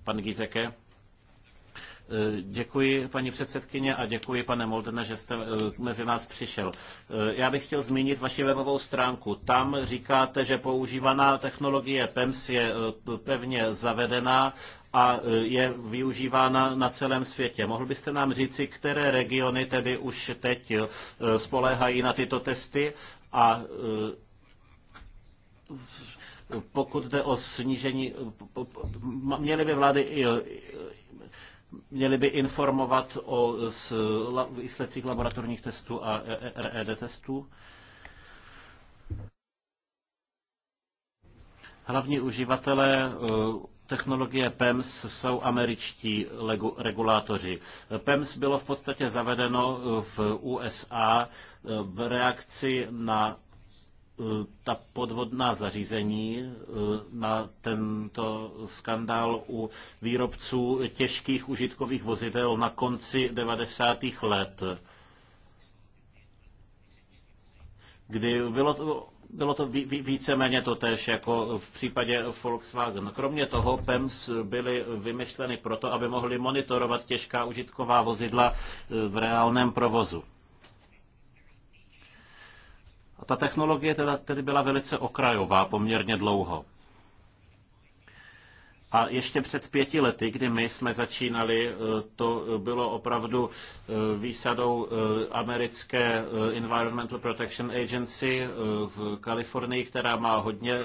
Pan Gizeke? Eh, děkuji, paní předsedkyně, a děkuji, pane Moldene, že jste eh, mezi nás přišel. Eh, já bych chtěl zmínit vaši webovou stránku. Tam říkáte, že používaná technologie PEMS je pevně zavedená a je využívána na celém světě. Mohl byste nám říci, které regiony tedy už teď spoléhají na tyto testy a e, pokud jde o snížení, e, měly by vlády i, e, měly by informovat o výsledcích laboratorních testů a RED testů. Hlavní uživatelé technologie PEMS jsou američtí regulátoři. PEMS bylo v podstatě zavedeno eh, v USA eh, v reakci na eh, ta podvodná zařízení na tento skandál u výrobců těžkých užitkových vozidel na konci 90. let kdy bylo to bylo to víceméně to tež jako v případě Volkswagen. Kromě toho PEMS byly vymyšleny proto, aby mohly monitorovat těžká užitková vozidla eh, v reálném provozu. A ta technologie teda, tedy byla velice okrajová poměrně dlouho. A ještě před pěti lety, kdy my jsme začínali, eh, to bylo opravdu eh, výsadou eh, americké Environmental Protection Agency v Kalifornii, která má hodně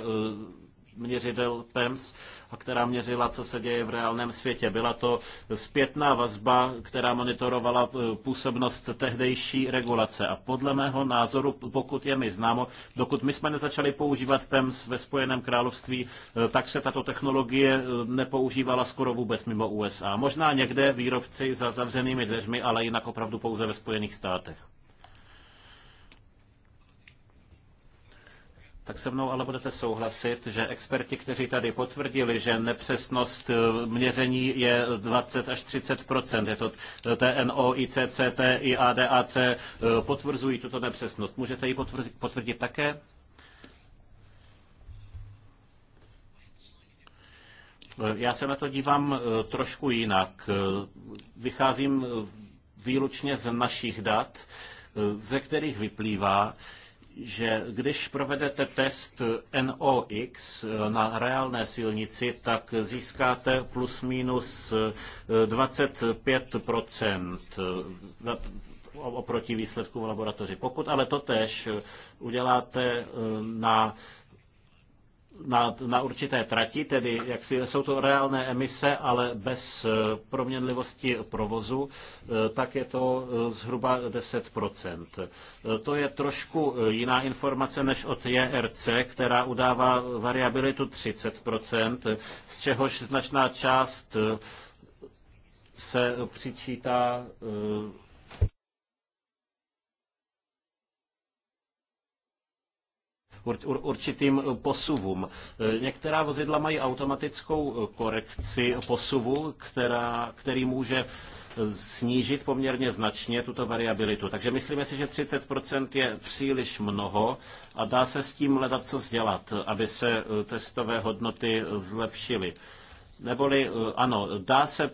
měřidel PEMS, a která měřila, co se děje v reálném světě. Byla to zpětná vazba, která monitorovala eh, působnost tehdejší regulace. A podle mého názoru, pokud je mi známo, dokud my jsme nezačali používat PEMS ve Spojeném království, eh, tak se tato technologie eh, nepoužívala skoro vůbec mimo USA. Možná někde výrobci za zavřenými dveřmi, ale jinak opravdu pouze ve Spojených státech. tak se mnou ale budete souhlasit, že experti, kteří tady potvrdili, že nepřesnost eh, měření je 20 až 30 je to eh, TNO, ICCT, ADAC, eh, potvrzují tuto nepřesnost. Můžete ji potvrdit, potvrdit také? Já se na to dívám trošku jinak. Vycházím výlučně z našich dat, ze kterých vyplývá, že když provedete test NOx na reálné silnici, tak získáte plus minus 25 oproti výsledku v laboratoři. Pokud ale totež uděláte na na, na určité trati, tedy jak si, jsou to reálné emise, ale bez eh, proměnlivosti provozu, eh, tak je to eh, zhruba 10%. To je trošku jiná informace než od JRC, která udává variabilitu 30%, z čehož značná část se přičítá určitým posuvům. E, některá vozidla mají automatickou e, korekci posuvu, která, který může snížit poměrně značně tuto variabilitu. Takže myslíme si, že 30% je příliš mnoho a dá se s tím hledat, co dělat, aby se e, testové hodnoty zlepšily. Neboli ano, dá se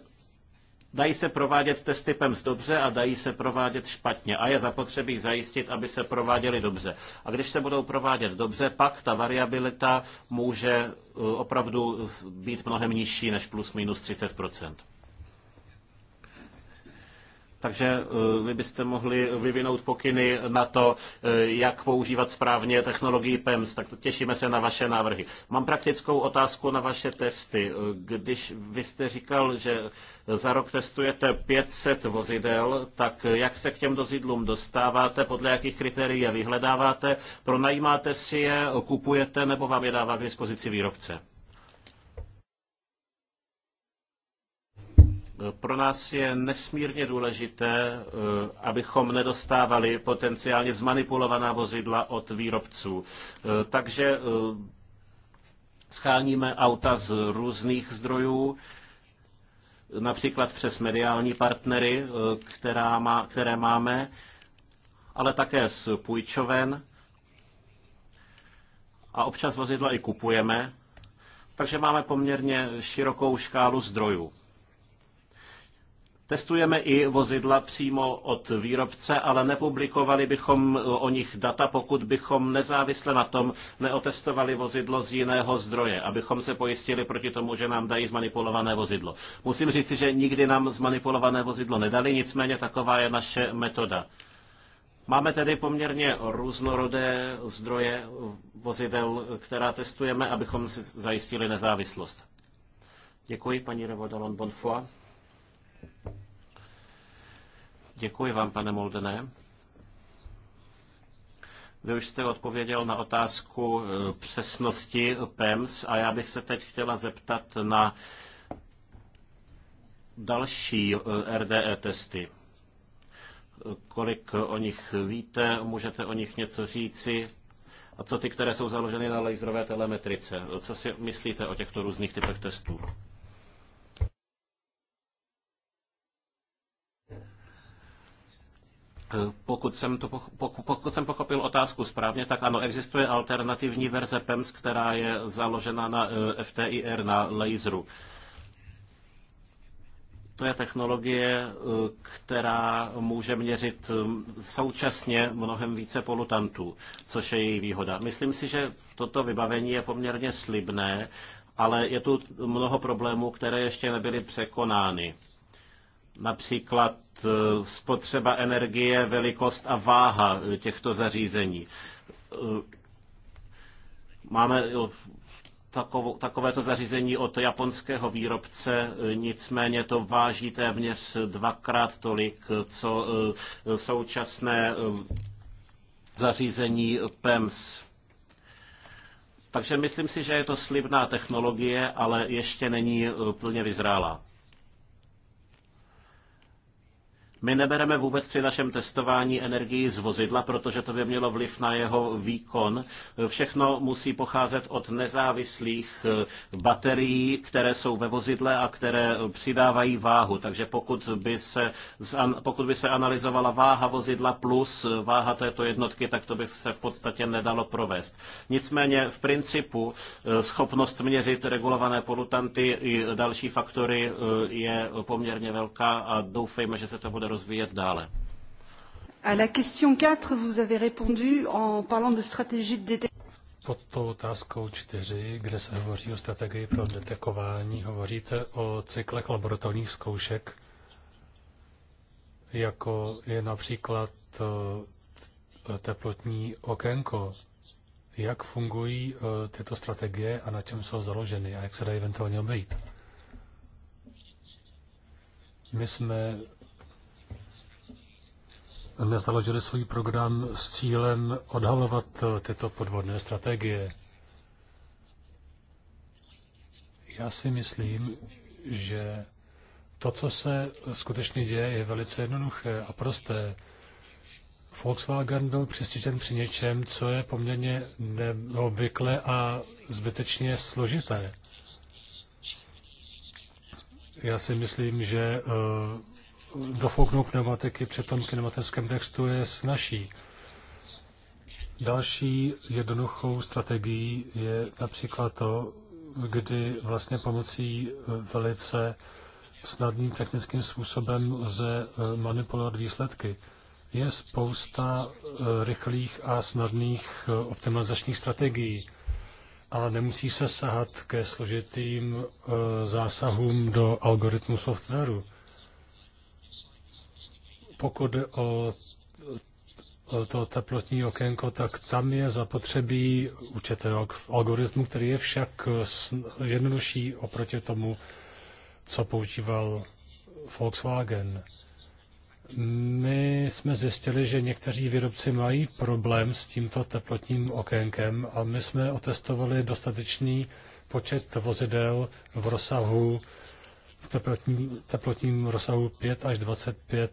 Dají se provádět testy PEMS dobře a dají se provádět špatně a je zapotřebí zajistit, aby se prováděly dobře. A když se budou provádět dobře, pak ta variabilita může eh, opravdu být mnohem nižší než plus minus 30 takže eh, vy byste mohli vyvinout pokyny na to, eh, jak používat správně technologii PEMS. Tak těšíme se na vaše návrhy. Mám praktickou otázku na vaše testy. Eh, když vy jste říkal, že za rok testujete 500 vozidel, tak jak se k těm vozidlům dostáváte, podle jakých kritérií je vyhledáváte, pronajímáte si je, kupujete nebo vám je dává k dispozici výrobce? Pro nás je nesmírně důležité, eh, abychom nedostávali potenciálně zmanipulovaná vozidla od výrobců. Eh, takže eh, scháníme auta z různých zdrojů, například přes mediální partnery, která má, které máme, ale také z půjčoven a občas vozidla i kupujeme, takže máme poměrně širokou škálu zdrojů. Testujeme i vozidla přímo od výrobce, ale nepublikovali bychom o nich data, pokud bychom nezávisle na tom neotestovali vozidlo z jiného zdroje, abychom se pojistili proti tomu, že nám dají zmanipulované vozidlo. Musím říci, že nikdy nám zmanipulované vozidlo nedali, nicméně taková je naše metoda. Máme tedy poměrně různorodé zdroje vozidel, která testujeme, abychom si zajistili nezávislost. Děkuji, paní Revodalon Bonfoy. Děkuji vám, pane Moldené. Vy už jste odpověděl na otázku eh, přesnosti PEMS a já bych se teď chtěla zeptat na další eh, RDE testy. Kolik o nich víte, můžete o nich něco říci? A co ty, které jsou založeny na laserové telemetrice? Co si myslíte o těchto různých typech testů? Pokud jsem, to, pokud jsem pochopil otázku správně, tak ano, existuje alternativní verze PEMS, která je založena na eh, FTIR, na laseru. To je technologie, eh, která může měřit eh, současně mnohem více polutantů, což je její výhoda. Myslím si, že toto vybavení je poměrně slibné, ale je tu mnoho problémů, které ještě nebyly překonány například e, spotřeba energie, velikost a váha e, těchto zařízení. E, máme takovéto zařízení od japonského výrobce, nicméně to váží téměř dvakrát tolik, co současné zařízení PEMS. Takže myslím si, že je to slibná technologie, ale ještě není plně vyzrálá. My nebereme vůbec při našem testování energii z vozidla, protože to by mělo vliv na jeho výkon. Všechno musí pocházet od nezávislých eh, baterií, které jsou ve vozidle a které přidávají váhu. Takže pokud by se, pokud by se analyzovala váha vozidla plus eh, váha této jednotky, tak to by se v podstatě nedalo provést. Nicméně v principu eh, schopnost měřit regulované polutanty i další faktory je poměrně velká a doufejme, že se to bude rozvíjet dále. A la question 4, vous avez répondu en parlant de stratégie de détection. Pod tou otázkou 4, kde se hovoří o strategii pro detekování, hovoříte o cyklech laboratorních zkoušek, jako je například eh, teplotní okénko. Jak fungují eh, tyto strategie a na čem jsou založeny a jak se dají eventuálně obejít? My jsme nezaložili svůj program s cílem odhalovat eh, tyto podvodné strategie. Já si myslím, že to, co se skutečně děje, je velice jednoduché a prosté. Volkswagen byl přistižen při něčem, co je poměrně neobvyklé a zbytečně složité. Já si myslím, že eh, dofouknout pneumatiky při tom kinematickém textu je snažší. Další jednoduchou strategií je například to, kdy vlastně pomocí eh, velice snadným technickým způsobem lze eh, manipulovat výsledky. Je spousta eh, rychlých a snadných optimalizačních strategií a nemusí se sahat ke složitým zásahům do algoritmu softwaru. Pokud jde o to teplotní okénko, tak tam je zapotřebí určitý algoritmu, který je však jednodušší oproti tomu, co používal Volkswagen. My jsme zjistili, že někteří výrobci mají problém s tímto teplotním okénkem a my jsme otestovali dostatečný počet vozidel v rozsahu teplotním, teplotním rozsahu 5 až 25 eh,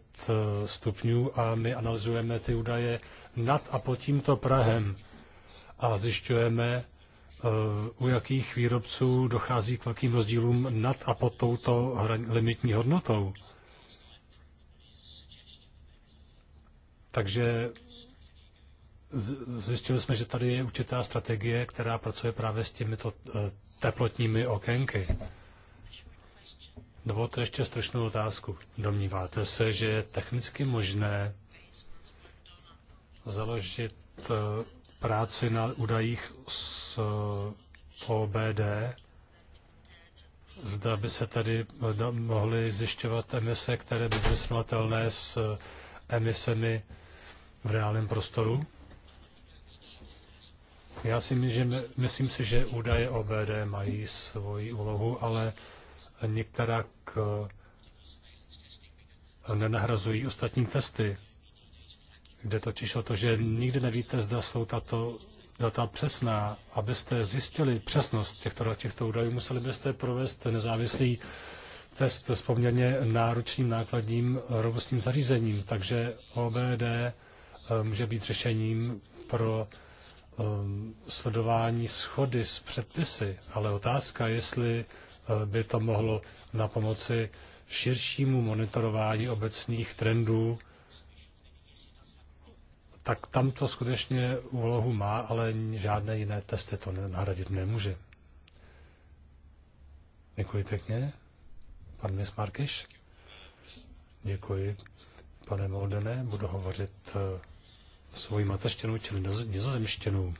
stupňů a my analyzujeme ty údaje nad a pod tímto Prahem a zjišťujeme, eh, u jakých výrobců dochází k velkým rozdílům nad a pod touto limitní hodnotou. Takže zjistili jsme, že tady je určitá strategie, která pracuje právě s těmito eh, teplotními okénky. Dovolte ještě stručnou otázku. Domníváte se, že je technicky možné založit eh, práci na údajích z eh, OBD? Zda by se tady eh, mohly zjišťovat emise, které by byly srovnatelné s emisemi v reálném prostoru? Já si myslím, že, myslím si, že údaje OBD mají svoji úlohu, ale k, eh, nenahrazují ostatní testy. Jde totiž o to, že nikdy nevíte, zda jsou tato data přesná. Abyste zjistili přesnost těchto, těchto údajů, museli byste provést nezávislý test s poměrně náročným nákladním robustním zařízením. Takže OBD eh, může být řešením pro um, sledování schody s předpisy, ale otázka, jestli Eh, by to mohlo na pomoci širšímu monitorování obecných trendů, tak tam to skutečně úlohu má, ale žádné jiné testy to nahradit nemůže. Děkuji pěkně. Pan Miss Markiš. Děkuji. Pane Moldene, budu hovořit eh, svoji mateřštinou, čili nizozemštinou.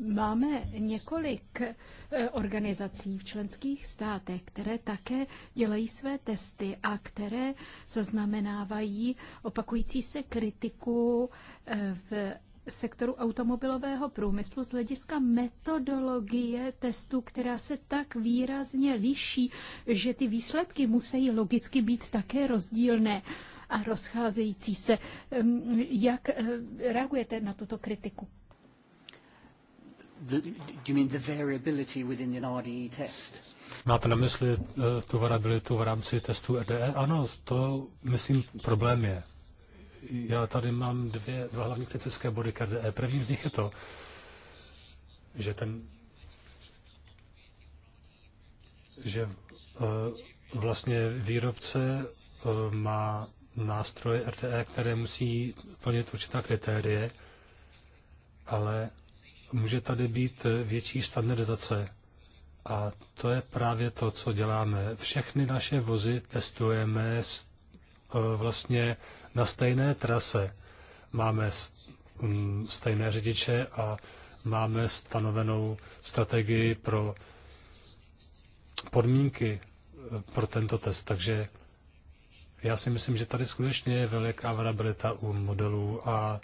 Máme několik eh, organizací v členských státech, které také dělají své testy a které zaznamenávají opakující se kritiku eh, v sektoru automobilového průmyslu z hlediska metodologie testů, která se tak výrazně liší, že ty výsledky musí logicky být také rozdílné a rozcházející se. Jak eh, reagujete na tuto kritiku? E Máte na mysli eh, tu variabilitu v rámci testu RDE? E? Ano, to myslím problém je. Já tady mám dvě, dva hlavní kritické body k RDE. První z nich je to, že ten že eh, vlastně výrobce má nástroje RTE, které musí plnit určitá kritérie, ale může tady být větší standardizace. A to je právě to, co děláme. Všechny naše vozy testujeme e, vlastně na stejné trase. Máme mm, stejné řidiče a máme stanovenou strategii pro podmínky e, pro tento test. Takže já si myslím, že tady skutečně je veliká variabilita u modelů a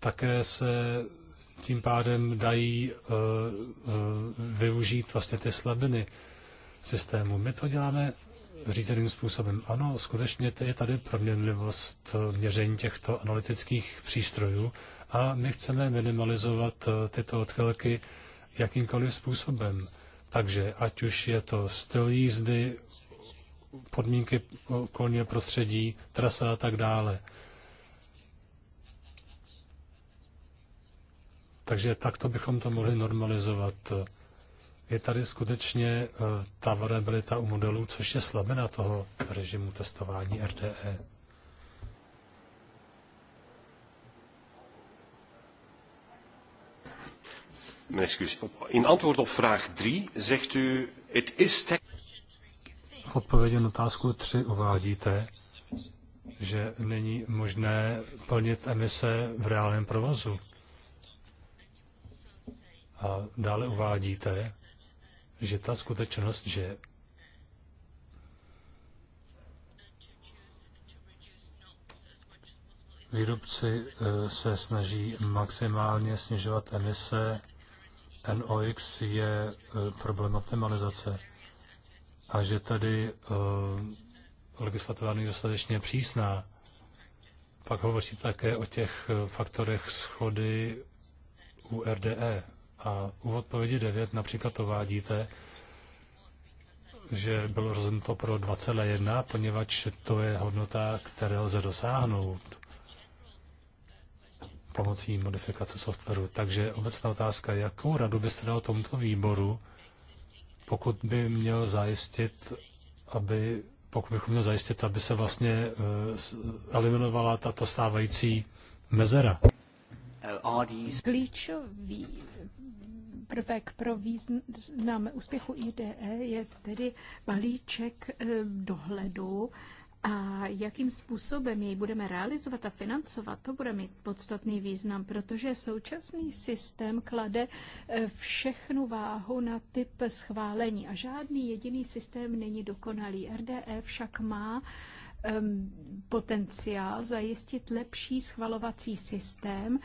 také se tím pádem dají uh, uh, využít vlastně ty slabiny systému. My to děláme řízeným způsobem. Ano, skutečně je tady proměnlivost eh, měření těchto analytických přístrojů a my chceme minimalizovat tyto odchylky jakýmkoliv způsobem. Takže ať už je to styl jízdy, podmínky okolního prostředí, trasa a tak dále. Takže takto bychom to mohli normalizovat. Je tady skutečně eh, ta variabilita u modelů, což je slabina toho režimu testování RDE. Mijn excuus. In antwoord op vraag 3 zegt u, het is... V odpovědi na otázku 3 uvádíte, že není možné plnit emise v reálném provozu. A dále uvádíte, že ta skutečnost, že výrobci eh, se snaží maximálně snižovat emise NOx je e, problém optimalizace a že tady e, legislativa není dostatečně přísná. Pak hovoří také o těch e, faktorech schody u RDE. A u odpovědi 9 například uvádíte, že bylo rozhodnuto pro 2,1, poněvadž to je hodnota, které lze dosáhnout pomocí modifikace softwaru. Takže obecná otázka, jakou radu byste dal tomuto výboru, pokud by měl zajistit, aby, pokud bychom měl zajistit, aby se vlastně eh, eliminovala tato stávající mezera? Klíčový prvek pro význam úspěchu IDE je tedy balíček eh, dohledu a jakým způsobem jej budeme realizovat a financovat, to bude mít podstatný význam, protože současný systém klade eh, všechnu váhu na typ schválení a žádný jediný systém není dokonalý. RDE však má ehm, potenciál zajistit lepší schvalovací systém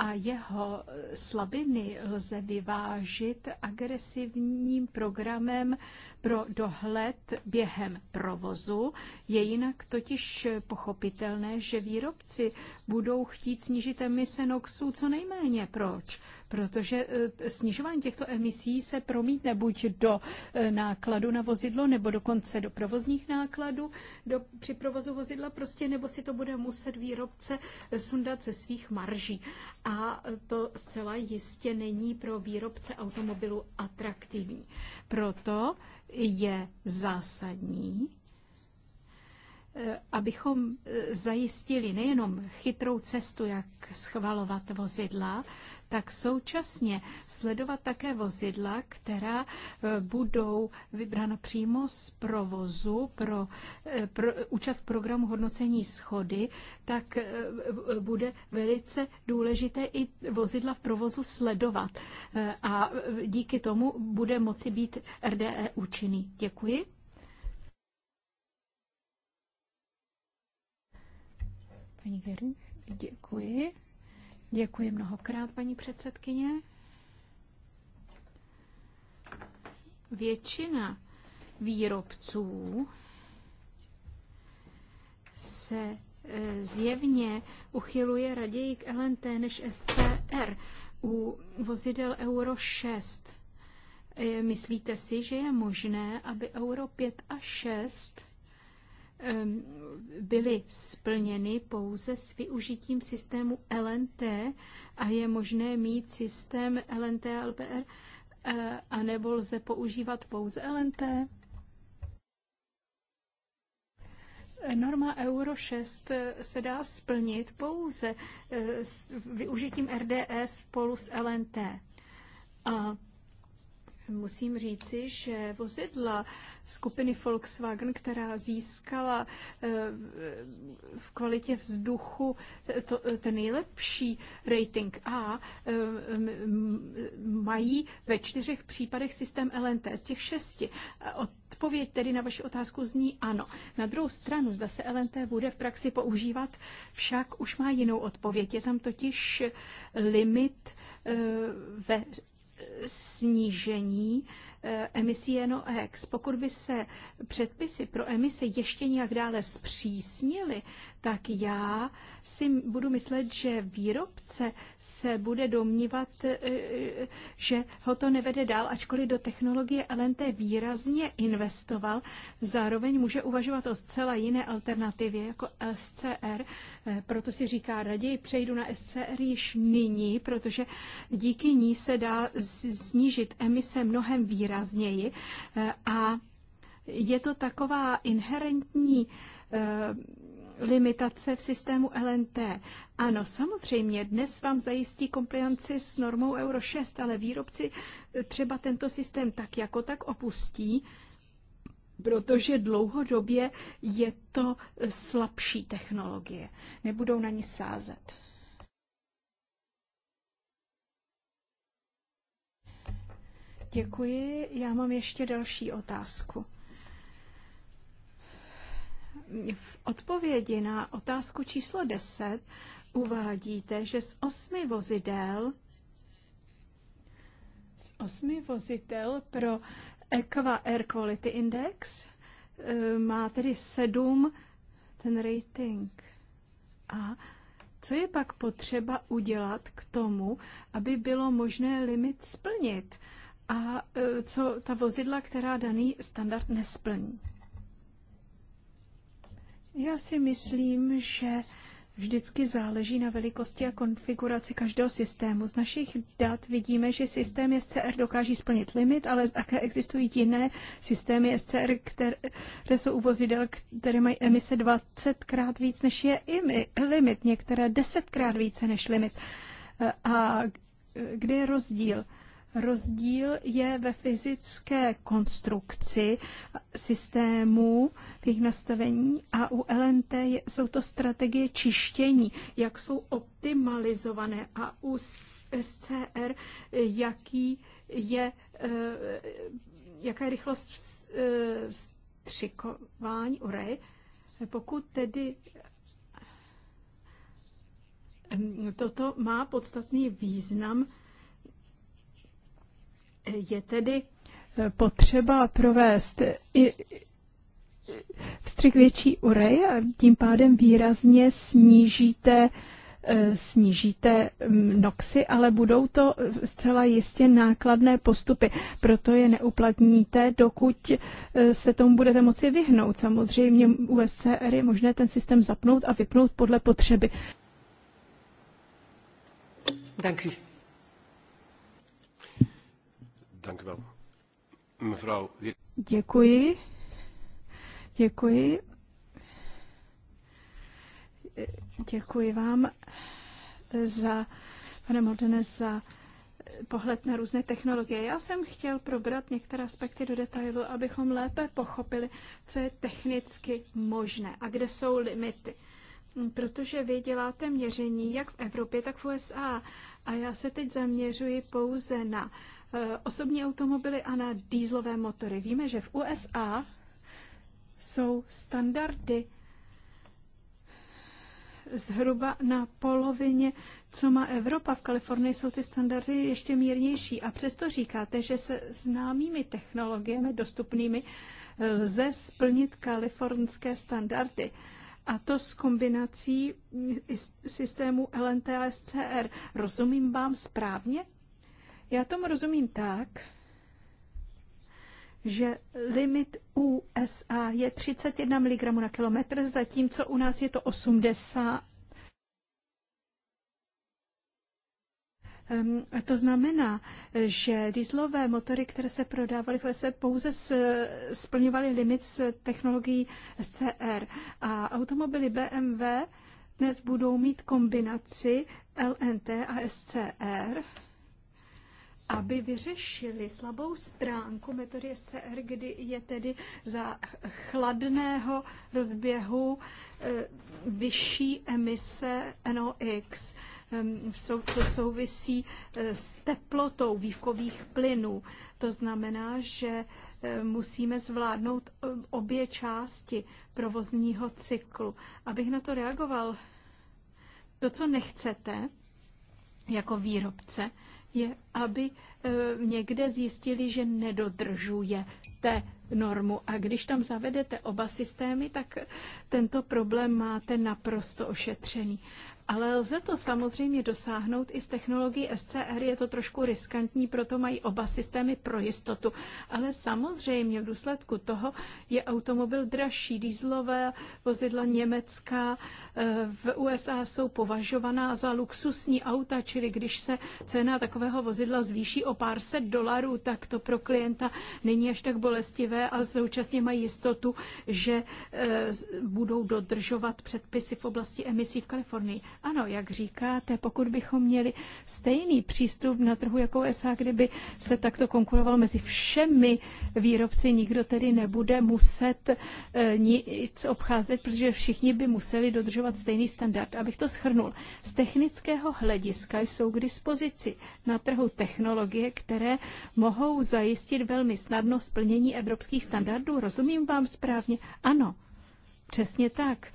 a jeho slabiny lze vyvážit agresivním programem pro dohled během provozu. Je jinak totiž pochopitelné, že výrobci budou chtít snížit emise NOXů co nejméně. Proč? Protože e, snižování těchto emisí se promítne buď do e, nákladu na vozidlo, nebo dokonce do provozních nákladů do, při provozu vozidla prostě, nebo si to bude muset výrobce sundat ze svých marží. A a to zcela jistě není pro výrobce automobilů atraktivní. Proto je zásadní, eh, abychom eh, zajistili nejenom chytrou cestu, jak schvalovat vozidla, tak současně sledovat také vozidla, která e, budou vybrána přímo z provozu pro, e, pro účast programu hodnocení schody, tak e, bude velice důležité i vozidla v provozu sledovat. A díky tomu bude moci být RDE účinný. Děkuji. Paní Gerin, děkuji. Děkuji mnohokrát, paní předsedkyně. Většina výrobců se eh, zjevně uchyluje raději k LNT než SCR u vozidel Euro 6. Eh, myslíte si, že je možné, aby Euro 5 a 6 Ehm, byly splněny pouze s využitím systému LNT a je možné mít systém LNT a LPR, eh, anebo lze používat pouze LNT. Eh, norma Euro 6 eh, se dá splnit pouze s využitím RDE spolu s LNT. A Musím říci, že vozidla skupiny Volkswagen, která získala eh, v kvalitě vzduchu to, ten nejlepší rating A, eh, mají ve čtyřech případech systém LNT z těch šesti. Odpověď tedy na vaši otázku zní ano. Na druhou stranu, zda se LNT bude v praxi používat, však už má jinou odpověď. Je tam totiž limit eh, ve snížení eh, emisí NOx. Pokud by se předpisy pro emise ještě nějak dále zpřísnily, tak já si budu myslet, že výrobce se bude domnívat, e, e, že ho to nevede dál, ačkoliv do technologie LNT výrazně investoval, zároveň může uvažovat o zcela jiné alternativě jako SCR, e, proto si říká raději přejdu na SCR již nyní, protože díky ní se dá snížit emise mnohem výrazněji a je to taková inherentní limitace v systému LNT. Ano, samozřejmě, dnes vám zajistí komplianci s normou Euro 6, ale výrobci eh, třeba tento systém tak jako tak opustí, protože dlouhodobě je to eh, slabší technologie. Nebudou na ní sázet. Děkuji. Já mám ještě další otázku. V odpovědi na otázku číslo 10 uvádíte, že z osmi vozidel z osmi vozidel pro Equa Air Quality Index eh, má tedy sedm ten rating. A co je pak potřeba udělat k tomu, aby bylo možné limit splnit? A eh, co ta vozidla, která daný standard nesplní? Já si myslím, že vždycky záleží na velikosti a konfiguraci každého systému. Z našich dat vidíme, že systémy SCR dokáží splnit limit, ale také existují jiné systémy SCR, které, které jsou u vozidel, které mají emise 20 krát víc, než je limit, některé 10 krát více než limit. A e, kde je rozdíl? Rozdíl je ve fyzické konstrukci systému, v jejich nastavení a u LNT jsou to strategie čištění, jak jsou optimalizované a u SCR, jaký je, eh, jaká je rychlost vstřikování eh, u Pokud tedy mm, toto má podstatný význam, je tedy eh, potřeba provést i vstřik větší urej a tím pádem výrazně snížíte eh, snížíte mm, noxy, ale budou to zcela jistě nákladné postupy. Proto je neuplatníte, dokud eh, se tomu budete moci vyhnout. Samozřejmě u SCR je možné ten systém zapnout a vypnout podle potřeby. Děkuji. Dank u wel. Mevrouw. Děkuji. Děkuji. Děkuji vám za, pane Mordene, za pohled na různé technologie. Já jsem chtěl probrat některé aspekty do detailu, abychom lépe pochopili, co je technicky možné a kde jsou limity. Protože vy děláte měření jak v Evropě, tak v USA. A já se teď zaměřuji pouze na uh, Eh, osobní automobily a na dýzlové motory. Víme, že v USA jsou standardy zhruba na polovině, co má Evropa. V Kalifornii jsou ty standardy ještě mírnější. A přesto říkáte, že se známými technologiemi dostupnými eh, lze splnit kalifornské standardy. A to s kombinací systému LNT a SCR. Rozumím vám správně? Já tomu rozumím tak, že limit USA je 31 mg na kilometr, zatímco u nás je to 80. Ehm, to znamená, že dieselové motory, které se prodávaly v lese, pouze splňovaly limit s technologií SCR. A automobily BMW dnes budou mít kombinaci LNT a SCR aby vyřešili slabou stránku metody SCR, kdy je tedy za chladného rozběhu eh, vyšší emise NOx. Eh, to souvisí eh, s teplotou vývkových plynů. To znamená, že musíme zvládnout obě části provozního cyklu. Abych na to reagoval, to, co nechcete jako výrobce, je, aby eh, někde zjistili, že nedodržuje té normu. A když tam zavedete oba systémy, tak tento problém máte naprosto ošetřený. Ale lze to samozřejmě dosáhnout i z technologií SCR, je to trošku riskantní, proto mají oba systémy pro jistotu. Ale samozřejmě v důsledku toho je automobil dražší, dýzlové vozidla německá eh, v USA jsou považovaná za luxusní auta, čili když se cena takového vozidla zvýší o pár set dolarů, tak to pro klienta není až tak bolestivé a současně mají jistotu, že eh, budou dodržovat předpisy v oblasti emisí v Kalifornii. Ano, jak říkáte, pokud bychom měli stejný přístup na trhu jako USA, kdyby se takto konkurovalo mezi všemi výrobci, nikdo tedy nebude muset e, nic obcházet, protože všichni by museli dodržovat stejný standard. Abych to schrnul, z technického hlediska jsou k dispozici na trhu technologie, které mohou zajistit velmi snadno splnění evropských standardů. Rozumím vám správně? Ano, přesně tak.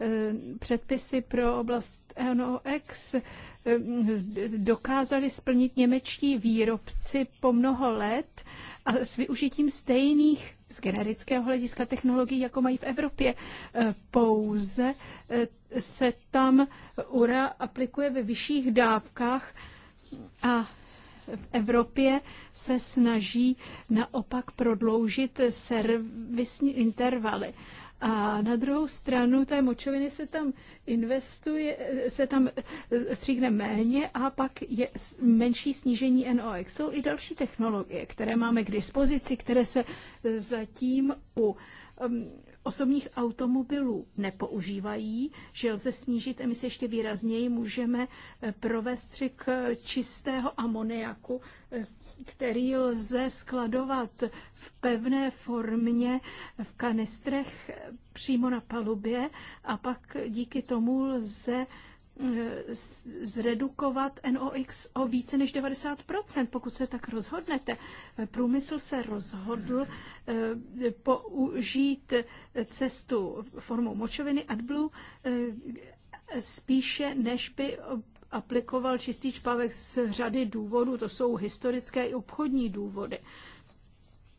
Eh, předpisy pro oblast NOx eh, dokázali splnit němečtí výrobci po mnoho let a s využitím stejných z generického hlediska technologií, jako mají v Evropě. Eh, pouze se tam URA aplikuje ve vyšších dávkách a v Evropě se snaží naopak prodloužit servisní intervaly. A na druhou stranu té močoviny se tam investuje, se tam eh, stříhne méně a pak je menší snížení NOx. Jsou i další technologie, které máme k dispozici, které se eh, zatím u um, osobních automobilů nepoužívají, že lze snížit emise ještě výrazněji, můžeme eh, provést k eh, čistého amoniaku, eh, který lze skladovat v pevné formě v kanistrech přímo na palubě a pak díky tomu lze Eh, zredukovat NOx o více než 90%, pokud se tak rozhodnete. Eh, průmysl se rozhodl eh, použít cestu formou močoviny AdBlue spíše, než by aplikoval čistý čpavek z řady důvodů. To jsou historické i obchodní důvody.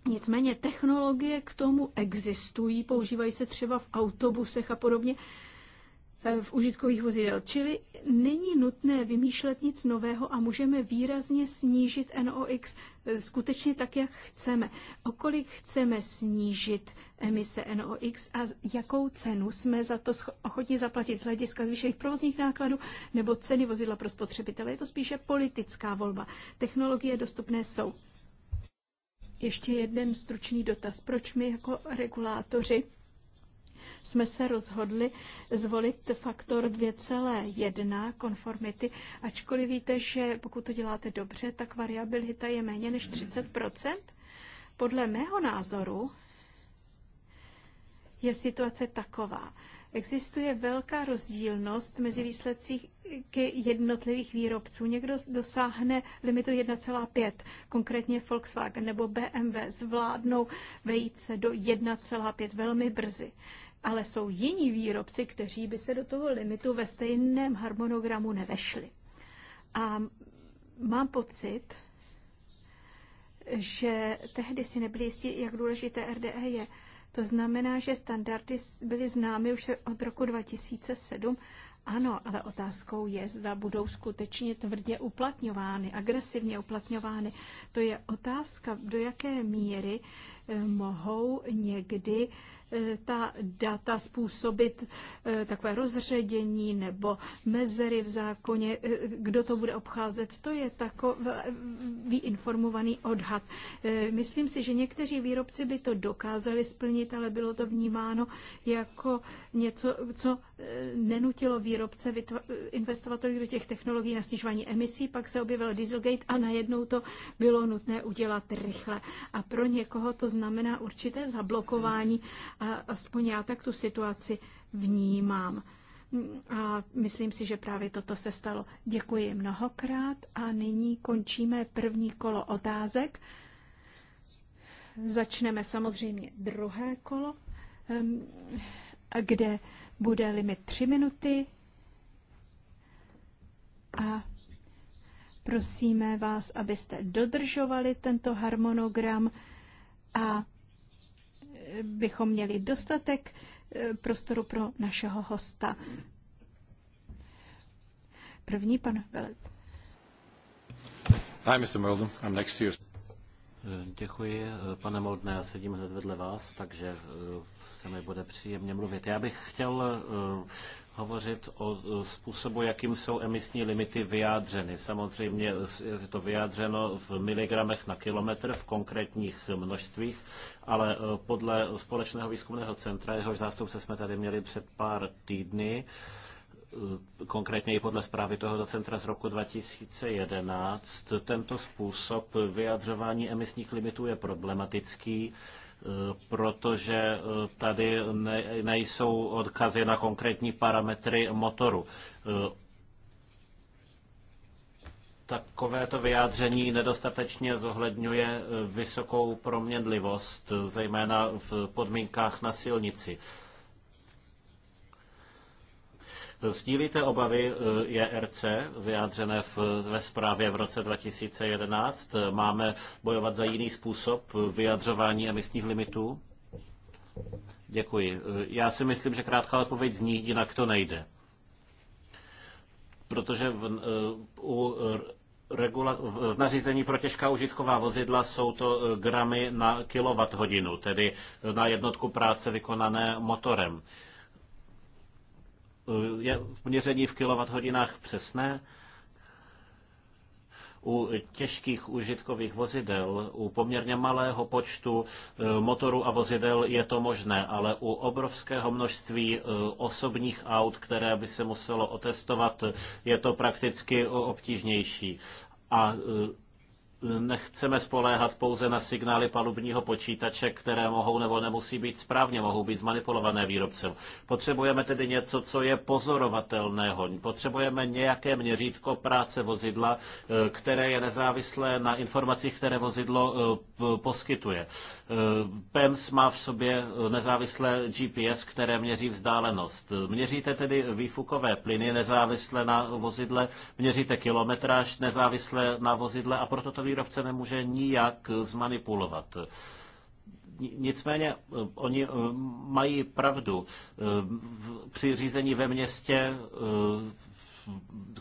Nicméně technologie k tomu existují, používají se třeba v autobusech a podobně. Eh, v užitkových vozidel. Čili není nutné vymýšlet nic nového a můžeme výrazně snížit NOx eh, skutečně tak, jak chceme. Okolik chceme snížit emise NOx a jakou cenu jsme za to ochotni zaplatit z hlediska zvýšených provozních nákladů nebo ceny vozidla pro spotřebitele. Je to spíše politická volba. Technologie dostupné jsou. Ještě jeden stručný dotaz. Proč my jako regulátoři jsme se rozhodli zvolit faktor 2,1 konformity, ačkoliv víte, že pokud to děláte dobře, tak variabilita je méně než 30%. Podle mého názoru je situace taková. Existuje velká rozdílnost mezi výsledcích jednotlivých výrobců. Někdo dosáhne limitu 1,5, konkrétně Volkswagen nebo BMW zvládnou vejít se do 1,5 velmi brzy ale jsou jiní výrobci, kteří by se do toho limitu ve stejném harmonogramu nevešli. A mám pocit, že tehdy si nebyli jistí, jak důležité RDE je. To znamená, že standardy byly známy už od roku 2007. Ano, ale otázkou je, zda budou skutečně tvrdě uplatňovány, agresivně uplatňovány. To je otázka, do jaké míry eh, mohou někdy Eh, ta data způsobit eh, takové rozředění nebo mezery v zákoně, eh, kdo to bude obcházet, to je takový informovaný odhad. Myslím si, že někteří výrobci by to dokázali splnit, ale bylo to vnímáno jako něco, co nenutilo výrobce investovat do těch technologií na snižování emisí, pak se objevil Dieselgate a najednou to bylo nutné udělat rychle. A pro někoho to znamená určité zablokování Aspoň já tak tu situaci vnímám. A myslím si, že právě toto se stalo. Děkuji mnohokrát a nyní končíme první kolo otázek. Začneme samozřejmě druhé kolo, ehm, kde bude limit tři minuty. A prosíme vás, abyste dodržovali tento harmonogram a bychom měli dostatek eh, prostoru pro našeho hosta. První pan Velec. Hi, Mr. Molden. I'm next to you. Eh, děkuji, eh, pane Moldne, já sedím hned vedle vás, takže se mi bude příjemně mluvit. Já bych chtěl hovořit o e, způsobu, jakým jsou emisní limity vyjádřeny. Samozřejmě je to vyjádřeno v miligramech na kilometr v konkrétních množstvích, ale e, podle Společného výzkumného centra, jehož zástupce jsme tady měli před pár týdny, e, konkrétně i podle zprávy tohoto centra z roku 2011, tento způsob vyjadřování emisních limitů je problematický protože eh, tady nejsou odkazy na konkrétní parametry motoru eh, takovéto vyjádření nedostatečně zohledňuje eh, vysokou proměnlivost, zejména v podmínkách na silnici. Sdílíte obavy JRC eh, e vyjádřené v, ve zprávě v roce 2011? Máme bojovat za jiný způsob vyjadřování emisních limitů? Děkuji. Já si myslím, že krátká odpověď zní, jinak to nejde. Protože v, eh, u regula- v nařízení pro těžká užitková vozidla jsou to eh, gramy na kilowatt hodinu, tedy na jednotku práce vykonané motorem. Eh, je měření v kilowatthodinách přesné? u těžkých užitkových vozidel, u poměrně malého počtu eh, motorů a vozidel je to možné, ale u obrovského množství eh, osobních aut, které by se muselo otestovat, je to prakticky obtížnější. A nechceme spoléhat pouze na signály palubního počítače, které mohou nebo nemusí být správně, mohou být zmanipulované výrobcem. Potřebujeme tedy něco, co je pozorovatelného. Potřebujeme nějaké měřítko práce vozidla, eh, které je nezávislé na informacích, které vozidlo eh, poskytuje. Eh, PEMS má v sobě eh, nezávislé GPS, které měří vzdálenost. Měříte tedy výfukové plyny nezávisle na vozidle, měříte kilometráž nezávisle na vozidle a proto to výrobce nemůže nijak zmanipulovat. Nicméně eh, oni mají pravdu. Při řízení ve městě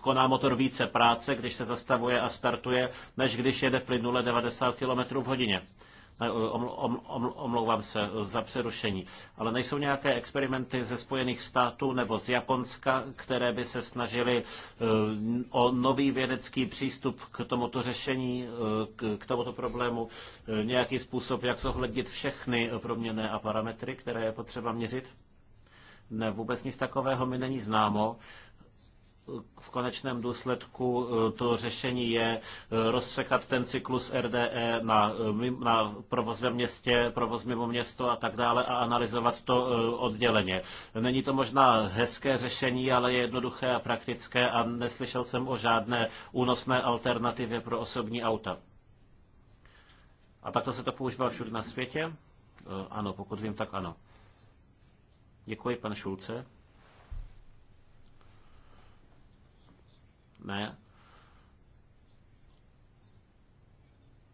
koná motor více práce, když se zastavuje a startuje, než když jede plynule 90 km v hodině omlouvám se za přerušení, ale nejsou nějaké experimenty ze Spojených států nebo z Japonska, které by se snažily e, o nový vědecký přístup k tomuto řešení, e, k tomuto problému, e, nějaký způsob, jak zohlednit všechny proměny a parametry, které je potřeba měřit? Ne, vůbec nic takového mi není známo v konečném důsledku e, to řešení je e, rozsekat ten cyklus RDE na, e, na provoz ve městě, provoz mimo město a tak dále a analyzovat to odděleně. Není to možná hezké řešení, ale je jednoduché a praktické a neslyšel jsem o žádné únosné alternativě pro osobní auta. A takto se to používá všude na světě? Ano, pokud vím, tak ano. Děkuji, pan Šulce. Ne.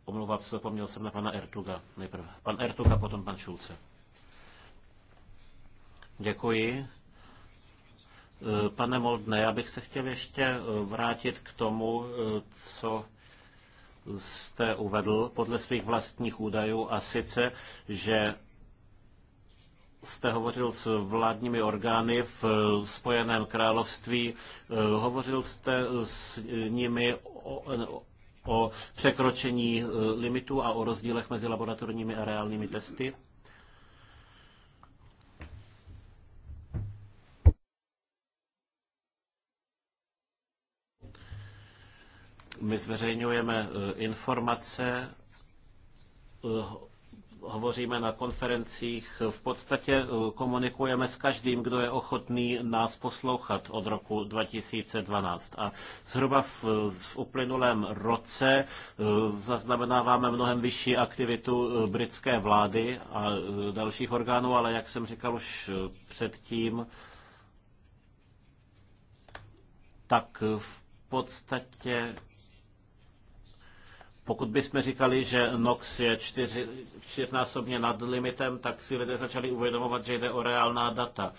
Omlouvám se, zapomněl jsem na pana Ertuga nejprve. Pan Ertuga, potom pan Šulce. Děkuji. Eh, pane Moldne, já bych se chtěl ještě eh, vrátit k tomu, eh, co jste uvedl podle svých vlastních údajů a sice, že jste hovořil s vládními orgány v eh, Spojeném království, eh, hovořil jste s nimi o, o překročení eh, limitů a o rozdílech mezi laboratorními a reálnými testy? My zveřejňujeme informace hovoříme na konferencích, v podstatě eh, komunikujeme s každým, kdo je ochotný nás poslouchat od roku 2012. A zhruba v, eh, v uplynulém roce eh, zaznamenáváme mnohem vyšší aktivitu britské vlády a dalších orgánů, ale jak jsem říkal už předtím, tak v podstatě pokud bychom říkali, že NOx je čtyři, čtyřnásobně nad limitem, tak si lidé začali uvědomovat, že jde o reálná data.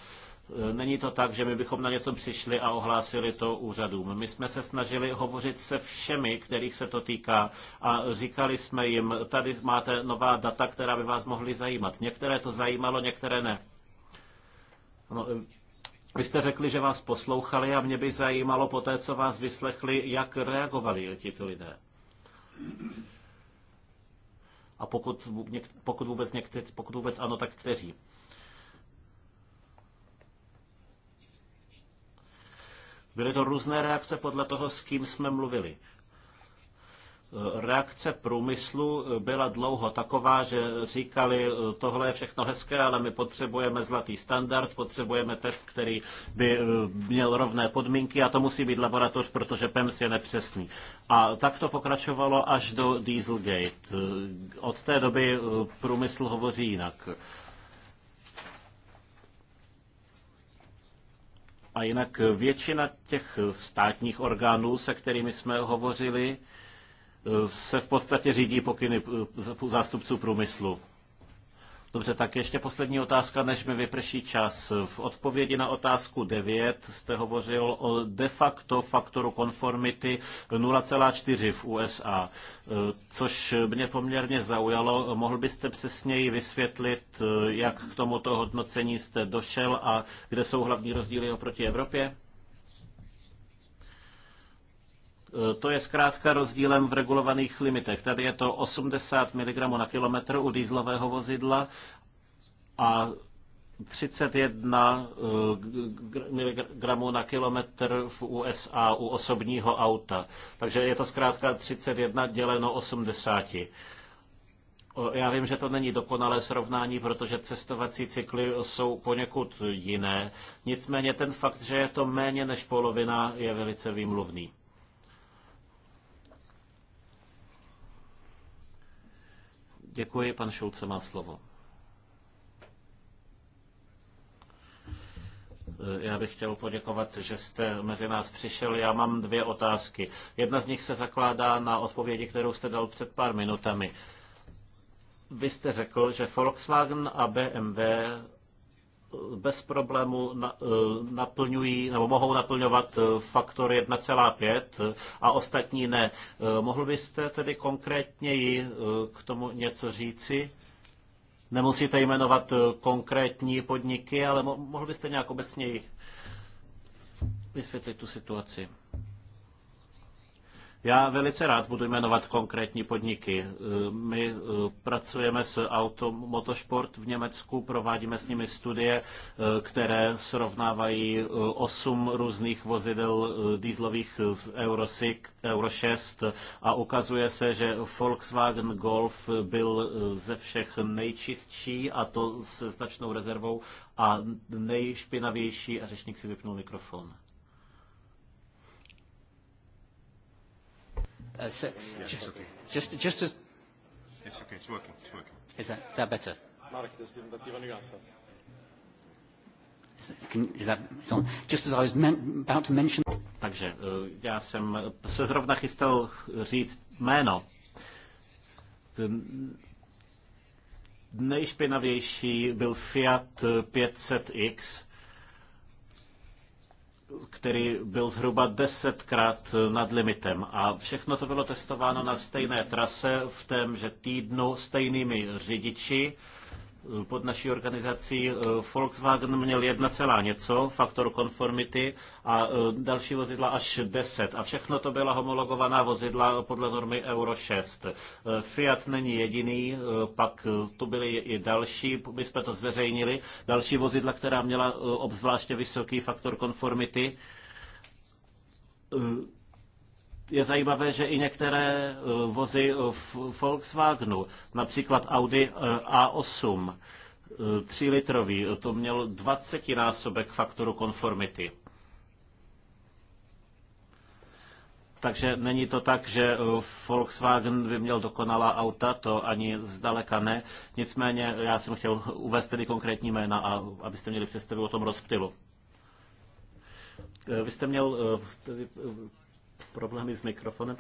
E, není to tak, že my bychom na něco přišli a ohlásili to úřadům. My jsme se snažili hovořit se všemi, kterých se to týká a říkali jsme jim, tady máte nová data, která by vás mohly zajímat. Některé to zajímalo, některé ne. No, e, vy jste řekli, že vás poslouchali a mě by zajímalo po té, co vás vyslechli, jak reagovali ti lidé. A pokud, pokud, vůbec, někteří, pokud vůbec ano, tak kteří? Byly to různé reakce podle toho, s kým jsme mluvili. Reakce průmyslu byla dlouho taková, že říkali, tohle je všechno hezké, ale my potřebujeme zlatý standard, potřebujeme test, který by eh, měl rovné podmínky a to musí být laboratoř, protože PEMS je nepřesný. A tak to pokračovalo až do Dieselgate. Eh, od té doby eh, průmysl hovoří jinak. A jinak většina těch státních orgánů, se kterými jsme hovořili, se v podstatě řídí pokyny zástupců průmyslu. Dobře, tak ještě poslední otázka, než mi vyprší čas. V odpovědi na otázku 9 jste hovořil o de facto faktoru konformity 0,4 v USA, což mě poměrně zaujalo. Mohl byste přesněji vysvětlit, jak k tomuto hodnocení jste došel a kde jsou hlavní rozdíly oproti Evropě? To je zkrátka rozdílem v regulovaných limitech. Tady je to 80 mg na kilometr u dýzlového vozidla a 31 eh, mg na kilometr v USA u osobního auta. Takže je to zkrátka 31 děleno 80. Eh, já vím, že to není dokonalé srovnání, protože cestovací cykly jsou poněkud jiné. Nicméně ten fakt, že je to méně než polovina, je velice výmluvný. Děkuji, pan Šulce má slovo. E, já bych chtěl poděkovat, že jste mezi nás přišel. Já mám dvě otázky. Jedna z nich se zakládá na odpovědi, kterou jste dal před pár minutami. Vy jste řekl, že Volkswagen a BMW bez problému e, naplňují nebo mohou naplňovat e, faktor 1,5 e, a ostatní ne. Mohl byste tedy konkrétněji k tomu něco říci? Nemusíte jmenovat konkrétní podniky, ale mohl byste nějak obecněji vysvětlit tu situaci. Já velice rád budu jmenovat konkrétní podniky. E, My e, pracujeme s Automotosport v Německu, provádíme s nimi studie, e, které srovnávají osm různých vozidel dýzlových Euro, 6, Euro 6 a ukazuje se, že Volkswagen Golf byl ze všech nejčistší a to se značnou rezervou a nejšpinavější a řečník si vypnul mikrofon. Uh, so, just, okay. just, just as... It's okay, it's working, it's working. Is that, is that better? that, is just as I was meant, about to mention... Takže eh, já jsem se zrovna chystal říct jméno. Ten nejšpinavější byl Fiat 500X, který byl zhruba desetkrát nad limitem. A všechno to bylo testováno na stejné trase v témže týdnu stejnými řidiči Eh, pod naší organizací eh, Volkswagen měl 1, něco, faktor konformity a eh, další vozidla až 10. A všechno to byla homologovaná vozidla podle normy Euro 6. Fiat není jediný, pak tu byly i další, my jsme to zveřejnili, další vozidla, která měla obzvláště vysoký faktor konformity je zajímavé, že i některé eh, vozy eh, v Volkswagenu, například Audi eh, A8, 3 litrový, to měl 20 násobek faktoru konformity. Takže není to tak, že Volkswagen by měl dokonalá auta, to ani zdaleka ne. Nicméně já jsem chtěl uvést tedy konkrétní jména, a abyste měli představu o tom rozptylu. Vy jste měl problémy s mikrofonem.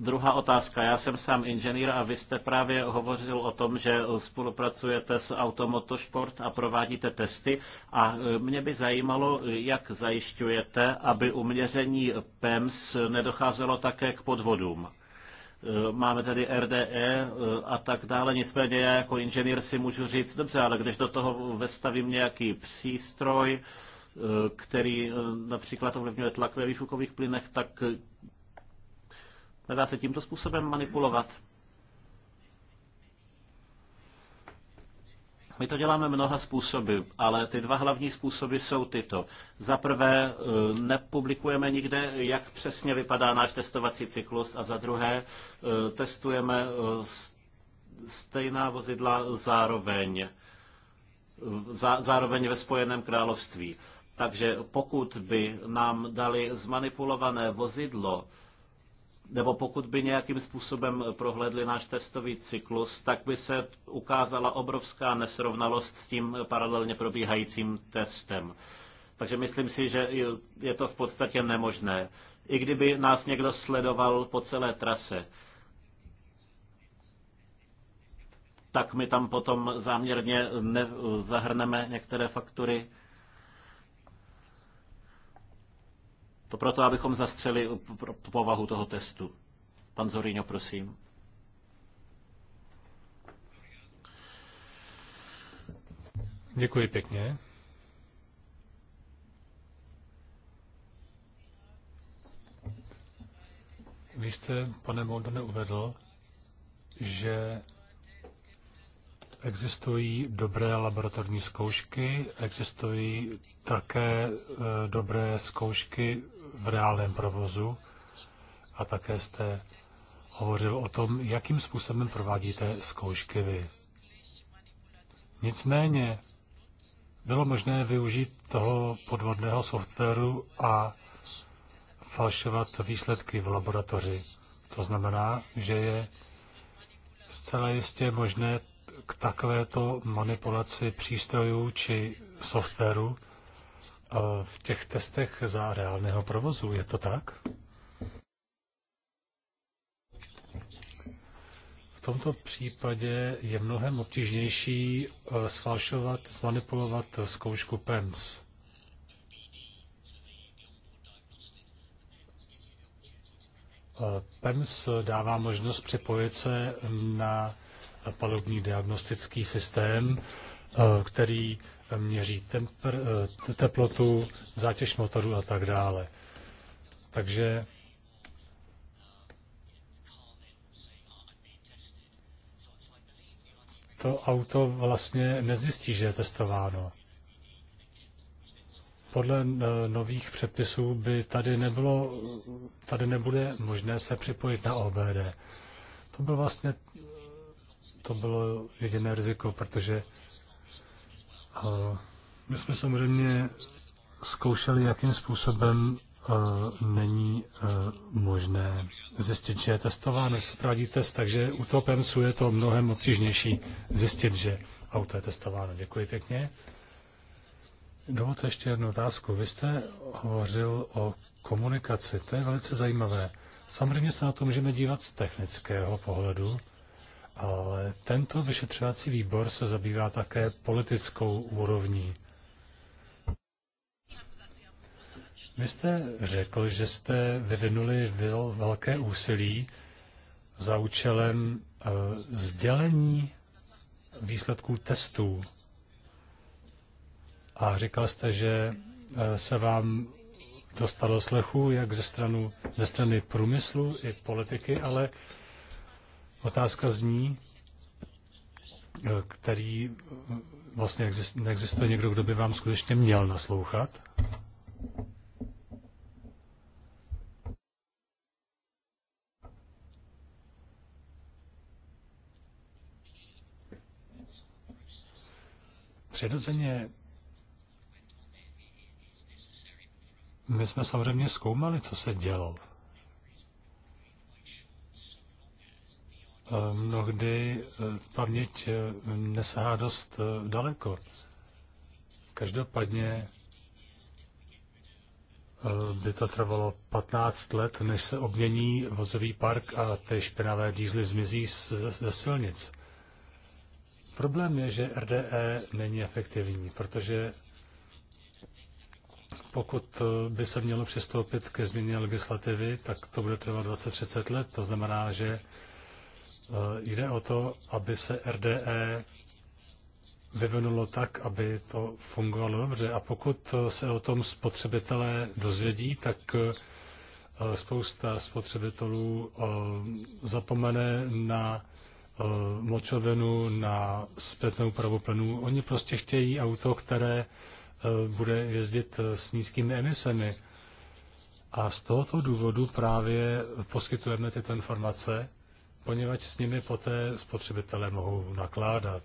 Druhá otázka. Já jsem sám inženýr a vy jste právě hovořil o tom, že spolupracujete s Automotosport a provádíte testy. A e, mě by zajímalo, jak zajišťujete, aby uměření PEMS nedocházelo také k podvodům. E, máme tady RDE e, a tak dále, nicméně já jako inženýr si můžu říct, dobře, ale když do toho vestavím nějaký přístroj, Eh, který eh, například ovlivňuje tlak ve výfukových plynech, tak eh, nedá se tímto způsobem manipulovat. My to děláme mnoha způsoby, ale ty dva hlavní způsoby jsou tyto. Za prvé, nepublikujeme nikde, jak přesně vypadá náš testovací cyklus, a za druhé, testujeme stejná vozidla zároveň, zároveň ve Spojeném království. Takže pokud by nám dali zmanipulované vozidlo, nebo pokud by nějakým způsobem prohlédli náš testový cyklus, tak by se ukázala obrovská nesrovnalost s tím paralelně probíhajícím testem. Takže myslím si, že je to v podstatě nemožné. I kdyby nás někdo sledoval po celé trase, tak my tam potom záměrně zahrneme některé faktory, To proto, abychom zastřeli povahu toho testu. Pan Zorino, prosím. Děkuji pěkně. Vy jste, pane Moldane, uvedl, že existují dobré laboratorní zkoušky, existují také eh, dobré zkoušky v reálném provozu a také jste hovořil o tom, jakým způsobem provádíte zkoušky vy. Nicméně bylo možné využít toho podvodného softwaru a falšovat výsledky v laboratoři. To znamená, že je zcela jistě možné k takovéto manipulaci přístrojů či softwaru v těch testech za reálného provozu. Je to tak? V tomto případě je mnohem obtížnější eh, sfalšovat, zmanipulovat zkoušku PEMS. Eh, PEMS dává možnost připojit se na palubní diagnostický systém, eh, který měří tempr, eh, teplotu, zátěž motoru a tak dále. Takže to auto vlastně nezjistí, že je testováno. Podle eh, nových předpisů by tady, nebylo, tady nebude možné se připojit na OBD. To bylo vlastně to bylo jediné riziko, protože my jsme samozřejmě zkoušeli, jakým způsobem eh, není eh, možné zjistit, že je testováno. Se test, takže u topenců je to mnohem obtížnější zjistit, že auto je testováno. Děkuji pěkně. Dovolte ještě jednu otázku. Vy jste hovořil o komunikaci. To je velice zajímavé. Samozřejmě se na to můžeme dívat z technického pohledu, ale tento vyšetřovací výbor se zabývá také politickou úrovní. Vy jste řekl, že jste vyvinuli velké úsilí za účelem eh, sdělení výsledků testů. A říkal jste, že eh, se vám dostalo slechu jak ze, stranu, ze strany průmyslu i politiky, ale Otázka zní, eh, který eh, vlastně neexistuje někdo, kdo by vám skutečně měl naslouchat? Přirozeně my jsme samozřejmě zkoumali, co se dělo. Eh, mnohdy eh, paměť eh, nesahá dost daleko. Každopádně by to trvalo 15 let, než se obmění vozový park a ty špinavé dízly zmizí ze silnic. Problém je, že RDE není efektivní, protože pokud by se mělo přistoupit ke změně legislativy, tak to bude trvat 20-30 let. To znamená, že Eh, jde o to, aby se RDE vyvinulo tak, aby to fungovalo dobře. A pokud eh, se o tom spotřebitelé dozvědí, tak eh, spousta spotřebitelů zapomene na močovinu, na zpětnou pravoplenu. Oni prostě chtějí auto, které bude jezdit s nízkými emisemi. A z tohoto důvodu právě poskytujeme tyto informace poněvadž s nimi poté spotřebitelé mohou nakládat.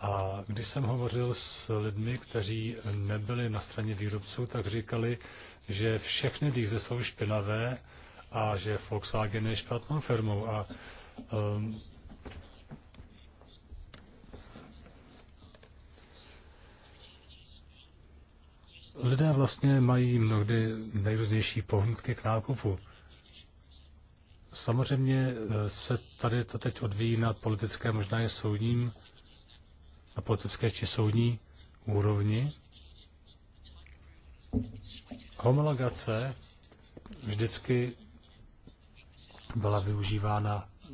A když jsem hovořil s lidmi, kteří nebyli na straně výrobců, tak říkali, že všechny dýze jsou špinavé a že Volkswagen je špatnou firmou. A um, lidé vlastně mají mnohdy nejrůznější pohnutky k nákupu. Samozřejmě eh, se tady to teď odvíjí na politické, možná i soudním, na politické či soudní úrovni. Homologace vždycky byla využívána eh,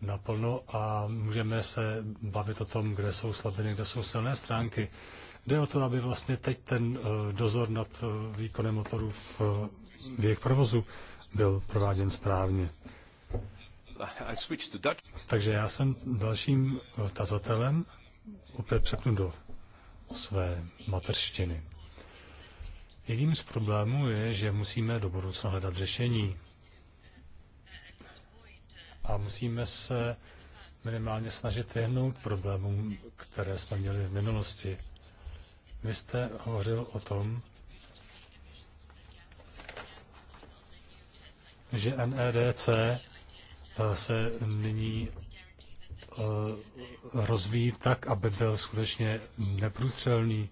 naplno a můžeme se bavit o tom, kde jsou slabiny, kde jsou silné stránky. Jde o to, aby vlastně teď ten eh, dozor nad výkonem motorů v věk provozu byl prováděn správně. Takže já jsem dalším tazatelem, opět přepnu do své materštiny. Jedním z problémů je, že musíme do budoucna hledat řešení. A musíme se minimálně snažit vyhnout problémům, které jsme měli v minulosti. Vy jste hovořil o tom, že NEDC eh, se nyní eh, rozvíjí tak, aby byl skutečně neprůstřelný.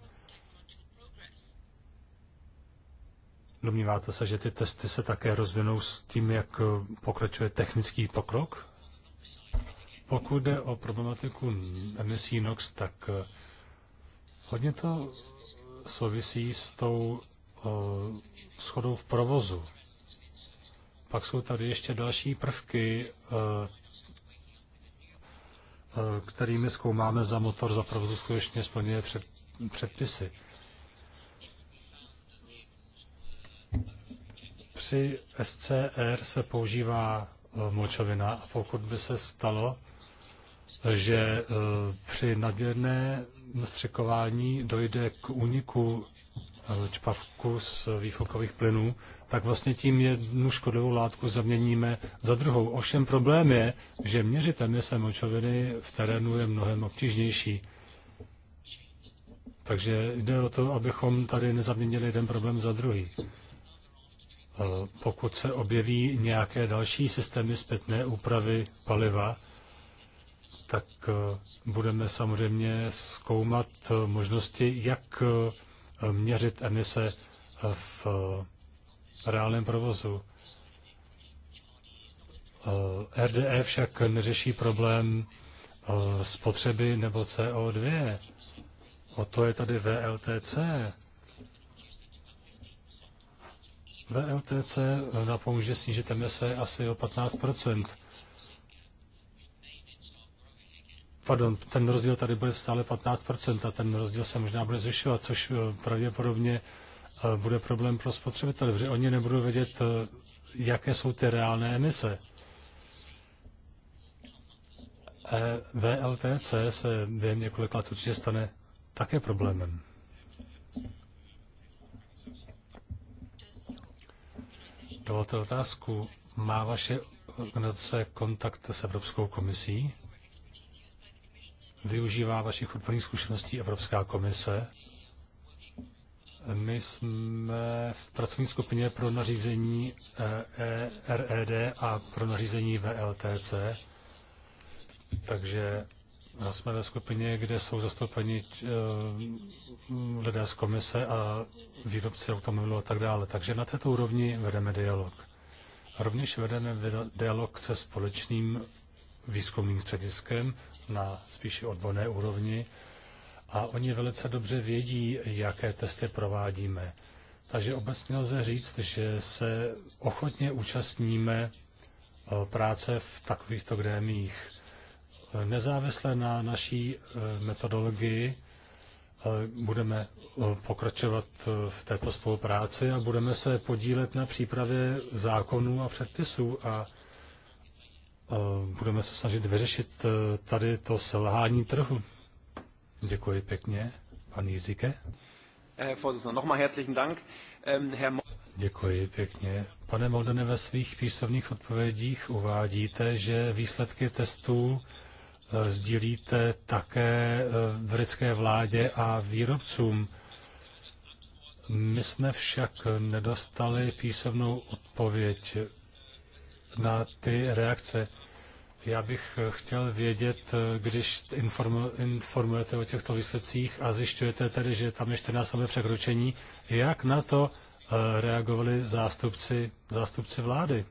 Domníváte se, že ty testy se také rozvinou s tím, jak pokračuje technický pokrok? Pokud jde o problematiku emisí NOx, tak eh, hodně to souvisí s tou schodou v provozu. Pak jsou tady ještě další prvky, eh, eh, kterými zkoumáme za motor za provozu skutečně splňuje před, předpisy. Při SCR se používá eh, močovina a pokud by se stalo, že při nadměrné střekování dojde k úniku čpavku z výfokových plynů, tak vlastně tím jednu škodlivou látku zaměníme za druhou. Ovšem problém je, že měřit emise močoviny v terénu je mnohem obtížnější. Takže jde o to, abychom tady nezaměnili jeden problém za druhý. E, pokud se objeví nějaké další systémy zpětné úpravy paliva, tak e, budeme samozřejmě zkoumat e, možnosti, jak měřit emise v reálném provozu. Eh, RDE však neřeší problém eh, spotřeby nebo CO2. O to je tady VLTC. VLTC napomůže snížit emise asi o 15 pardon, ten rozdíl tady bude stále 15% a ten rozdíl se možná bude zvyšovat, což eh, pravděpodobně eh, bude problém pro spotřebitele, protože oni nebudou vědět, eh, jaké jsou ty reálné emise. E, VLTC se během několik let určitě stane také problémem. Dovolte otázku. Má vaše organizace kontakt s Evropskou komisí? využívá vašich odborných zkušeností Evropská komise. My jsme v pracovní skupině pro nařízení eh, RED a pro nařízení VLTC, takže jsme ve skupině, kde jsou zastoupeni eh, lidé z komise a výrobci automobilů a tak dále. Takže na této úrovni vedeme dialog. Rovněž vedeme dialog se společným výzkumným střediskem na spíše odborné úrovni a oni velice dobře vědí, jaké testy provádíme. Takže obecně lze říct, že se ochotně účastníme eh, práce v takovýchto grémích. Eh, nezávisle na naší eh, metodologii budeme pokračovat v této spolupráci a budeme se podílet na přípravě zákonů a předpisů a Eh, budeme se snažit vyřešit eh, tady to selhání trhu. Děkuji pěkně, pan Jizike. Eh, ähm, Děkuji pěkně. Pane Moldene, ve svých písemných odpovědích uvádíte, že výsledky testů sdílíte také britské vládě a výrobcům. My jsme však nedostali písemnou odpověď na ty reakce. Já bych eh, chtěl vědět, eh, když informujete o těchto výsledcích a zjišťujete tedy, že tam je 14 překročení, jak na to eh, reagovali zástupci, zástupci vlády?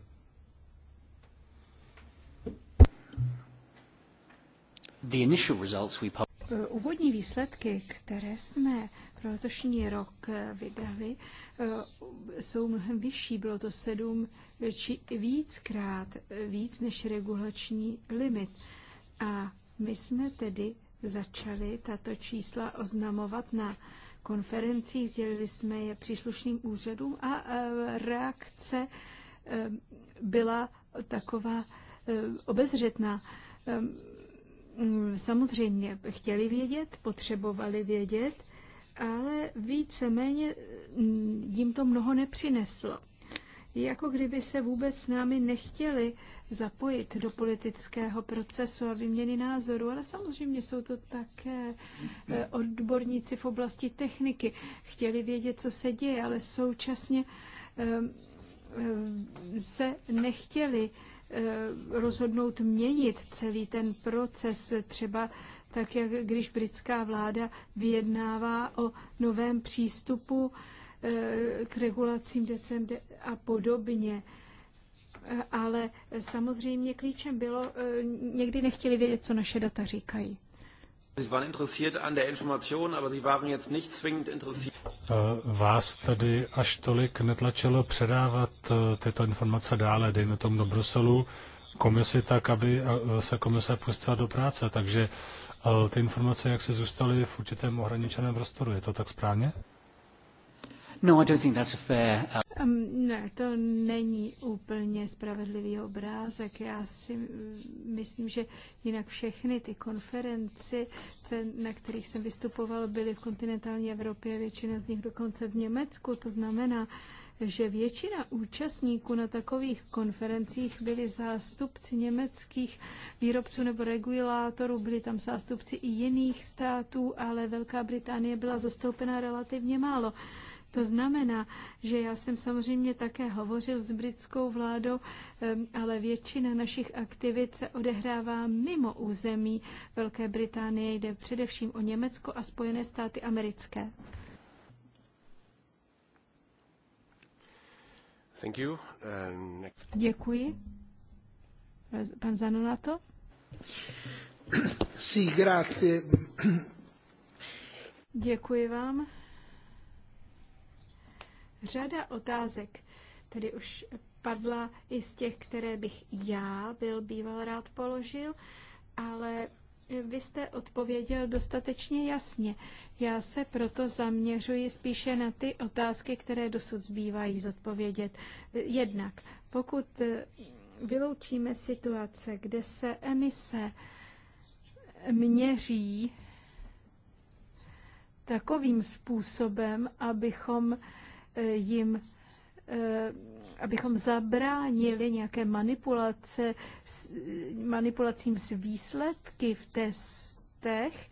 Úvodní výsledky, které jsme pro letošní rok vydali, eh, jsou mnohem vyšší. Bylo to sedm či víckrát víc než regulační limit. A my jsme tedy začali tato čísla oznamovat na konferencích, sdělili jsme je příslušným úřadům a eh, reakce eh, byla taková obezřetná. Ehm, mm, samozřejmě chtěli vědět, potřebovali vědět, ale víceméně mm, jim to mnoho nepřineslo. Jako kdyby se vůbec s námi nechtěli zapojit do politického procesu a vyměny názoru, ale samozřejmě jsou to také e, odborníci v oblasti techniky. Chtěli vědět, co se děje, ale současně e, e, se nechtěli rozhodnout měnit celý ten proces, třeba tak jak když britská vláda vyjednává o novém přístupu eh, k regulacím decem a podobně. Eh, ale samozřejmě klíčem bylo, eh, někdy nechtěli vědět, co naše data říkají. Vás tady až tolik netlačilo předávat tyto informace dále, dejme tomu do Bruselu, komisi tak, aby se komise pustila do práce. Takže uh, ty informace, jak se zůstaly v určitém ohraničeném prostoru. Je to tak správně? No, I don't think that's a fair... Um, ne, to není úplně spravedlivý obrázek. Já si myslím, že jinak všechny ty konferenci, na kterých jsem vystupoval, byly v kontinentální Evropě, většina z nich dokonce v Německu. To znamená, uh, že většina účastníků na takových konferencích byli zástupci německých výrobců nebo regulátorů, byli tam zástupci i jiných států, ale Velká Británie byla zastoupena relativně málo. To znamená, že já jsem samozřejmě také hovořil s britskou vládou, ale většina našich aktivit se odehrává mimo území Velké Británie. Jde především o Německo a Spojené státy americké. Thank you. Děkuji. Pan Zanonato? Sí, grazie. Děkuji vám. Řada otázek tedy už padla i z těch, které bych já byl býval rád položil, ale vy jste odpověděl dostatečně jasně. Já se proto zaměřuji spíše na ty otázky, které dosud zbývají zodpovědět. Jednak, pokud eh, vyloučíme situace, kde se emise měří takovým způsobem, abychom eh, jim eh, abychom zabránili nějaké manipulace, manipulacím s výsledky v testech,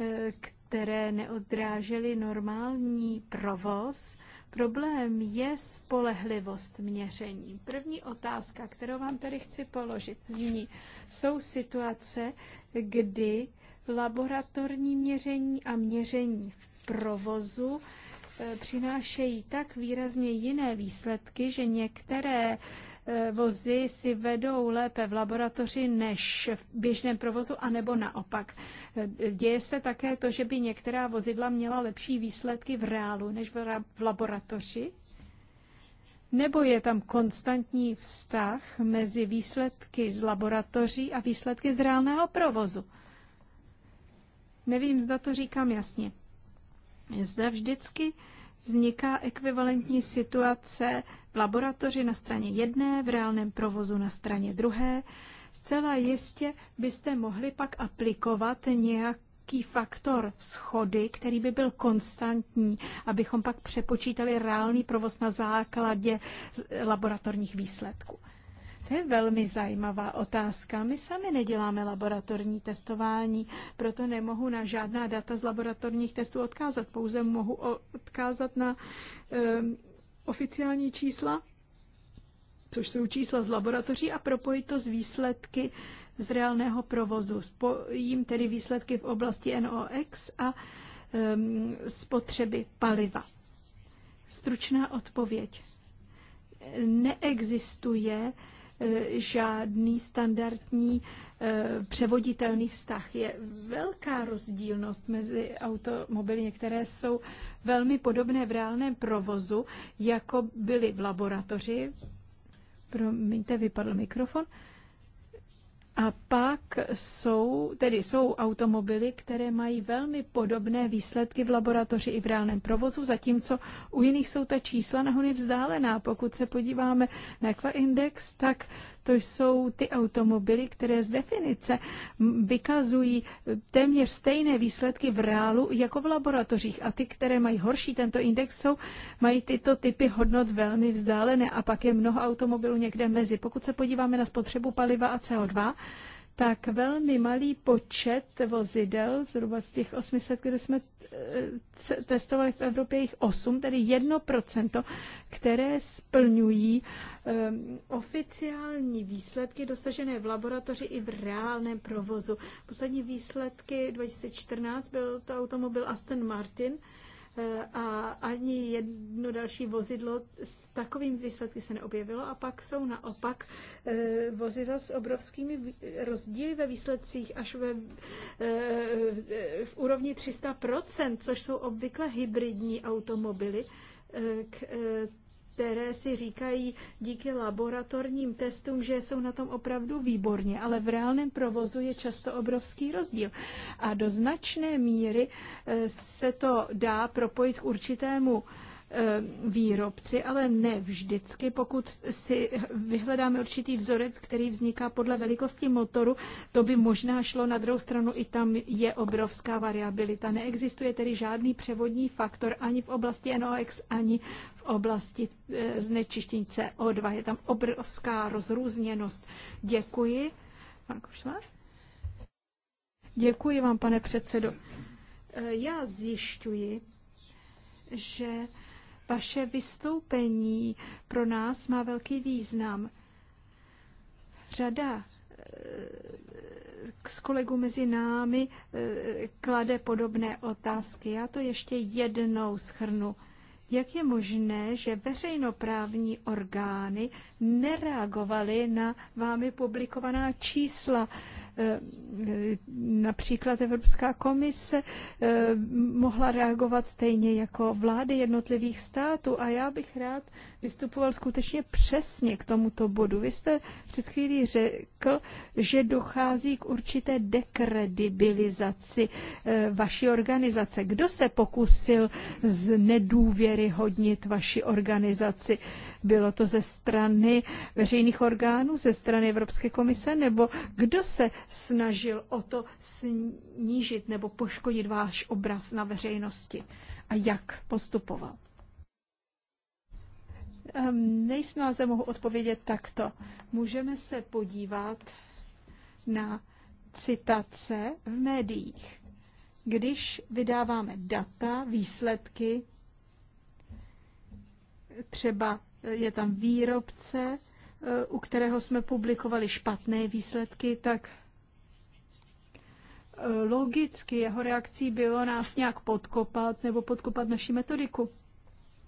eh, které neodrážely normální provoz. Problém je spolehlivost měření. První otázka, kterou vám tady chci položit, zní, jsou situace, kdy laboratorní měření a měření v provozu E, přinášejí tak výrazně jiné výsledky, že některé e, vozy si vedou lépe v laboratoři než v běžném provozu, anebo naopak. E, děje se také to, že by některá vozidla měla lepší výsledky v reálu než v laboratoři? Nebo je tam konstantní vztah mezi výsledky z laboratoří a výsledky z reálného provozu? Nevím, zda to říkám jasně. Zde vždycky vzniká ekvivalentní situace v laboratoři na straně jedné, v reálném provozu na straně druhé. Zcela jistě byste mohli pak aplikovat nějak nějaký faktor schody, který by byl konstantní, abychom pak přepočítali reálný provoz na základě laboratorních výsledků. To je velmi zajímavá otázka. My sami neděláme laboratorní testování, proto nemohu na žádná data z laboratorních testů odkázat. Pouze mohu odkázat na um, oficiální čísla, což jsou čísla z laboratoří, a propojit to s výsledky z reálného provozu. Spojím tedy výsledky v oblasti NOx a um, spotřeby paliva. Stručná odpověď. Neexistuje E, žádný standardní e, převoditelný vztah. Je velká rozdílnost mezi automobily, které jsou velmi podobné v reálném provozu, jako byly v laboratoři. Promiňte, vypadl mikrofon. Uh, a pak jsou, tedy jsou automobily, které mají velmi podobné výsledky v laboratoři i v reálném provozu, zatímco u jiných jsou ta čísla nahony vzdálená. Pokud se podíváme na Equa Index, tak to jsou ty automobily, které z definice vykazují téměř stejné výsledky v reálu jako v laboratořích. A ty, které mají horší tento index, jsou, mají tyto typy hodnot velmi vzdálené a pak je mnoho automobilů někde mezi. Pokud se podíváme na spotřebu paliva a CO2, tak velmi malý počet vozidel, zhruba z těch 800, které jsme eh, testovali v Evropě jich 8, tedy 1%, které splňují um, oficiální výsledky dosažené v laboratoři i v reálném provozu. Poslední výsledky 2014 byl to automobil Aston Martin, a ani jedno další vozidlo s takovým výsledky se neobjevilo a pak jsou naopak eh, vozidla s obrovskými rozdíly ve výsledcích až ve, eh, v úrovni 300%, což jsou obvykle hybridní automobily, eh, které si říkají díky laboratorním testům, že jsou na tom opravdu výborně, ale v reálném provozu je často obrovský rozdíl. A do značné míry eh, se to dá propojit k určitému Eh, výrobci, ale ne vždycky. Pokud si vyhledáme určitý vzorec, který vzniká podle velikosti motoru, to by možná šlo. Na druhou stranu i tam je obrovská variabilita. Neexistuje tedy žádný převodní faktor ani v oblasti NOx, ani v oblasti eh, znečištění CO2. Je tam obrovská rozrůzněnost. Děkuji. Děkuji vám, pane předsedo. Eh, já zjišťuji, že vaše vystoupení pro nás má velký význam. Řada eh, s kolegu mezi námi eh, klade podobné otázky. Já to ještě jednou schrnu. Jak je možné, že veřejnoprávní orgány nereagovaly na vámi publikovaná čísla? Eh, například Evropská komise eh, mohla reagovat stejně jako vlády jednotlivých států a já bych rád vystupoval skutečně přesně k tomuto bodu. Vy jste před chvílí řekl, že dochází k určité dekredibilizaci eh, vaší organizace. Kdo se pokusil z nedůvěry hodnit vaši organizaci? Bylo to ze strany veřejných orgánů, ze strany Evropské komise, nebo kdo se snažil o to snížit nebo poškodit váš obraz na veřejnosti a jak postupoval? Ehm, Nejsnáze mohu odpovědět takto. Můžeme se podívat na citace v médiích. Když vydáváme data, výsledky, třeba je tam výrobce, e, u kterého jsme publikovali špatné výsledky, tak e, logicky jeho reakcí bylo nás nějak podkopat nebo podkopat naši metodiku.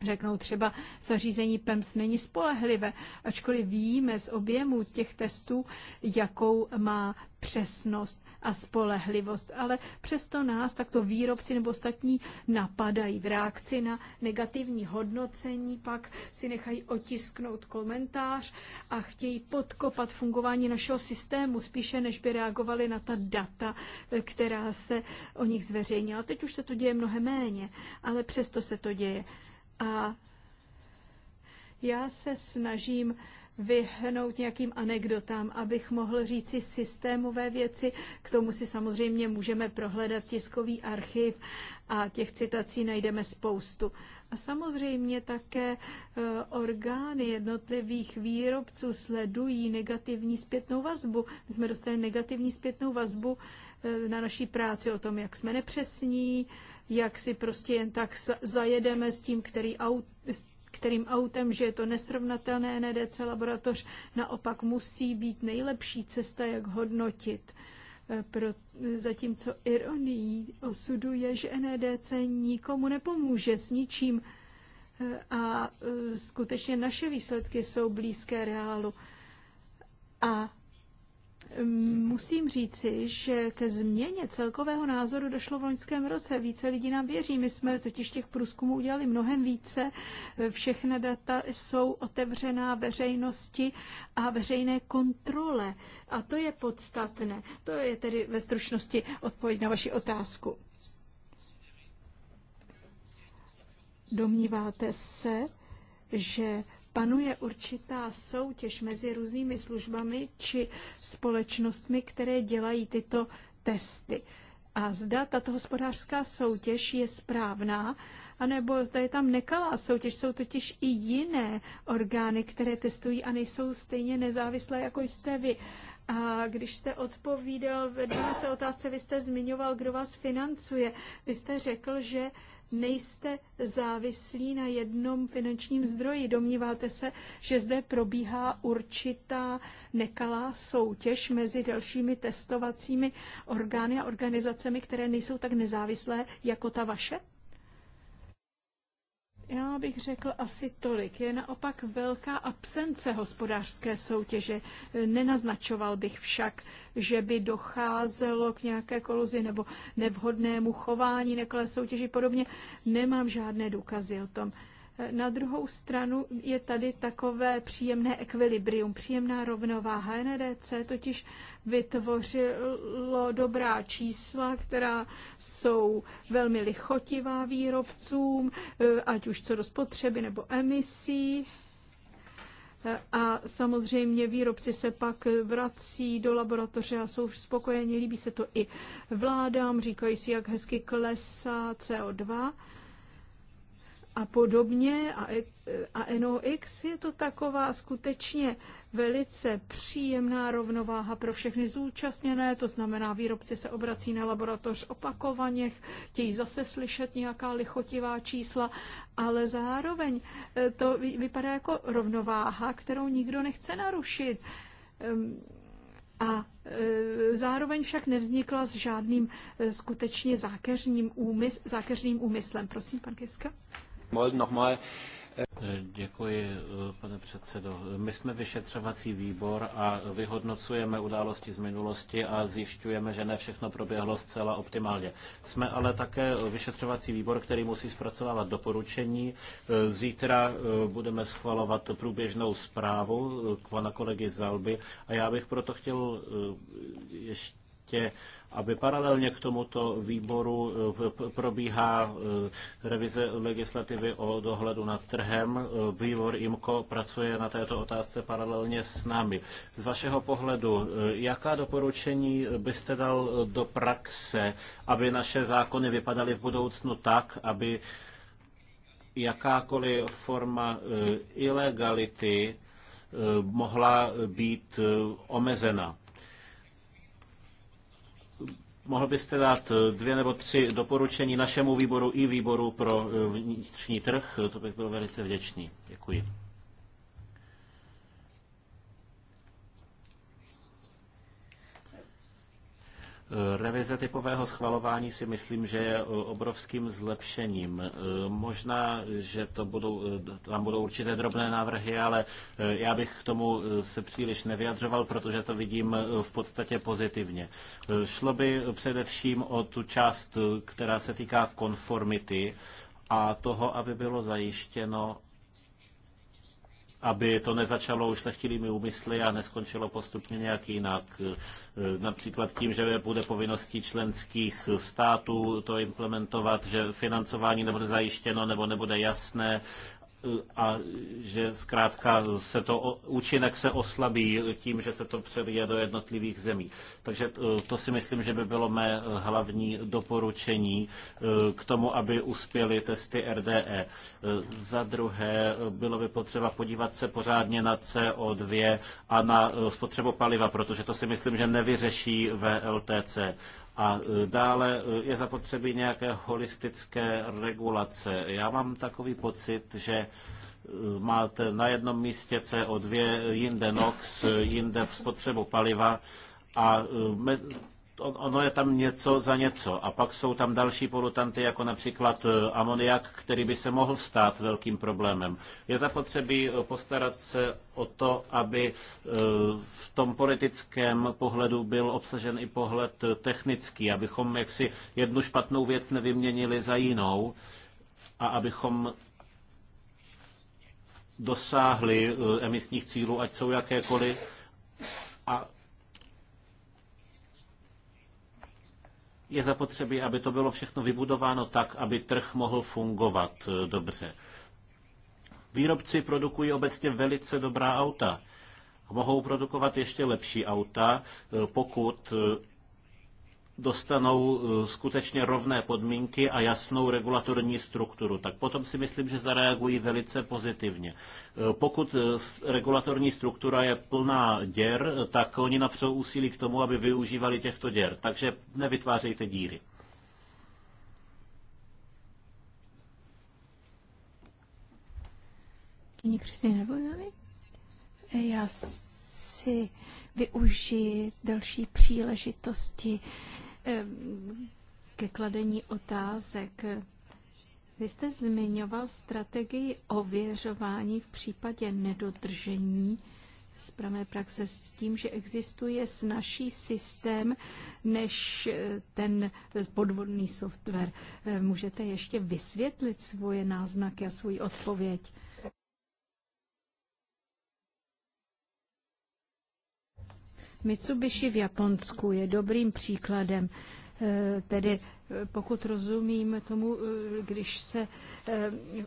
Řeknou třeba, zařízení PEMS není spolehlivé, ačkoliv víme z objemu těch testů, jakou má přesnost a spolehlivost, ale přesto nás takto výrobci nebo ostatní napadají. V reakci na negativní hodnocení pak si nechají otisknout komentář a chtějí podkopat fungování našeho systému, spíše než by reagovali na ta data, která se o nich zveřejnila. Teď už se to děje mnohem méně, ale přesto se to děje. A já se snažím vyhnout nějakým anekdotám, abych mohl říci systémové věci. K tomu si samozřejmě můžeme prohledat tiskový archiv a těch citací najdeme spoustu. A samozřejmě také e, orgány jednotlivých výrobců sledují negativní zpětnou vazbu. My jsme dostali negativní zpětnou vazbu e, na naší práci o tom, jak jsme nepřesní, jak si prostě jen tak zajedeme s tím, který aut, kterým autem, že je to nesrovnatelné NDC e laboratoř, naopak musí být nejlepší cesta, jak hodnotit. E, pro, zatímco ironií osudu je, že NDC e nikomu nepomůže s ničím a skutečně naše výsledky jsou blízké reálu. A Musím říci, že ke změně celkového názoru došlo v loňském roce. Více lidí nám věří. My jsme totiž těch průzkumů udělali mnohem více. Všechna data jsou otevřená veřejnosti a veřejné kontrole. A to je podstatné. To je tedy ve stručnosti odpověď na vaši otázku. Domníváte se, že panuje určitá soutěž mezi různými službami či společnostmi, které dělají tyto testy. A zda tato hospodářská soutěž je správná, anebo zda je tam nekalá soutěž. Jsou totiž i jiné orgány, které testují a nejsou stejně nezávislé, jako jste vy. A když jste odpovídal ve 12. otázce, vy jste zmiňoval, kdo vás financuje. Vy jste řekl, že nejste závislí na jednom finančním zdroji. Domníváte se, že zde probíhá určitá nekalá soutěž mezi dalšími testovacími orgány a organizacemi, které nejsou tak nezávislé jako ta vaše? Já bych řekl asi tolik. Je naopak velká absence hospodářské soutěže. Nenaznačoval bych však, že by docházelo k nějaké koluzi nebo nevhodnému chování, nekalé soutěži podobně. Nemám žádné důkazy o tom. Na druhou stranu je tady takové příjemné ekvilibrium, příjemná rovnováha. NDC totiž vytvořilo dobrá čísla, která jsou velmi lichotivá výrobcům, eh, ať už co do spotřeby nebo emisí. Eh, a samozřejmě výrobci se pak vrací do laboratoře a jsou spokojeni, líbí se to i vládám, říkají si, jak hezky klesá CO2 a podobně a, e- a NOx je to taková skutečně velice příjemná rovnováha pro všechny zúčastněné, to znamená, výrobci se obrací na laboratoř opakovaně, chtějí zase slyšet nějaká lichotivá čísla, ale zároveň e, to vypadá jako rovnováha, kterou nikdo nechce narušit. A e, zároveň však nevznikla s žádným skutečně zákeřním, úmysl, zákeřným úmyslem. Prosím, pan Kiska. Eh, děkuji, eh, pane předsedo. My jsme vyšetřovací výbor a vyhodnocujeme události z minulosti a zjišťujeme, že ne všechno proběhlo zcela optimálně. Jsme ale také eh, vyšetřovací výbor, který musí zpracovávat doporučení. Zítra budeme schvalovat průběžnou zprávu pana kolegy Zalby a já bych proto chtěl ještě tě, aby paralelně k tomuto výboru eh, probíhá eh, revize legislativy o dohledu nad trhem. Eh, výbor IMCO pracuje na této otázce paralelně s námi. Z vašeho pohledu, jaká doporučení byste dal do praxe, aby naše zákony vypadaly v budoucnu tak, aby jakákoliv forma ilegality mohla být omezena? Mohl byste dát eh, dvě nebo tři doporučení našemu výboru i výboru pro eh, vnitřní trh? To bych byl velice vděčný. Děkuji. Revize typového schvalování si myslím, že je eh, obrovským zlepšením. Eh, možná, že to budou, eh, tam budou určité drobné návrhy, ale já bych k tomu se příliš nevyjadřoval, protože to vidím v podstatě pozitivně. Šlo by především o tu část, která se týká konformity a toho, aby bylo zajištěno, aby to nezačalo už nechtilými úmysly a neskončilo postupně nějak jinak. E, například tím, že bude povinností členských států to implementovat, že financování nebude zajištěno nebo nebude jasné, a že zkrátka se to, účinek se oslabí tím, že se to přelije do jednotlivých zemí. Takže e, to si myslím, že by bylo mé e, hlavní doporučení e, k tomu, aby uspěly testy RDE. Za druhé, bylo by potřeba podívat se pořádně na CO2 a na spotřebu paliva, protože to si myslím, že nevyřeší VLTC. A e, dále e, je zapotřebí nějaké holistické regulace. Já mám takový pocit, že e, máte na jednom místě CO2, jinde NOx, jinde spotřebu paliva a ono je tam něco za něco. A pak jsou tam další polutanty, jako například e, amoniak, který by se mohl stát velkým problémem. Je zapotřebí e, postarat se o to, aby e, v tom politickém pohledu byl obsažen i pohled technický, abychom jaksi jednu špatnou věc nevyměnili za jinou a abychom dosáhli emisních cílů, ať jsou jakékoliv, a je zapotřebí, aby to bylo všechno vybudováno tak, aby trh mohl fungovat eh, dobře. Výrobci produkují obecně velice dobrá auta. Mohou produkovat ještě lepší auta, eh, pokud eh, dostanou eh, skutečně rovné podmínky a jasnou regulatorní strukturu, tak potom si myslím, že zareagují velice pozitivně. Eh, pokud eh, regulatorní struktura je plná děr, tak oni napřou úsilí k tomu, aby využívali těchto děr. Takže nevytvářejte díry. já si využiji další příležitosti Eh, ke kladení otázek. Vy jste zmiňoval strategii ověřování v případě nedodržení pravé praxe s tím, že existuje snažší systém než eh, ten podvodný software. Eh, můžete ještě vysvětlit svoje náznaky a svůj odpověď? Mitsubishi v Japonsku je dobrým příkladem Eh, tedy eh, pokud rozumím tomu, eh, když se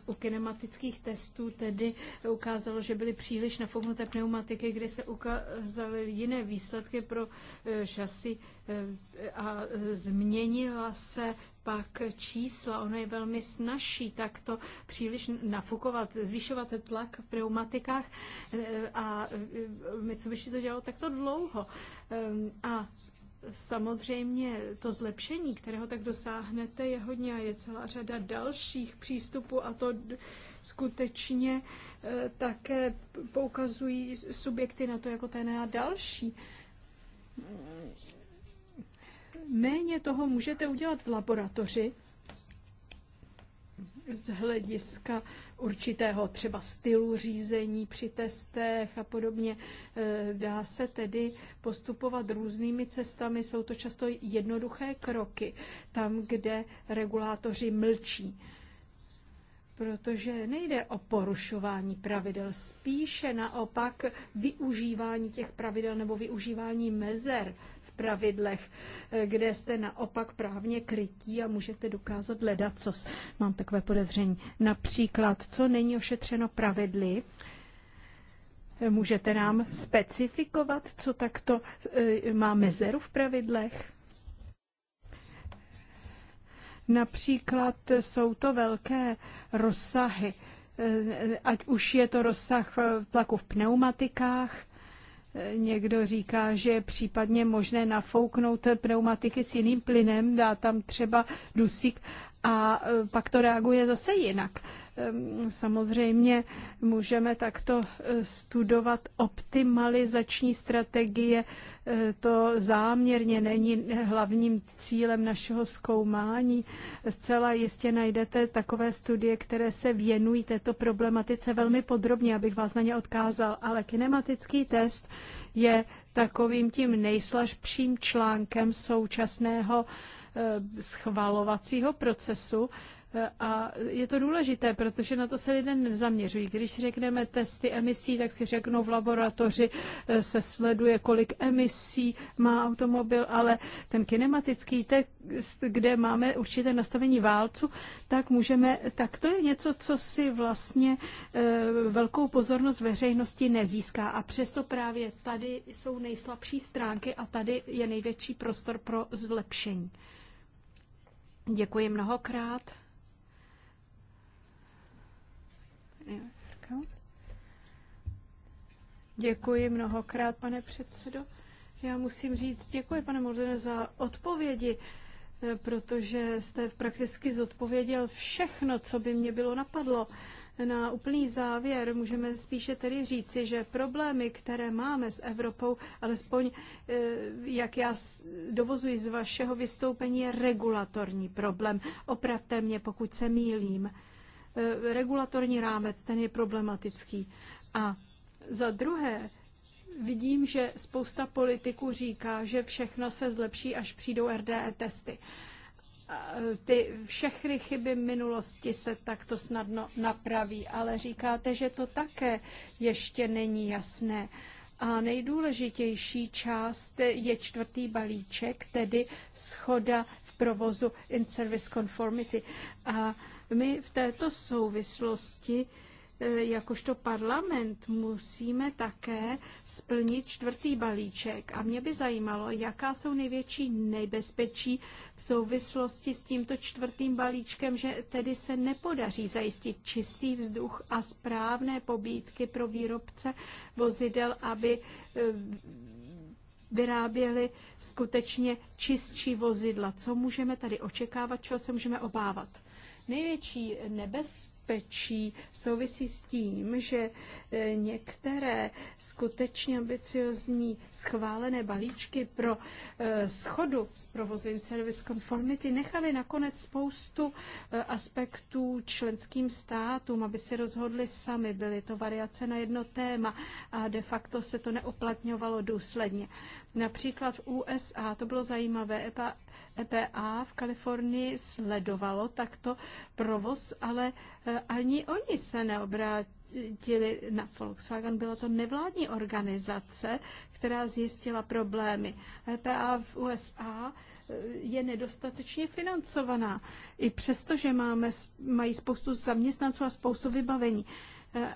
u kinematických testů tedy ukázalo, že byly příliš nafouknuté pneumatiky, kde se ukázaly jiné výsledky pro šasy a změnila se pak čísla. Ono je velmi snažší takto příliš nafukovat, zvyšovat tlak v pneumatikách a my co by to dělalo takto dlouho. A Samozřejmě to zlepšení, kterého tak dosáhnete, je hodně a je celá řada dalších přístupů a to skutečně eh, také poukazují subjekty na to jako ten a další. Méně toho můžete udělat v laboratoři, z hlediska určitého třeba stylu řízení při testech a podobně. E, dá se tedy postupovat různými cestami, jsou to často jednoduché kroky tam, kde regulátoři mlčí protože nejde o porušování pravidel, spíše naopak využívání těch pravidel nebo využívání mezer pravidlech, eh, kde jste naopak právně krytí a můžete dokázat ledacos. Mám takové podezření. Například, co není ošetřeno pravidly, eh, Můžete nám specifikovat, co takto eh, má mezeru v pravidlech? Například jsou to velké rozsahy, ať už je to rozsah tlaku v pneumatikách, Někdo říká, že je případně možné nafouknout pneumatiky s jiným plynem, dá tam třeba dusík a e, pak to reaguje zase jinak. Ehm, samozřejmě můžeme takto e, studovat optimalizační strategie. E, to záměrně není hlavním cílem našeho zkoumání. Zcela jistě najdete takové studie, které se věnují této problematice velmi podrobně, abych vás na ně odkázal. Ale kinematický test je takovým tím nejslažším článkem současného e, schvalovacího procesu a je to důležité, protože na to se lidé nezaměřují. Když řekneme testy emisí, tak si řeknou v laboratoři eh, se sleduje, kolik emisí má automobil, ale ten kinematický test, kde máme určité nastavení válcu, tak můžeme, tak to je něco, co si vlastně eh, velkou pozornost veřejnosti nezíská. A přesto právě tady jsou nejslabší stránky a tady je největší prostor pro zlepšení. Děkuji mnohokrát. Děkuji mnohokrát, pane předsedo. Já musím říct, děkuji, pane Mordene, za odpovědi, protože jste prakticky zodpověděl všechno, co by mě bylo napadlo. Na úplný závěr můžeme spíše tedy říci, že problémy, které máme s Evropou, alespoň eh, jak já dovozuji z vašeho vystoupení, je regulatorní problém. Opravte mě, pokud se mýlím. Eh, regulatorní rámec, ten je problematický. A za druhé, vidím, že spousta politiků říká, že všechno se zlepší, až přijdou RDE testy. Eh, ty všechny chyby minulosti se takto snadno napraví, ale říkáte, že to také ještě není jasné. A nejdůležitější část je čtvrtý balíček, tedy schoda v provozu in service conformity. A my v této souvislosti eh, jakožto parlament musíme také splnit čtvrtý balíček. A mě by zajímalo, jaká jsou největší nebezpečí v souvislosti s tímto čtvrtým balíčkem, že tedy se nepodaří zajistit čistý vzduch a správné pobídky pro výrobce vozidel, aby eh, vyráběli skutečně čistší vozidla. Co můžeme tady očekávat, čeho se můžeme obávat? Největší nebezpečí souvisí s tím, že e, některé skutečně ambiciozní schválené balíčky pro e, schodu s provozovým service conformity nechali nakonec spoustu e, aspektů členským státům, aby si rozhodli sami. Byly to variace na jedno téma a de facto se to neoplatňovalo důsledně. Například v USA to bylo zajímavé. EPA EPA v Kalifornii sledovalo takto provoz, ale e, ani oni se neobrátili na Volkswagen. Byla to nevládní organizace, která zjistila problémy. EPA v USA e, je nedostatečně financovaná, i přesto, že máme, mají spoustu zaměstnanců a spoustu vybavení. Eh,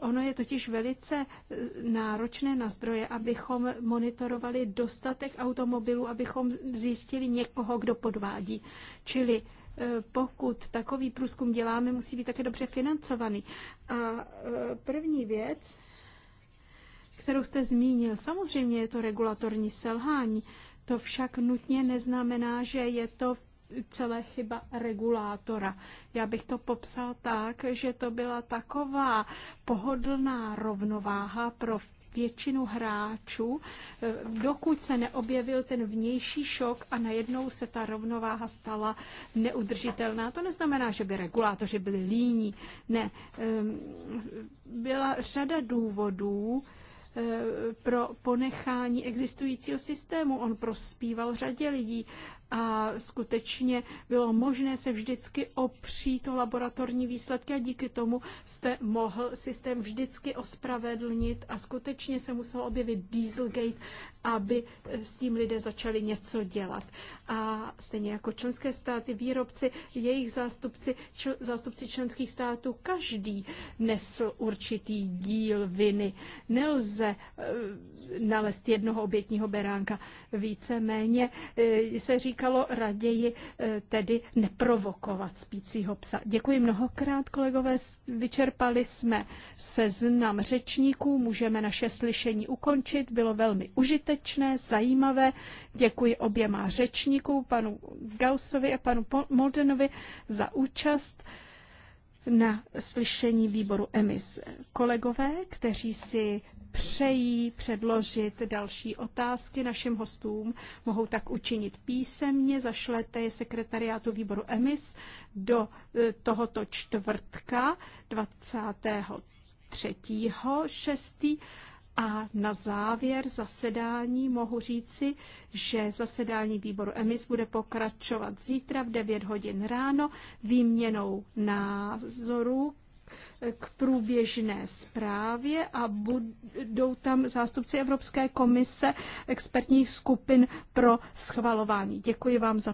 ono je totiž velice eh, náročné na zdroje, abychom monitorovali dostatek automobilů, abychom zjistili někoho, kdo podvádí. Čili eh, pokud takový průzkum děláme, musí být také dobře financovaný. A první věc, kterou jste zmínil, samozřejmě je to regulatorní selhání. To však nutně neznamená, že je to celé chyba regulátora. Já bych to popsal tak, že to byla taková pohodlná rovnováha pro většinu hráčů, dokud se neobjevil ten vnější šok a najednou se ta rovnováha stala neudržitelná. To neznamená, že by regulátoři byli líní. Ne. Ehm, byla řada důvodů, ehm, pro ponechání existujícího systému. On prospíval řadě lidí a skutečně bylo možné se vždycky opřít o laboratorní výsledky a díky tomu jste mohl systém vždycky ospravedlnit a skutečně se musel objevit Dieselgate, aby s tím lidé začali něco dělat. A stejně jako členské státy, výrobci, jejich zástupci, čl, zástupci členských států, každý nesl určitý díl viny. Nelze e, nalézt jednoho obětního beránka. Víceméně e, se říká, říkalo, raději eh, tedy neprovokovat spícího psa. Děkuji mnohokrát, kolegové. Vyčerpali jsme seznam řečníků, můžeme naše slyšení ukončit. Bylo velmi užitečné, zajímavé. Děkuji oběma řečníkům, panu Gaussovi a panu Moldenovi za účast na slyšení výboru EMIS. Kolegové, kteří si přejí předložit další otázky našim hostům, mohou tak učinit písemně, zašlete je sekretariátu výboru EMIS do eh, tohoto čtvrtka 23. 6. A na závěr zasedání mohu říci, že zasedání výboru EMIS bude pokračovat zítra v 9 hodin ráno výměnou názorů k průběžné zprávě a budou tam zástupci Evropské komise expertních skupin pro schvalování. Děkuji vám za